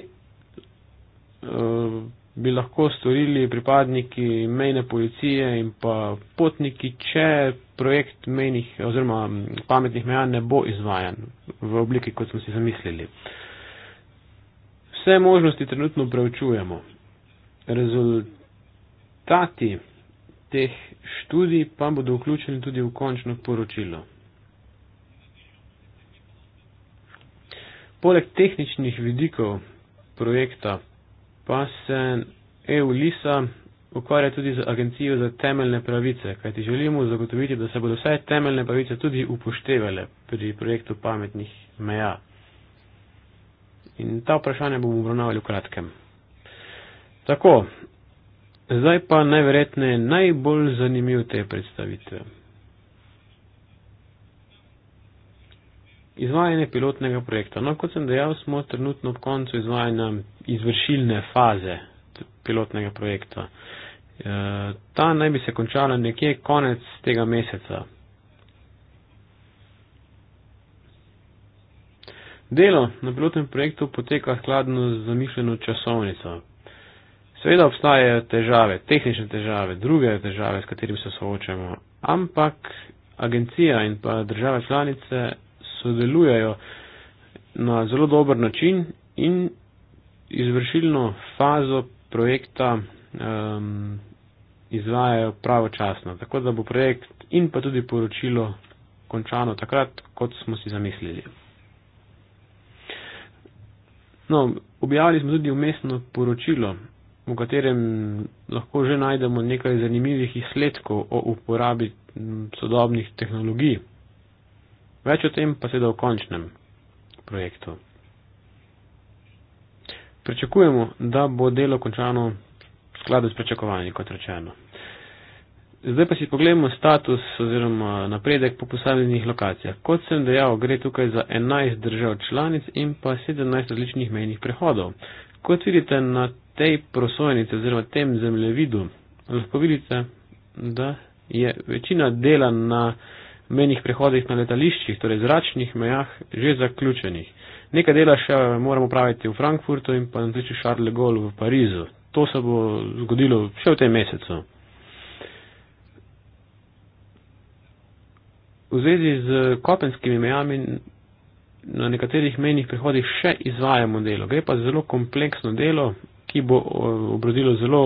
[SPEAKER 3] bi lahko storili pripadniki mejne policije in pa potniki, če projekt mejnih oziroma pametnih meja ne bo izvajan v obliki, kot smo si zamislili. Vse možnosti trenutno preučujemo. Rezultati teh študij pa bodo vključeni tudi v končno poročilo. Poleg tehničnih vidikov projekta pa se EU-LISA ukvarja tudi z agencijo za temeljne pravice, kajti želimo zagotoviti, da se bodo vse temeljne pravice tudi upoštevale pri projektu pametnih meja. In ta vprašanja bomo obravnavali v kratkem. Tako, zdaj pa najverjetneje najbolj zanimiv te predstavitve. Izvajanje pilotnega projekta. No, kot sem dejal, smo trenutno ob koncu izvajanja izvršilne faze pilotnega projekta. E, ta naj bi se končala nekje konec tega meseca. Delo na pilotnem projektu poteka skladno z zamišljeno časovnico. Seveda obstajajo težave, tehnične težave, druge težave, s katerimi se soočamo, ampak agencija in pa države članice sodelujejo na zelo dober način in izvršilno fazo projekta um, izvajajo pravočasno, tako da bo projekt in pa tudi poročilo končano takrat, kot smo si zamislili. No, objavili smo tudi umestno poročilo, v katerem lahko že najdemo nekaj zanimivih izsledkov o uporabi sodobnih tehnologij. Več o tem pa seveda v končnem projektu. Pričakujemo, da bo delo končano v skladu s pričakovanji, kot rečeno. Zdaj pa si pogledamo status oziroma napredek po posameznih lokacijah. Kot sem dejal, gre tukaj za 11 držav članic in pa 17 različnih mejnih prehodov. Kot vidite na tej prosojnici oziroma tem zemljevidu, lahko vidite, da je večina dela na mejnih prehodih na letališčih, torej zračnih mejah, že zaključenih. Nekaj dela še moramo praviti v Frankfurtu in pa na tliču Charles de Gaulle v Parizu. To se bo zgodilo še v tem mesecu. V zvezi z kopenskimi mejami na nekaterih mejnih prehodih še izvajamo delo. Gre pa zelo kompleksno delo, ki bo eh, obrodilo zelo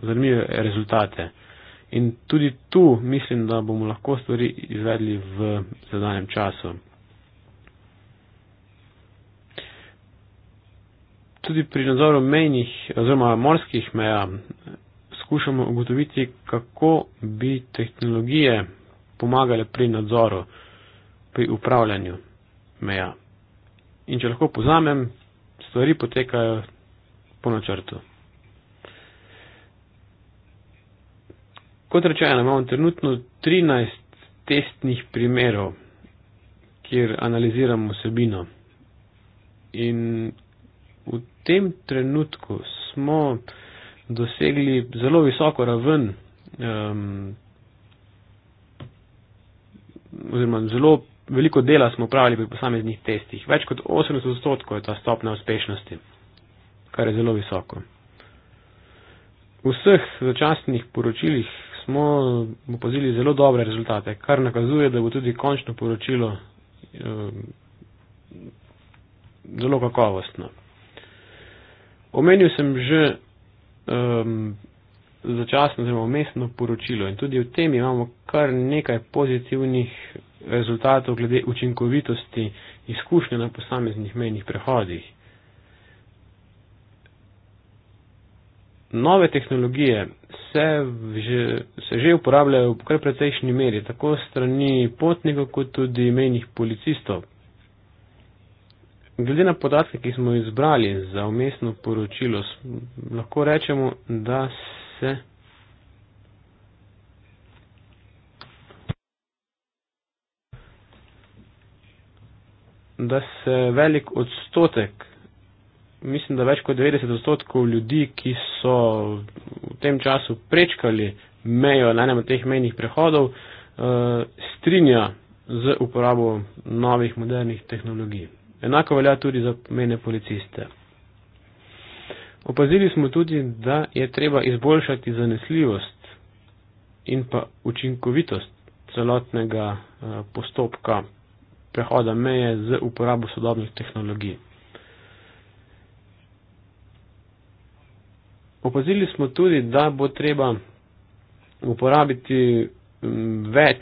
[SPEAKER 3] zanimive rezultate. In tudi tu mislim, da bomo lahko stvari izvedli v zadanjem času. Tudi pri nadzoru mejnih oziroma morskih meja skušamo ugotoviti, kako bi tehnologije pomagale pri nadzoru, pri upravljanju meja. In če lahko poznamem, stvari potekajo po načrtu. Kot rečeno, imamo trenutno 13 testnih primerov, kjer analiziramo vsebino. In v tem trenutku smo dosegli zelo visoko raven, um, oziroma zelo veliko dela smo pravili pri posameznih testih. Več kot 80 odstotkov je ta stopna uspešnosti, kar je zelo visoko. V vseh začasnih poročilih smo opazili zelo dobre rezultate, kar nakazuje, da bo tudi končno poročilo eh, zelo kakovostno. Omenil sem že um, začasno zelo umestno poročilo in tudi v tem imamo kar nekaj pozitivnih rezultatov glede učinkovitosti izkušnje na posameznih mejnih prehodih. nove tehnologije se, vže, se že uporabljajo v kar precejšnji meri, tako strani potnikov, kot tudi menjih policistov. Glede na podatke, ki smo izbrali za umestno poročilo, lahko rečemo, da se. da se velik odstotek mislim, da več kot 90 odstotkov ljudi, ki so v tem času prečkali mejo na enem od teh mejnih prehodov, eh, strinja z uporabo novih modernih tehnologij. Enako velja tudi za mene policiste. Opazili smo tudi, da je treba izboljšati zanesljivost in pa učinkovitost celotnega eh, postopka prehoda meje z uporabo sodobnih tehnologij. Opazili smo tudi, da bo treba uporabiti mm, več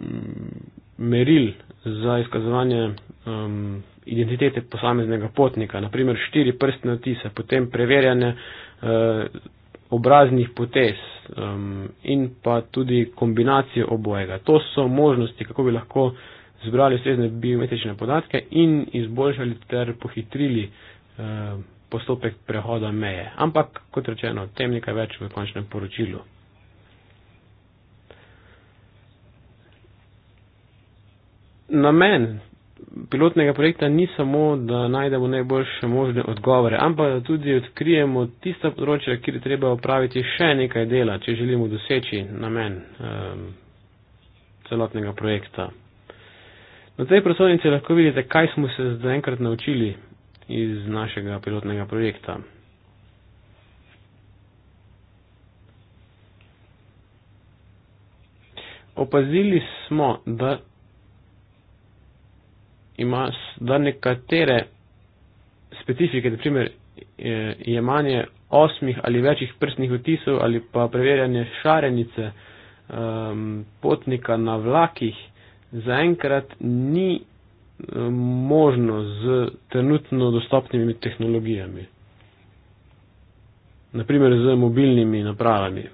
[SPEAKER 3] mm, meril za izkazovanje um, identitete posameznega potnika, naprimer štiri prstne otise, potem preverjanje uh, obraznih potez um, in pa tudi kombinacije obojega. To so možnosti, kako bi lahko zbrali vsezne biometrične podatke in izboljšali ter pohitrili uh, postopek prehoda meje. Ampak, kot rečeno, o tem nekaj več v končnem poročilu. Namen pilotnega projekta ni samo, da najdemo najboljše možne odgovore, ampak da tudi odkrijemo tista področja, kjer je treba opraviti še nekaj dela, če želimo doseči namen um, celotnega projekta. Na tej prosovnici lahko vidite, kaj smo se zaenkrat naučili iz našega pilotnega projekta. Opazili smo, da, ima, da nekatere specifike, naprimer jemanje osmih ali večjih prstnih otisov ali pa preverjanje šarenice um, potnika na vlakih, zaenkrat ni možno z trenutno dostopnimi tehnologijami. Naprimer z mobilnimi napravami.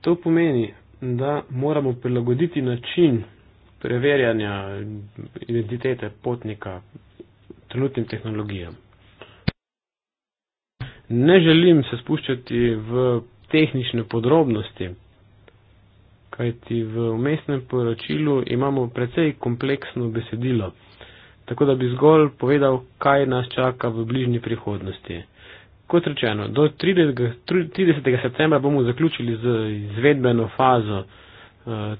[SPEAKER 3] To pomeni, da moramo prilagoditi način preverjanja identitete potnika trenutnim tehnologijam. Ne želim se spuščati v tehnične podrobnosti, kajti v umestnem poročilu imamo precej kompleksno besedilo, tako da bi zgolj povedal, kaj nas čaka v bližnji prihodnosti. Kot rečeno, do 30. 30. septembra bomo zaključili z izvedbeno fazo uh,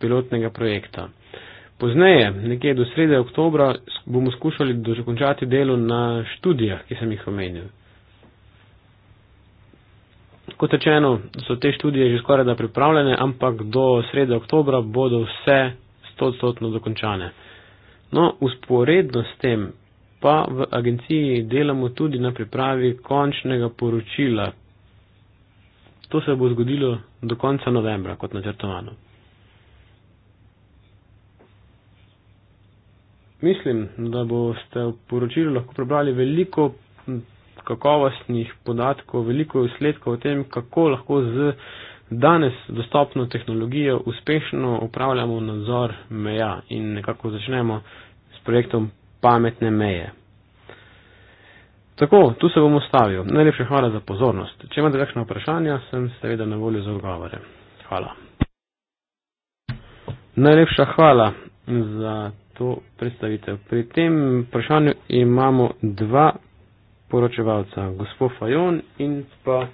[SPEAKER 3] pilotnega projekta. Pozneje, nekje do srede oktobra, bomo skušali dokončati delo na študijah, ki sem jih omenil kot rečeno, so te študije že skoraj da pripravljene, ampak do srede oktobra bodo vse stotstotno dokončane. No, usporedno s tem pa v agenciji delamo tudi na pripravi končnega poročila. To se bo zgodilo do konca novembra, kot načrtovano. Mislim, da boste v poročilu lahko prebrali veliko kakovostnih podatkov, veliko izsledkov o tem, kako lahko z danes dostopno tehnologijo uspešno upravljamo nadzor meja in nekako začnemo s projektom pametne meje. Tako, tu se bom ustavil. Najlepša hvala za pozornost. Če imate kakšno vprašanje, sem seveda na voljo za odgovore. Hvala. Najlepša hvala za to predstavitev. Pri tem vprašanju imamo dva poročevalca, gospod Fajon in pa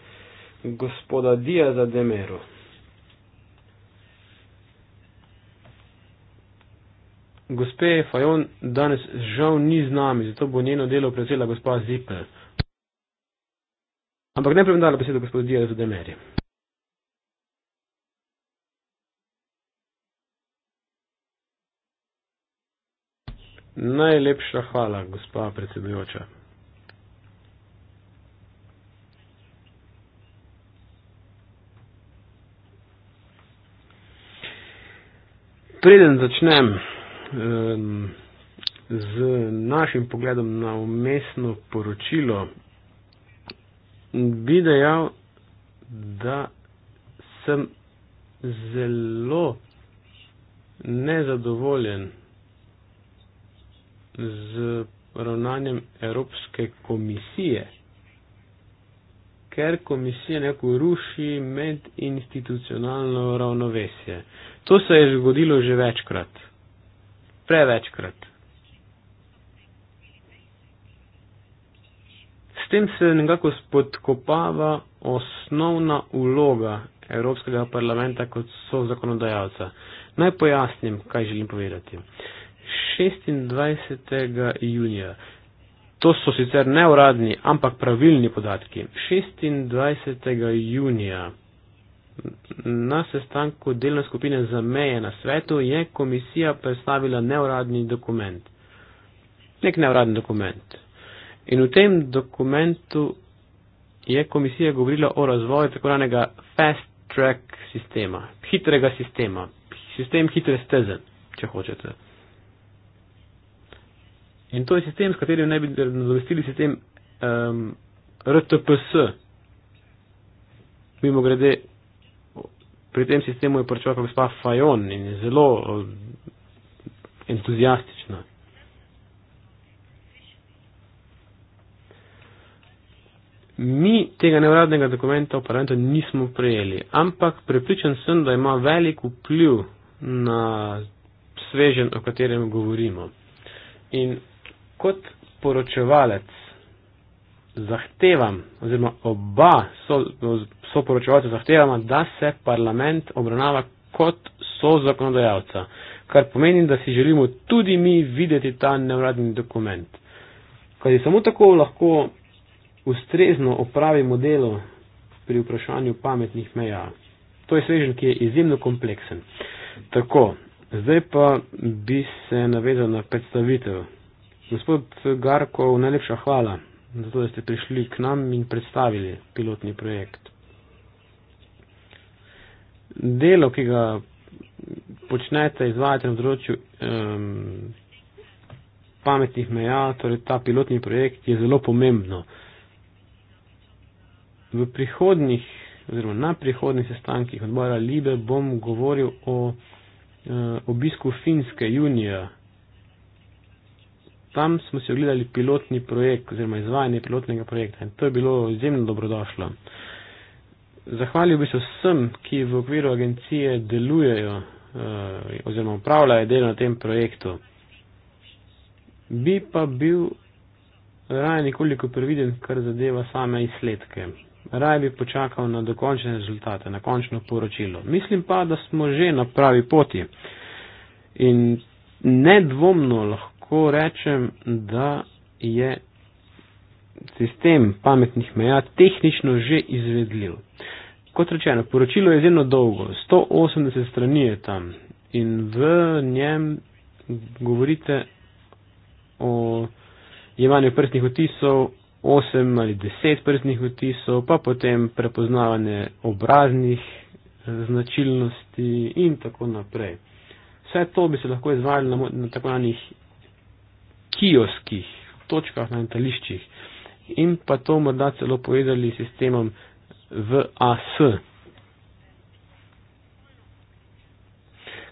[SPEAKER 3] gospoda Diaza de Mero. Gospe Fajon danes žal ni z nami, zato bo njeno delo prevzela gospa Zipel. Ampak ne prevendala besedo gospodu Diazu de Meri. Najlepša hvala, gospa predsedujoča. preden začnem um, z našim pogledom na umestno poročilo, bi dejal, da sem zelo nezadovoljen z ravnanjem Evropske komisije, ker komisija neko ruši medinstitucionalno ravnovesje. Uh, To se je zgodilo že večkrat. Prevečkrat. S tem se nekako spodkopava osnovna uloga Evropskega parlamenta kot so zakonodajalca. Naj pojasnim, kaj želim povedati. 26. junija. To so sicer neuradni, ampak pravilni podatki. 26. junija Na sestanku delne skupine za meje na svetu je komisija predstavila neuradni dokument. Nek neuradni dokument. In v tem dokumentu je komisija govorila o razvoju tako ranega fast track sistema, hitrega sistema, sistem hitre steze, če hočete. In to je sistem, s katerim naj bi nadomestili sistem um, RTPS. Mimo grede, pri tem sistemu je poročala gospa Fajon in je zelo eh, entuzijastična. Mi tega nevradnega dokumenta v parlamentu nismo prejeli, ampak prepričan sem, da ima velik vpliv na svežen, o katerem govorimo. In kot poročevalec zahtevam, oziroma oba soporočevalca so zahtevama, da se parlament obravnava kot so zakonodajalca, kar pomeni, da si želimo tudi mi videti ta nevladni dokument. Kaj samo tako lahko ustrezno opravimo delo pri vprašanju pametnih meja. To je svežen, ki je izjemno kompleksen. Tako, zdaj pa bi se navezal na predstavitev. Gospod Garkov, najlepša hvala zato da ste prišli k nam in predstavili pilotni projekt. Delo, ki ga počnete, izvajate na področju um, pametnih meja, torej ta pilotni projekt je zelo pomembno. V prihodnih oziroma na prihodnih sestankih odbora Libe bom govoril o uh, obisku Finske junija Tam smo si ogledali pilotni projekt oziroma izvajanje pilotnega projekta in to je bilo izjemno dobrodošlo. Zahvalil bi se vsem, ki v okviru agencije delujejo eh, oziroma upravljajo delo na tem projektu. Bi pa bil raje nekoliko previden, kar zadeva same izsledke. Raje bi počakal na dokončne rezultate, na končno poročilo. Mislim pa, da smo že na pravi poti. In nedvomno lahko lahko rečem, da je sistem pametnih meja tehnično že izvedljiv. Kot rečeno, poročilo je izjemno dolgo, 180 strani je tam in v njem govorite o jemanju prstnih otisov, 8 ali 10 prstnih otisov, pa potem prepoznavanje obraznih eh, značilnosti in tako naprej. Vse to bi se lahko izvajalo na, na tako na njih kioskih, točkah na letališčih in pa to morda celo povedali sistemom VAS.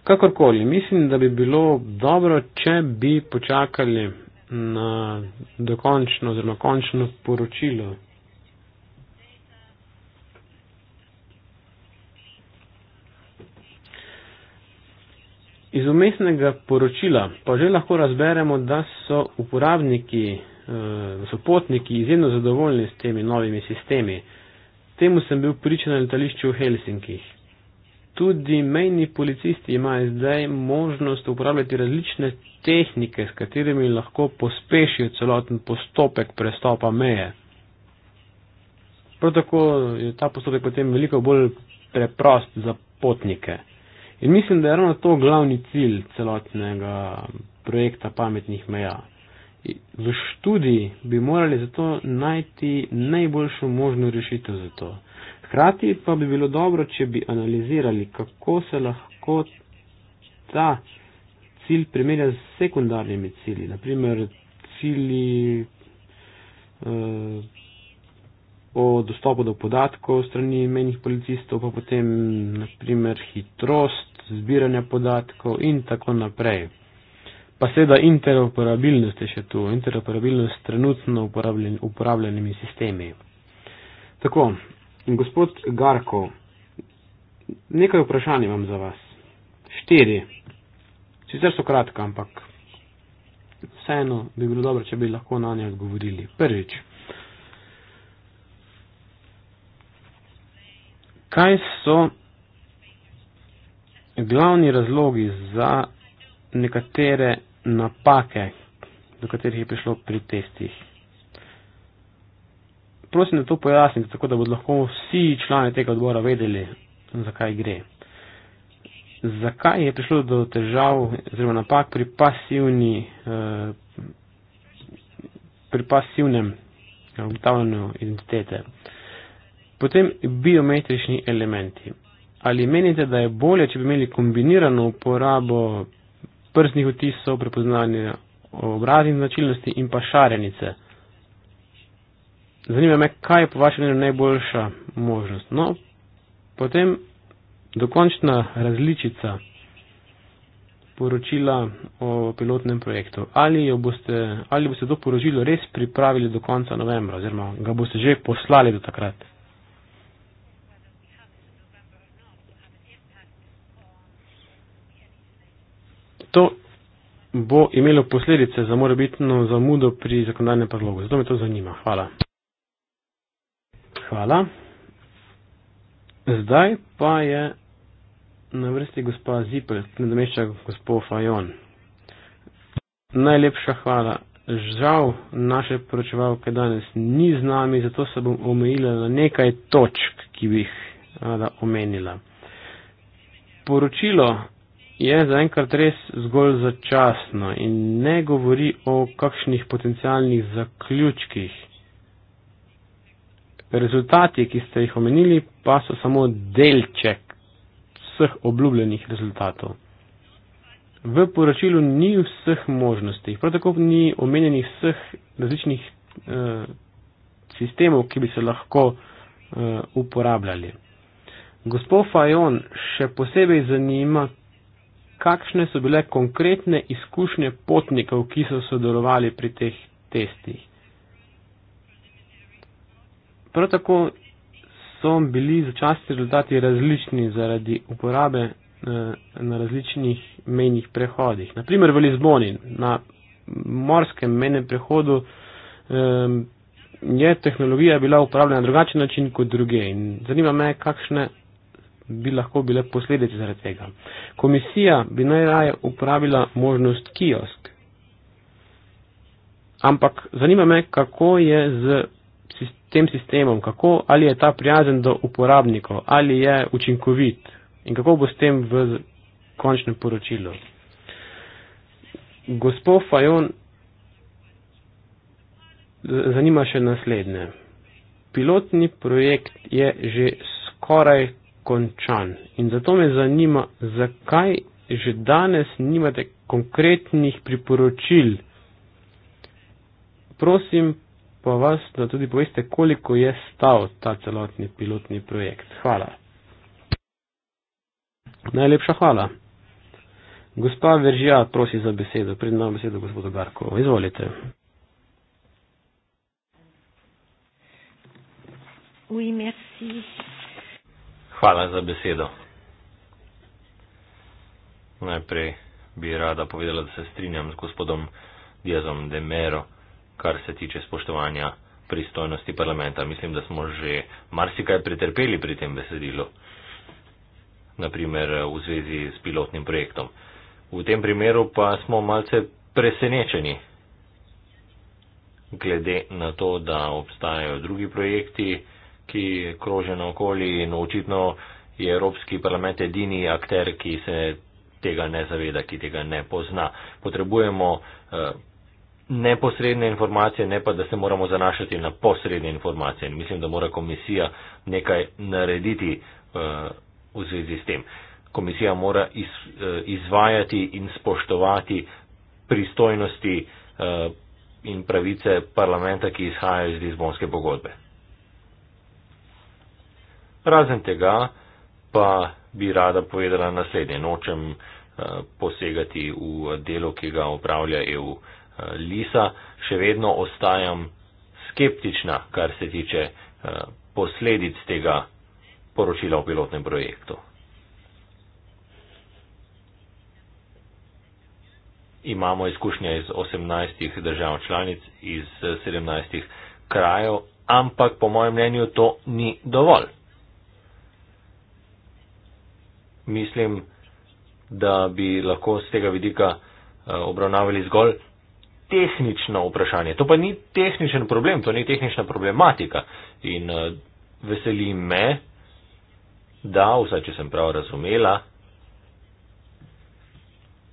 [SPEAKER 3] Kakorkoli, mislim, da bi bilo dobro, če bi počakali na dokončno, zelo končno poročilo Iz umestnega poročila pa že lahko razberemo, da so uporabniki, eh, da so potniki izjemno zadovoljni s temi novimi sistemi. Temu sem bil priča na letališču v Helsinkih. Tudi mejni policisti imajo zdaj možnost uporabljati različne tehnike, s katerimi lahko pospešijo celoten postopek prestopa meje. Prav tako je ta postopek potem veliko bolj preprost za potnike. In mislim, da je ravno to glavni cilj celotnega projekta pametnih meja. V študiji bi morali zato najti najboljšo možno rešitev za to. Hkrati pa bi bilo dobro, če bi analizirali, kako se lahko ta cilj primerja z sekundarnimi cilji, naprimer cilji eh, o dostopu do podatkov strani menjih policistov, pa potem naprimer hitrost zbiranja podatkov in tako naprej. Pa seveda interoperabilnost je še tu, interoperabilnost s trenutno uporabljen, uporabljenimi sistemi. Tako, gospod Garko, nekaj vprašanj imam za vas. Štiri. Sicer so kratka, ampak vseeno bi bilo dobro, če bi lahko na nje odgovorili. Prvič. Kaj so glavni razlogi za nekatere napake, do katerih je prišlo pri testih. Prosim, da to pojasnite, tako da bodo lahko vsi člani tega odbora vedeli, zakaj gre. Zakaj je prišlo do težav oziroma napak pri, pasivni, eh, pri pasivnem eh, obitavljanju identitete? Potem biometrični elementi ali menite, da je bolje, če bi imeli kombinirano uporabo prstnih otisov, prepoznanje obraznih značilnosti in pa šarenice? Zanima me, kaj je po vašem mnenju najboljša možnost. No, potem dokončna različica poročila o pilotnem projektu. Ali boste, ali boste to poročilo res pripravili do konca novembra oziroma ga boste že poslali do takrat? to bo imelo posledice za morebitno zamudo pri zakonodajnem predlogu. Zato me to zanima. Hvala. Hvala. Zdaj pa je na vrsti gospa Zipel, ki nadomešča gospod Fajon. Najlepša hvala. Žal naše poročevalke danes ni z nami, zato se bom omejila na nekaj točk, ki bi jih rada omenila. Poročilo je zaenkrat res zgolj začasno in ne govori o kakšnih potencialnih zaključkih. Rezultati, ki ste jih omenili, pa so samo delček vseh obljubljenih rezultatov. V poročilu ni vseh možnosti, prav tako ni omenjenih vseh različnih eh, sistemov, ki bi se lahko eh, uporabljali. Gospod Fajon še posebej zanima, kakšne so bile konkretne izkušnje potnikov, ki so sodelovali pri teh testih. Prav tako so bili začasti rezultati različni zaradi uporabe eh, na različnih menjih prehodih. Naprimer v Lizboni, na morskem menjem prehodu, eh, je tehnologija bila uporabljena na drugačen način kot druge. In zanima me, kakšne bi lahko bile posledice zaradi tega. Komisija bi najraje uporabila možnost kiosk. Ampak zanima me, kako je z tem sistemom, kako, ali je ta prijazen do uporabnikov, ali je učinkovit in kako bo s tem v končnem poročilu. Gospod Fajon, zanima še naslednje. Pilotni projekt je že skoraj končan. In zato me zanima, zakaj že danes nimate konkretnih priporočil. Prosim pa vas, da tudi poveste, koliko je stal ta celotni pilotni projekt. Hvala. Najlepša hvala. Gospa Veržija, prosi za besedo. Pridnam besedo gospodu Garko. Izvolite.
[SPEAKER 1] Oui, merci.
[SPEAKER 2] Hvala za besedo. Najprej bi rada povedala, da se strinjam z gospodom Diazom de Mero, kar se tiče spoštovanja pristojnosti parlamenta. Mislim, da smo že marsikaj pretrpeli pri tem besedilu, naprimer v zvezi s pilotnim projektom. V tem primeru pa smo malce presenečeni glede na to, da obstajajo drugi projekti, ki krožijo naokoli in očitno je Evropski parlament edini akter, ki se tega ne zaveda, ki tega ne pozna. Potrebujemo eh, neposredne informacije, ne pa, da se moramo zanašati na posredne informacije in mislim, da mora komisija nekaj narediti eh, v zvezi s tem. Komisija mora iz, eh, izvajati in spoštovati pristojnosti eh, in pravice parlamenta, ki izhajajo iz Lizbonske pogodbe. Razen tega pa bi rada povedala naslednje. Nočem eh, posegati v delo, ki ga upravlja EU eh, Lisa. Še vedno ostajam skeptična, kar se tiče eh, posledic tega poročila o pilotnem projektu. Imamo izkušnje iz 18 držav članic, iz 17 krajev, ampak po mojem mnenju to ni dovolj. mislim, da bi lahko z tega vidika eh, obravnavali zgolj tehnično vprašanje. To pa ni tehničen problem, to ni tehnična problematika. In eh, veseli me, da, vsaj če sem prav razumela,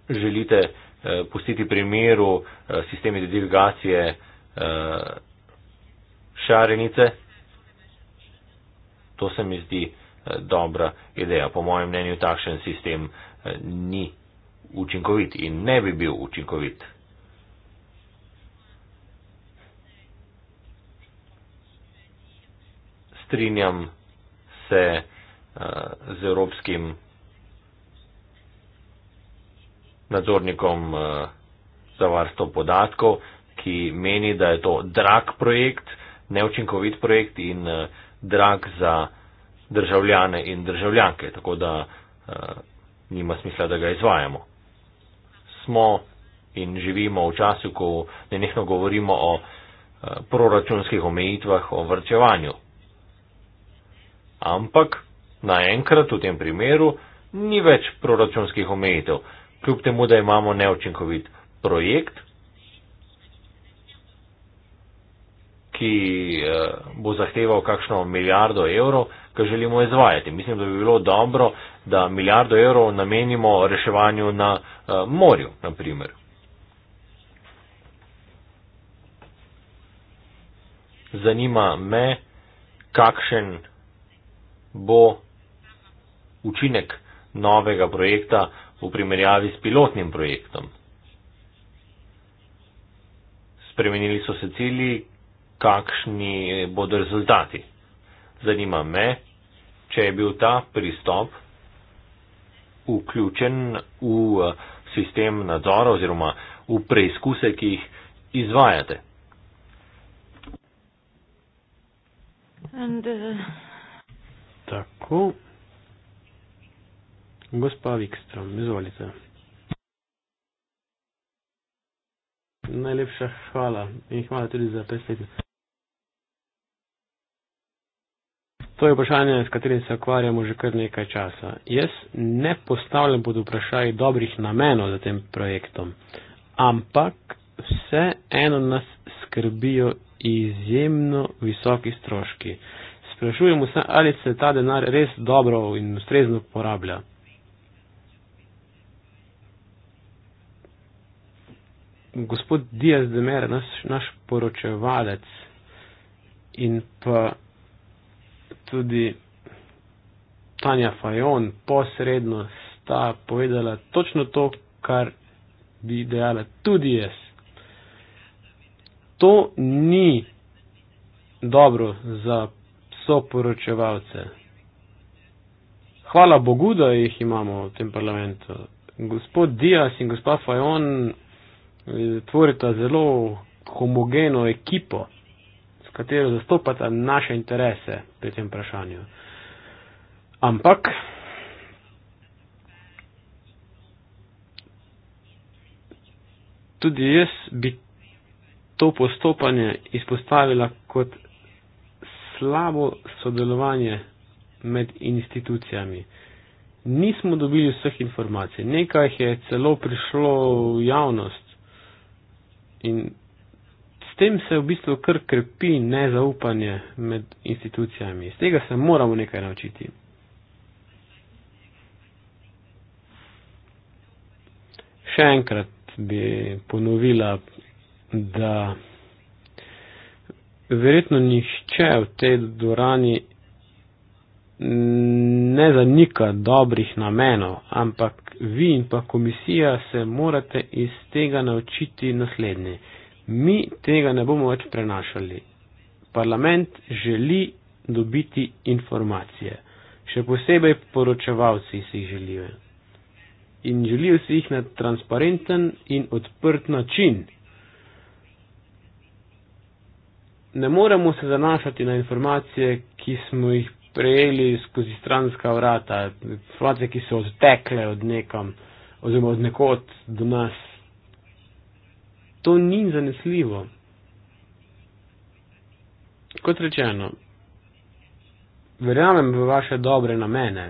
[SPEAKER 2] želite eh, pustiti primeru sistemi delegacije šarenice. To se mi zdi Eh, dobra ideja. Po mojem mnenju takšen sistem eh, ni učinkovit in ne bi bil učinkovit. Strinjam se eh, z evropskim nadzornikom za varstvo podatkov, ki meni, da je to drag projekt, neučinkovit projekt in drag za državljane in državljanke, tako da eh, nima smisla, da ga izvajamo. Smo in živimo v času, ko nenehno govorimo o eh, proračunskih omejitvah, o vrčevanju. Ampak naenkrat v tem primeru ni več proračunskih omejitev, kljub temu, da imamo neočinkovit projekt. ki eh, bo zahteval kakšno milijardo evrov, kar želimo izvajati. Mislim, da bi bilo dobro, da milijardo evrov namenimo reševanju na uh, morju, naprimer. Zanima me, kakšen bo učinek novega projekta v primerjavi s pilotnim projektom. Spremenili so se cilji, kakšni bodo rezultati. Zanima me, če je bil ta pristop vključen v eh, sistem nadzora oziroma v preizkuse, ki jih izvajate.
[SPEAKER 1] And, uh...
[SPEAKER 2] Tako.
[SPEAKER 3] Gospa Vikstrom, izvolite. Najlepša hvala in hvala tudi za presledek. To je vprašanje, s katerim se ukvarjamo že kar nekaj časa. Jaz ne postavljam pod vprašanje dobrih namenov za tem projektom, ampak vse eno nas skrbijo izjemno visoki stroški. Sprašujemo se, ali se ta denar res dobro in ustrezno porablja. Gospod Diaz de Mer, naš, naš poročevalec in pa tudi Tanja Fajon posredno sta povedala točno to, kar bi dejala tudi jaz. To ni dobro za soporočevalce. Hvala Bogu, da jih imamo v tem parlamentu. Gospod Dias in gospod Fajon eh, tvorita zelo homogeno ekipo katero zastopata naše interese pri tem vprašanju. Ampak tudi jaz bi to postopanje izpostavila kot slabo sodelovanje med institucijami. Nismo dobili vseh informacij, nekaj jih je celo prišlo v javnost in tem se v bistvu kar krepi nezaupanje med institucijami. Iz tega se moramo nekaj naučiti. Še enkrat bi ponovila, da verjetno nihče v tej dvorani ne zanika dobrih namenov, ampak vi in pa komisija se morate iz tega naučiti naslednji mi tega ne bomo več prenašali. Parlament želi dobiti informacije, še posebej poročevalci si jih želijo. In želijo si jih na transparenten in odprt način. Ne moremo se zanašati na informacije, ki smo jih prejeli skozi stranska vrata, informacije, ki so odtekle od nekam oziroma od nekod do nas to ni zanesljivo. Kot rečeno, verjamem v vaše dobre namene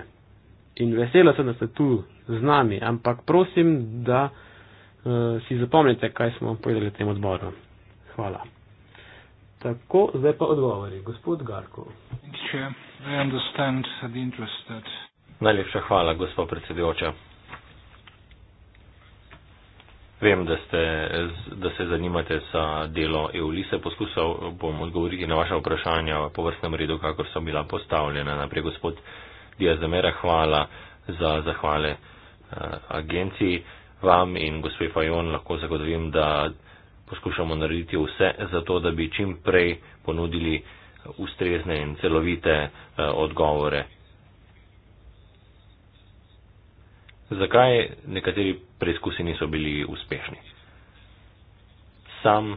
[SPEAKER 3] in vesela sem, da ste tu z nami, ampak prosim, da uh, si zapomnite, kaj smo povedali v tem odboru. Hvala. Tako, zdaj pa odgovori. Gospod Garko.
[SPEAKER 2] Najlepša hvala, gospod predsedujoča. Vem, da, ste, da se zanimate za delo Eulise. Poskusal bom odgovoriti na vaše vprašanja po vrstnem redu, kakor so bila postavljena. Najprej gospod Diaz Zemera, hvala za zahvale eh, agenciji. Vam in gospod Fajon lahko zagotovim, da poskušamo narediti vse za to, da bi čim prej ponudili ustrezne in celovite eh, odgovore. Zakaj nekateri preizkusi niso bili uspešni. Sam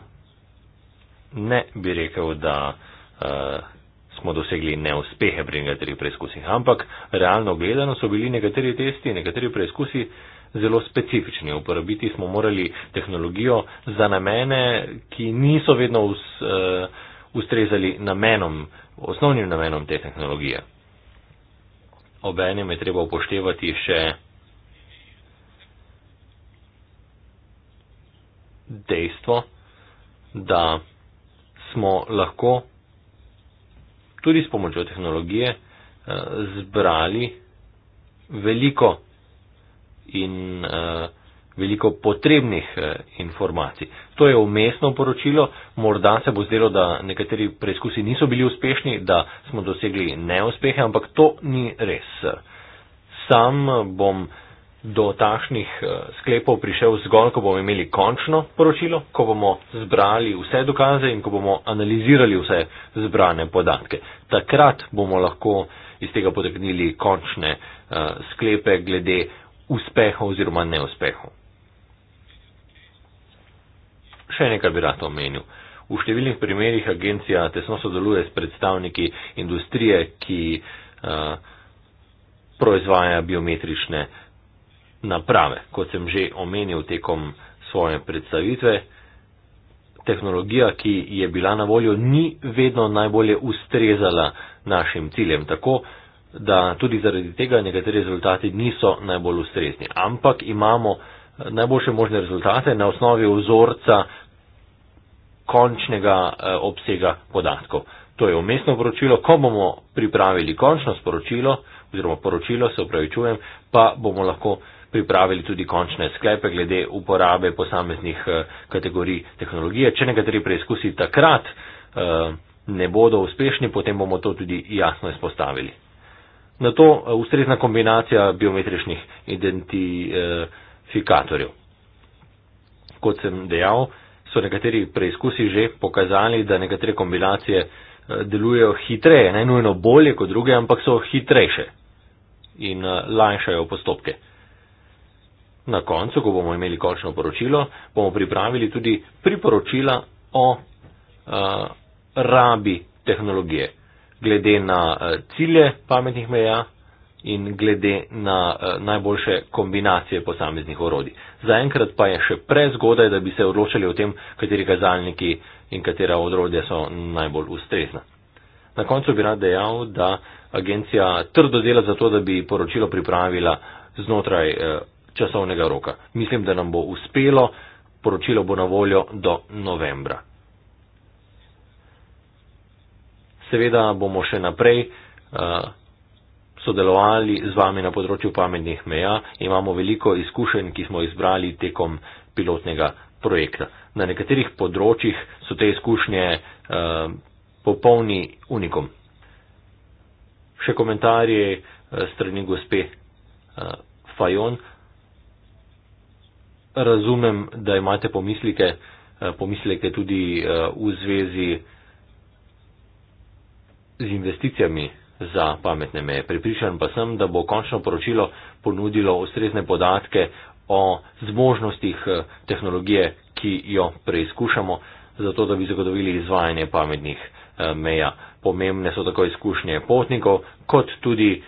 [SPEAKER 2] ne bi rekel, da uh, smo dosegli neuspehe pri nekaterih preizkusih, ampak realno gledano so bili nekateri testi, nekateri preizkusi zelo specifični. Uporabiti smo morali tehnologijo za namene, ki niso vedno us, uh, eh, ustrezali namenom, osnovnim namenom te tehnologije. Obenem je treba upoštevati še dejstvo, da smo lahko tudi s pomočjo tehnologije eh, zbrali veliko in eh, veliko potrebnih eh, informacij. To je umestno poročilo, morda se bo zdelo, da nekateri preizkusi niso bili uspešni, da smo dosegli neuspehe, ampak to ni res. Sam bom do takšnih eh, sklepov prišel zgolj, ko bomo imeli končno poročilo, ko bomo zbrali vse dokaze in ko bomo analizirali vse zbrane podatke. Takrat bomo lahko iz tega potegnili končne eh, sklepe glede uspehov oziroma neuspehov. Še nekaj bi rad omenil. V številnih primerjih agencija tesno sodeluje s predstavniki industrije, ki uh, proizvaja biometrične uh, naprave. Kot sem že omenil tekom svoje predstavitve, tehnologija, ki je bila na voljo, ni vedno najbolje ustrezala našim ciljem. Tako, da tudi zaradi tega nekateri rezultati niso najbolj ustrezni. Ampak imamo eh, najboljše možne rezultate na osnovi vzorca končnega eh, obsega podatkov. To je umestno poročilo. Ko bomo pripravili končno sporočilo, oziroma poročilo, se upravičujem, pa bomo lahko pripravili tudi končne sklepe glede uporabe posameznih eh, kategorij tehnologije. Če nekateri preizkusi takrat eh, ne bodo uspešni, potem bomo to tudi jasno izpostavili. Na to eh, ustrezna kombinacija biometričnih identifikatorjev. Kot sem dejal, so nekateri preizkusi že pokazali, da nekatere kombinacije delujejo hitreje, ne nujno bolje kot druge, ampak so hitrejše in lajšajo postopke. Na koncu, ko bomo imeli končno poročilo, bomo pripravili tudi priporočila o uh, rabi tehnologije, glede na uh, cilje pametnih meja in glede na uh, najboljše kombinacije posameznih orodij. Zaenkrat pa je še prezgodaj, da bi se odločili o tem, kateri kazalniki in katera orodja so najbolj ustrezna. Na koncu bi rad dejal, da agencija trdo dela za to, da bi poročilo pripravila znotraj časovnega roka. Mislim, da nam bo uspelo, poročilo bo na voljo do novembra. Seveda bomo še naprej uh, sodelovali z vami na področju pametnih meja. Imamo veliko izkušenj, ki smo izbrali tekom pilotnega projekta. Na nekaterih področjih so te izkušnje uh, popolni unikom. Še komentarje eh, strani gospe uh, Fajon razumem, da imate pomislike, eh, pomislike tudi eh, v zvezi z investicijami za pametne meje. Pripričan pa sem, da bo končno poročilo ponudilo ustrezne podatke o zmožnostih eh, tehnologije, ki jo preizkušamo, zato da bi zagotovili izvajanje pametnih meja. Pomembne so tako izkušnje potnikov, kot tudi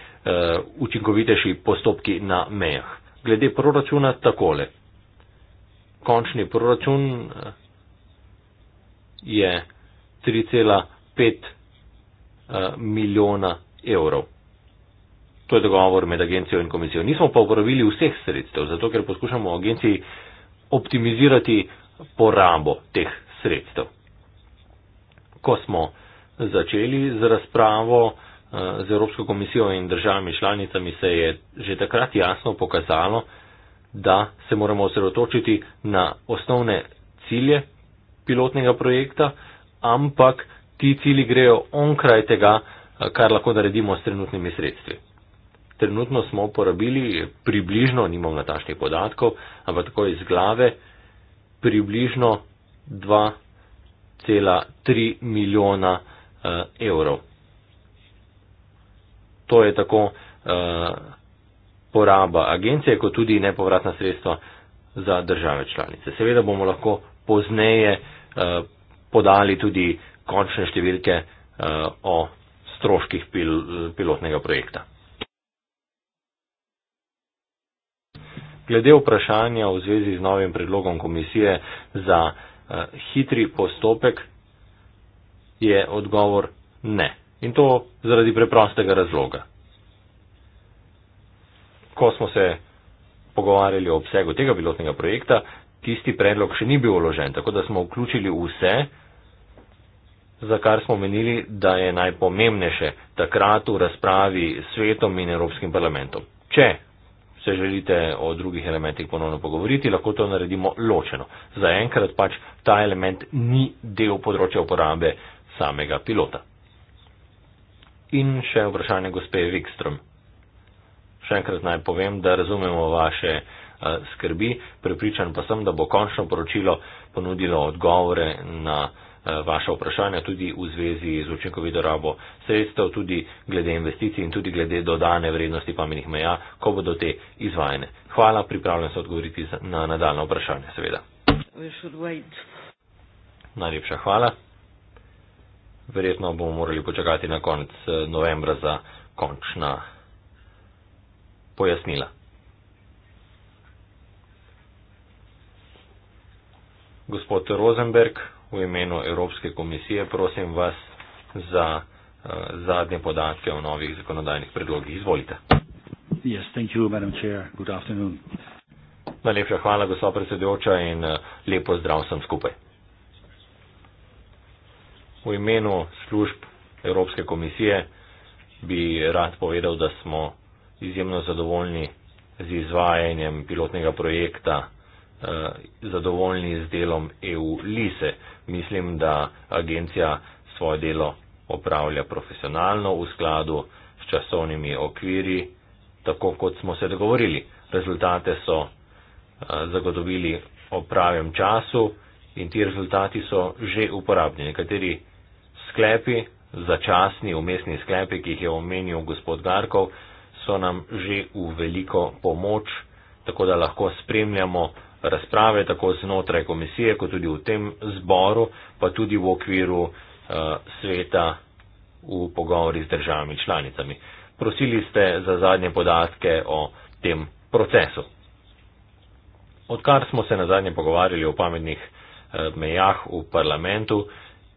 [SPEAKER 2] učinkovitejši postopki na mejah. Glede proračuna takole končni proračun eh, je 3,5 eh, milijona evrov. To je dogovor med agencijo in komisijo. Nismo pa uporabili vseh sredstev, zato ker poskušamo agenciji optimizirati porabo teh sredstev. Ko smo začeli z razpravo eh, z Evropsko komisijo in državami članicami, se je že takrat jasno pokazalo, da se moramo osredotočiti na osnovne cilje pilotnega projekta, ampak ti cilji grejo onkraj tega, kar lahko naredimo s trenutnimi sredstvi. Trenutno smo uporabili približno, nimam natačnih podatkov, ampak tako iz glave, približno 2,3 milijona uh, evrov. To je tako uh, poraba agencije, kot tudi nepovratna sredstva za države članice. Seveda bomo lahko pozneje eh, podali tudi končne številke eh, o stroških eh, pilotnega projekta. Glede vprašanja v zvezi z novim predlogom komisije za uh, hitri postopek je odgovor ne. In to zaradi preprostega razloga ko smo se pogovarjali o obsegu tega pilotnega projekta, tisti predlog še ni bil uložen, tako da smo vključili vse, za kar smo menili, da je najpomembnejše takrat v razpravi s svetom in Evropskim parlamentom. Če se želite o drugih elementih ponovno pogovoriti, lahko to naredimo ločeno. Za enkrat pač ta element ni del področja uporabe samega pilota. In še vprašanje gospe Wikström še enkrat naj povem, da razumemo vaše eh, skrbi, prepričan pa sem, da bo končno poročilo ponudilo odgovore na eh, vaša vprašanja tudi v zvezi z učinkovito rabo sredstev, tudi glede investicij in tudi glede dodane vrednosti pametnih meja, ko bodo te izvajene. Hvala, pripravljam se odgovoriti na nadaljno vprašanje, seveda. Najlepša hvala. Verjetno bomo morali počakati na konec eh, novembra za končna pojasnila. Gospod Rosenberg, v imenu Evropske komisije, prosim vas za uh, zadnje podatke o novih zakonodajnih predlogih. Izvolite. Yes, Najlepša hvala, gospod predsedujoča, in uh, eh, lepo zdrav sem skupaj. V imenu služb Evropske komisije bi rad povedal, da smo izjemno zadovoljni z izvajanjem pilotnega projekta, eh, zadovoljni z delom EU Lise. Mislim, da agencija svoje delo opravlja profesionalno v skladu s časovnimi okviri, tako kot smo se dogovorili. Rezultate so eh, zagotovili o pravem času in ti rezultati so že uporabni. Nekateri sklepi, začasni, umestni sklepi, ki jih je omenil gospod Garkov, so nam že v veliko pomoč, tako da lahko spremljamo razprave tako znotraj komisije, kot tudi v tem zboru, pa tudi v okviru uh, sveta v pogovori z državami članicami. Prosili ste za zadnje podatke o tem procesu. Odkar smo se na zadnje pogovarjali o pametnih uh, mejah v parlamentu, uh,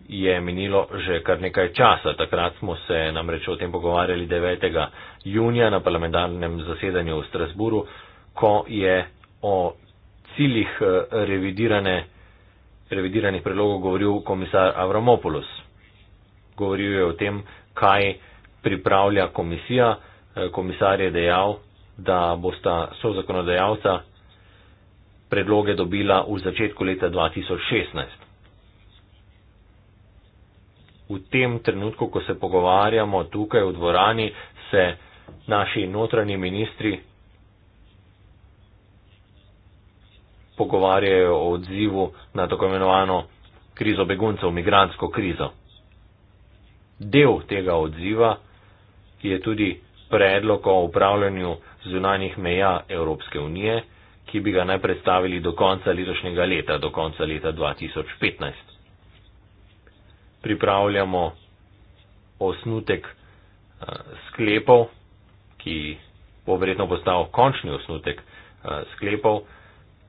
[SPEAKER 2] je minilo že kar nekaj časa. Takrat smo se namreč o tem pogovarjali 9. junija na parlamentarnem zasedanju v Strasburu, ko je o ciljih eh, revidirane, revidiranih predlogov govoril komisar Avramopoulos. Govoril je o tem, kaj pripravlja komisija. Eh, komisar je dejal, da bosta so zakonodajalca predloge dobila v začetku leta 2016 v tem trenutku, ko se pogovarjamo tukaj v dvorani, se naši notranji ministri pogovarjajo o odzivu na tako imenovano krizo beguncev, migransko krizo. Del tega odziva je tudi predlog o upravljanju zunanjih meja Evropske unije, ki bi ga naj predstavili do konca letošnjega leta, do konca leta 2015 pripravljamo osnutek eh, sklepov, ki bo verjetno postal končni osnutek eh, sklepov,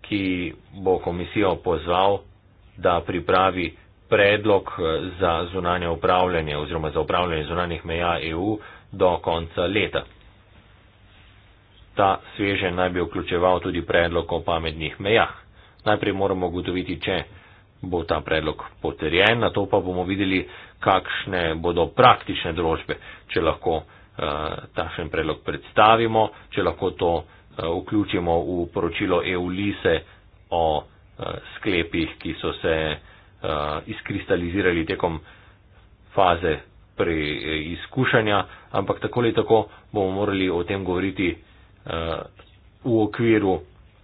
[SPEAKER 2] ki bo komisijo pozval, da pripravi predlog eh, za zunanje upravljanje oziroma za upravljanje zunanih meja EU do konca leta. Ta sveže naj bi vključeval tudi predlog o pametnih mejah. Najprej moramo ugotoviti, če bo ta predlog potrjen, na to pa bomo videli, kakšne bodo praktične drožbe, če lahko uh, takšen predlog predstavimo, če lahko to uh, vključimo v poročilo EU-lise o uh, sklepih, ki so se uh, izkristalizirali tekom faze preizkušanja, ampak tako ali tako bomo morali o tem govoriti uh, v okviru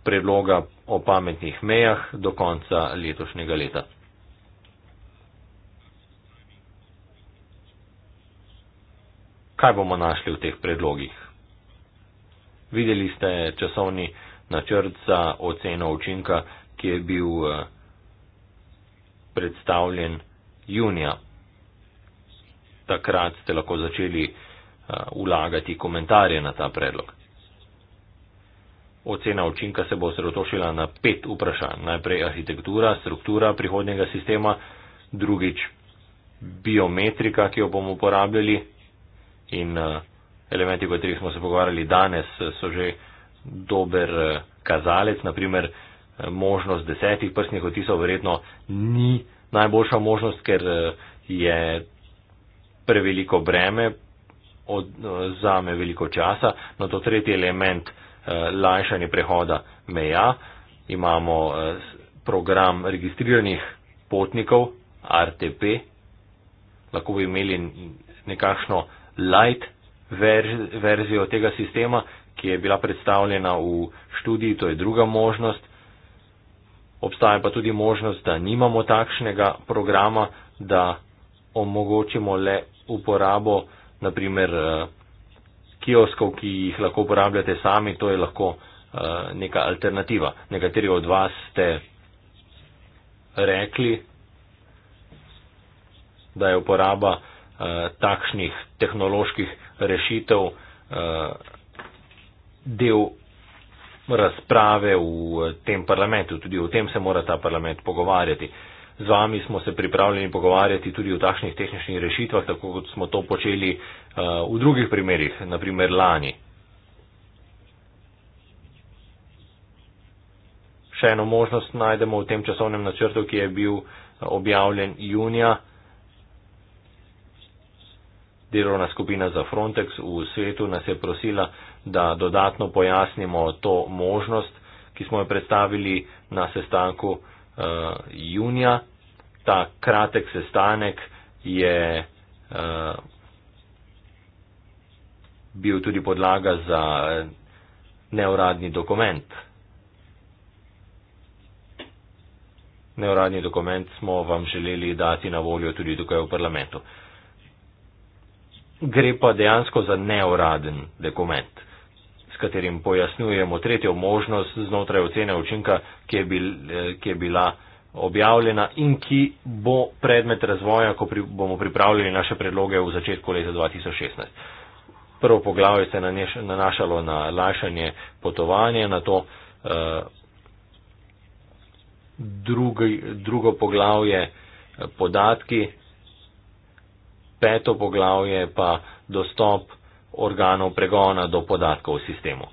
[SPEAKER 2] predloga o pametnih mejah do konca letošnjega leta. Kaj bomo našli v teh predlogih? Videli ste časovni načrt za oceno učinka, ki je bil eh, predstavljen junija. Takrat ste lahko začeli eh, vlagati komentarje na ta predlog. Ocena učinka se bo osredotočila na pet vprašanj. Najprej arhitektura, struktura prihodnjega sistema, drugič biometrika, ki jo bomo uporabljali in eh, elementi, o katerih smo se pogovarjali danes, eh, so že dober eh, kazalec. Naprimer, možnost desetih prstnih otisov verjetno ni najboljša možnost, ker je preveliko breme, odzame veliko časa. No to tretji element. Eh, lajšanje prehoda meja, imamo eh, program registriranih potnikov, RTP, lahko bi imeli nekakšno light verzijo tega sistema, ki je bila predstavljena v študiji, to je druga možnost. Obstaja pa tudi možnost, da nimamo takšnega programa, da omogočimo le uporabo, naprimer, eh, kioskov, ki jih lahko uporabljate sami, to je lahko uh, neka alternativa. Nekateri od vas ste rekli, da je uporaba uh, takšnih tehnoloških rešitev uh, del razprave v tem parlamentu. Tudi o tem se mora ta parlament pogovarjati. Uh, z vami smo se pripravljeni pogovarjati tudi o takšnih tehničnih rešitvah, tako kot smo to počeli eh, v drugih primerih, naprimer lani. Še eno možnost najdemo v tem časovnem načrtu, ki je bil eh, objavljen junija. Delovna skupina za Frontex v svetu nas je prosila, da dodatno pojasnimo to možnost, ki smo jo predstavili na sestanku uh, junija ta kratek sestanek je uh, bil tudi podlaga za eh, neuradni dokument. Neuradni dokument smo vam želeli dati na voljo tudi tukaj v parlamentu. Gre pa dejansko za neuraden dokument, s katerim pojasnjujemo tretjo možnost znotraj ocene učinka, ki je bila. Eh, ki je bila objavljena in ki bo predmet razvoja, ko pri, bomo pripravljali naše predloge v začetku leta 2016. Prvo poglavje se je nanašalo na lajšanje potovanja, na to uh, eh, drugi, drugo poglavje eh, podatki, peto poglavje pa dostop organov pregona do podatkov v sistemu.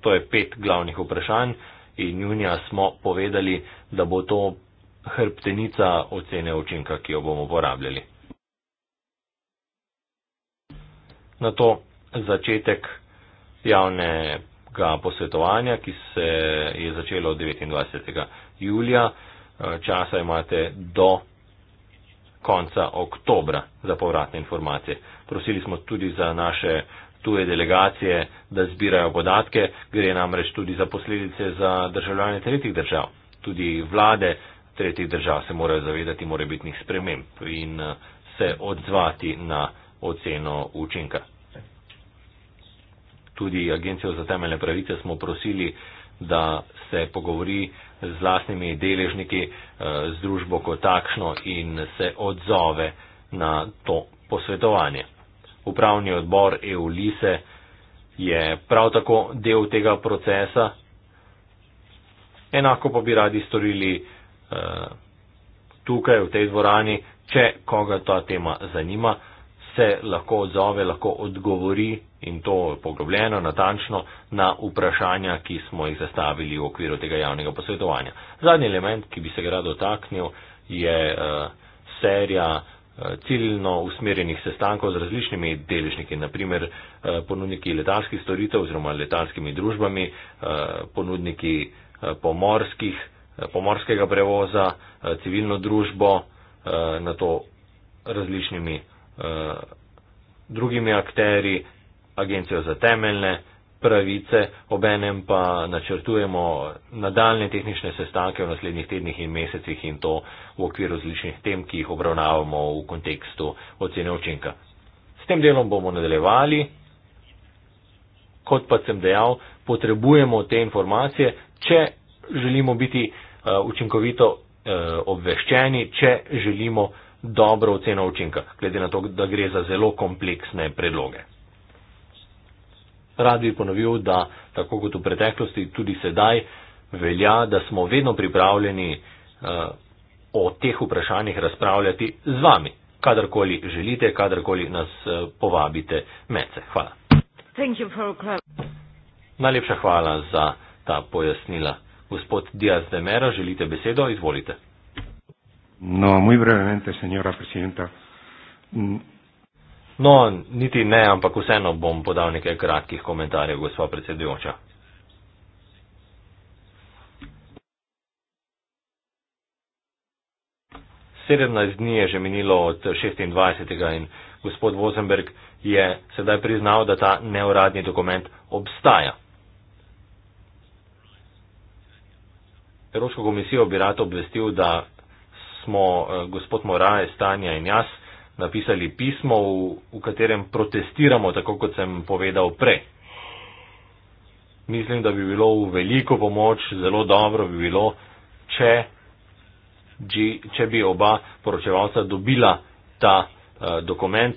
[SPEAKER 2] To je pet glavnih vprašanj. Uh, in junija smo povedali, da bo to hrbtenica ocene učinka, ki jo bomo uporabljali. Na to začetek javnega posvetovanja, ki se je začelo 29. julija, eh, časa imate do konca oktobra za povratne informacije. Prosili smo tudi za naše uh, tuje delegacije, da zbirajo podatke, gre namreč tudi za posledice za državljane tretjih držav. Tudi vlade tretjih držav se morajo zavedati morebitnih sprememb in eh, se odzvati na oceno učinka. Tudi Agencijo za temeljne pravice smo prosili, da se pogovori z lastnimi deležniki, eh, z družbo kot takšno in se odzove na to posvetovanje upravni odbor EULISE je prav tako del tega procesa. Enako pa bi radi storili eh, tukaj v tej dvorani, če koga ta tema zanima, se lahko odzove, lahko odgovori in to poglobljeno, natančno na vprašanja, ki smo jih zastavili v okviru tega javnega posvetovanja. Zadnji element, ki bi se ga rado taknil, je eh, serija eh, ciljno usmerjenih sestankov z različnimi deležniki, naprimer eh, ponudniki letalskih storitev oziroma letalskimi družbami, eh, ponudniki eh, pomorskih, pomorskega prevoza, civilno družbo, na to različnimi drugimi akteri, agencijo za temeljne pravice, obenem pa načrtujemo nadaljne tehnične sestanke v naslednjih tednih in mesecih in to v okviru različnih tem, ki jih obravnavamo v kontekstu ocene učinka. S tem delom bomo nadaljevali. Kot pa sem dejal, potrebujemo te informacije, če želimo biti uh, učinkovito uh, obveščeni, če želimo dobro oceno učinka, glede na to, da gre za zelo kompleksne predloge rad bi ponovil, da tako kot v preteklosti, tudi sedaj velja, da smo vedno pripravljeni uh, o teh vprašanjih razpravljati z vami, kadarkoli želite, kadarkoli nas uh, povabite medse. Hvala. Najlepša hvala za ta pojasnila. Gospod Diaz de Mera, želite besedo? Izvolite. No, muy brevemente, señora presidenta. Mm, No, niti ne, ampak vseeno bom podal nekaj kratkih komentarjev, gospa predsedujoča. Sedemnajst dni je že minilo od 26. in gospod Vozenberg je sedaj priznal, da ta neuradni dokument obstaja. Evropsko komisijo bi rad obvestil, da smo eh, gospod Moraje, Stanja in jaz napisali pismo, v, v katerem protestiramo, tako kot sem povedal prej. Mislim, da bi bilo v veliko pomoč, zelo dobro bi bilo, če, če bi oba poročevalca dobila ta eh, dokument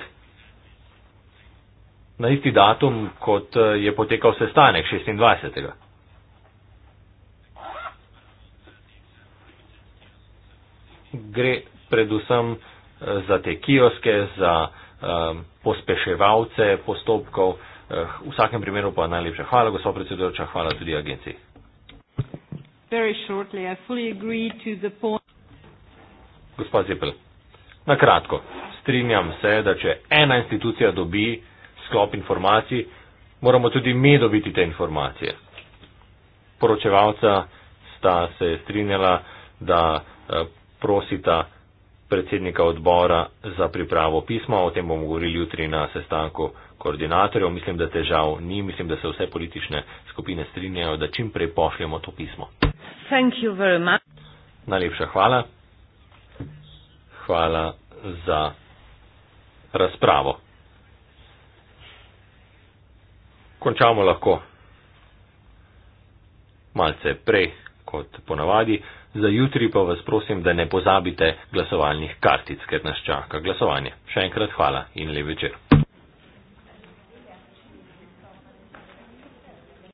[SPEAKER 2] na isti datum, kot eh, je potekal sestanek 26. Gre predvsem za te kioske, za um, pospeševalce postopkov. Eh, v vsakem primeru pa najlepša hvala, gospod predsedujoča, hvala tudi agenciji. Gospod Zepel, na kratko, strinjam se, da če ena institucija dobi sklop informacij, moramo tudi mi dobiti te informacije. Poročevalca sta se strinjala, da eh, prosita predsednika odbora za pripravo pisma. O tem bomo govorili jutri na sestanku koordinatorjev. Mislim, da težav ni. Mislim, da se vse politične skupine strinjajo, da čim prej pošljemo to pismo. Najlepša hvala. Hvala za razpravo. Končamo lahko malce prej kot ponavadi, za jutri pa vas prosim, da ne pozabite glasovalnih kartic, ker nas čaka glasovanje. Še enkrat hvala in lep večer.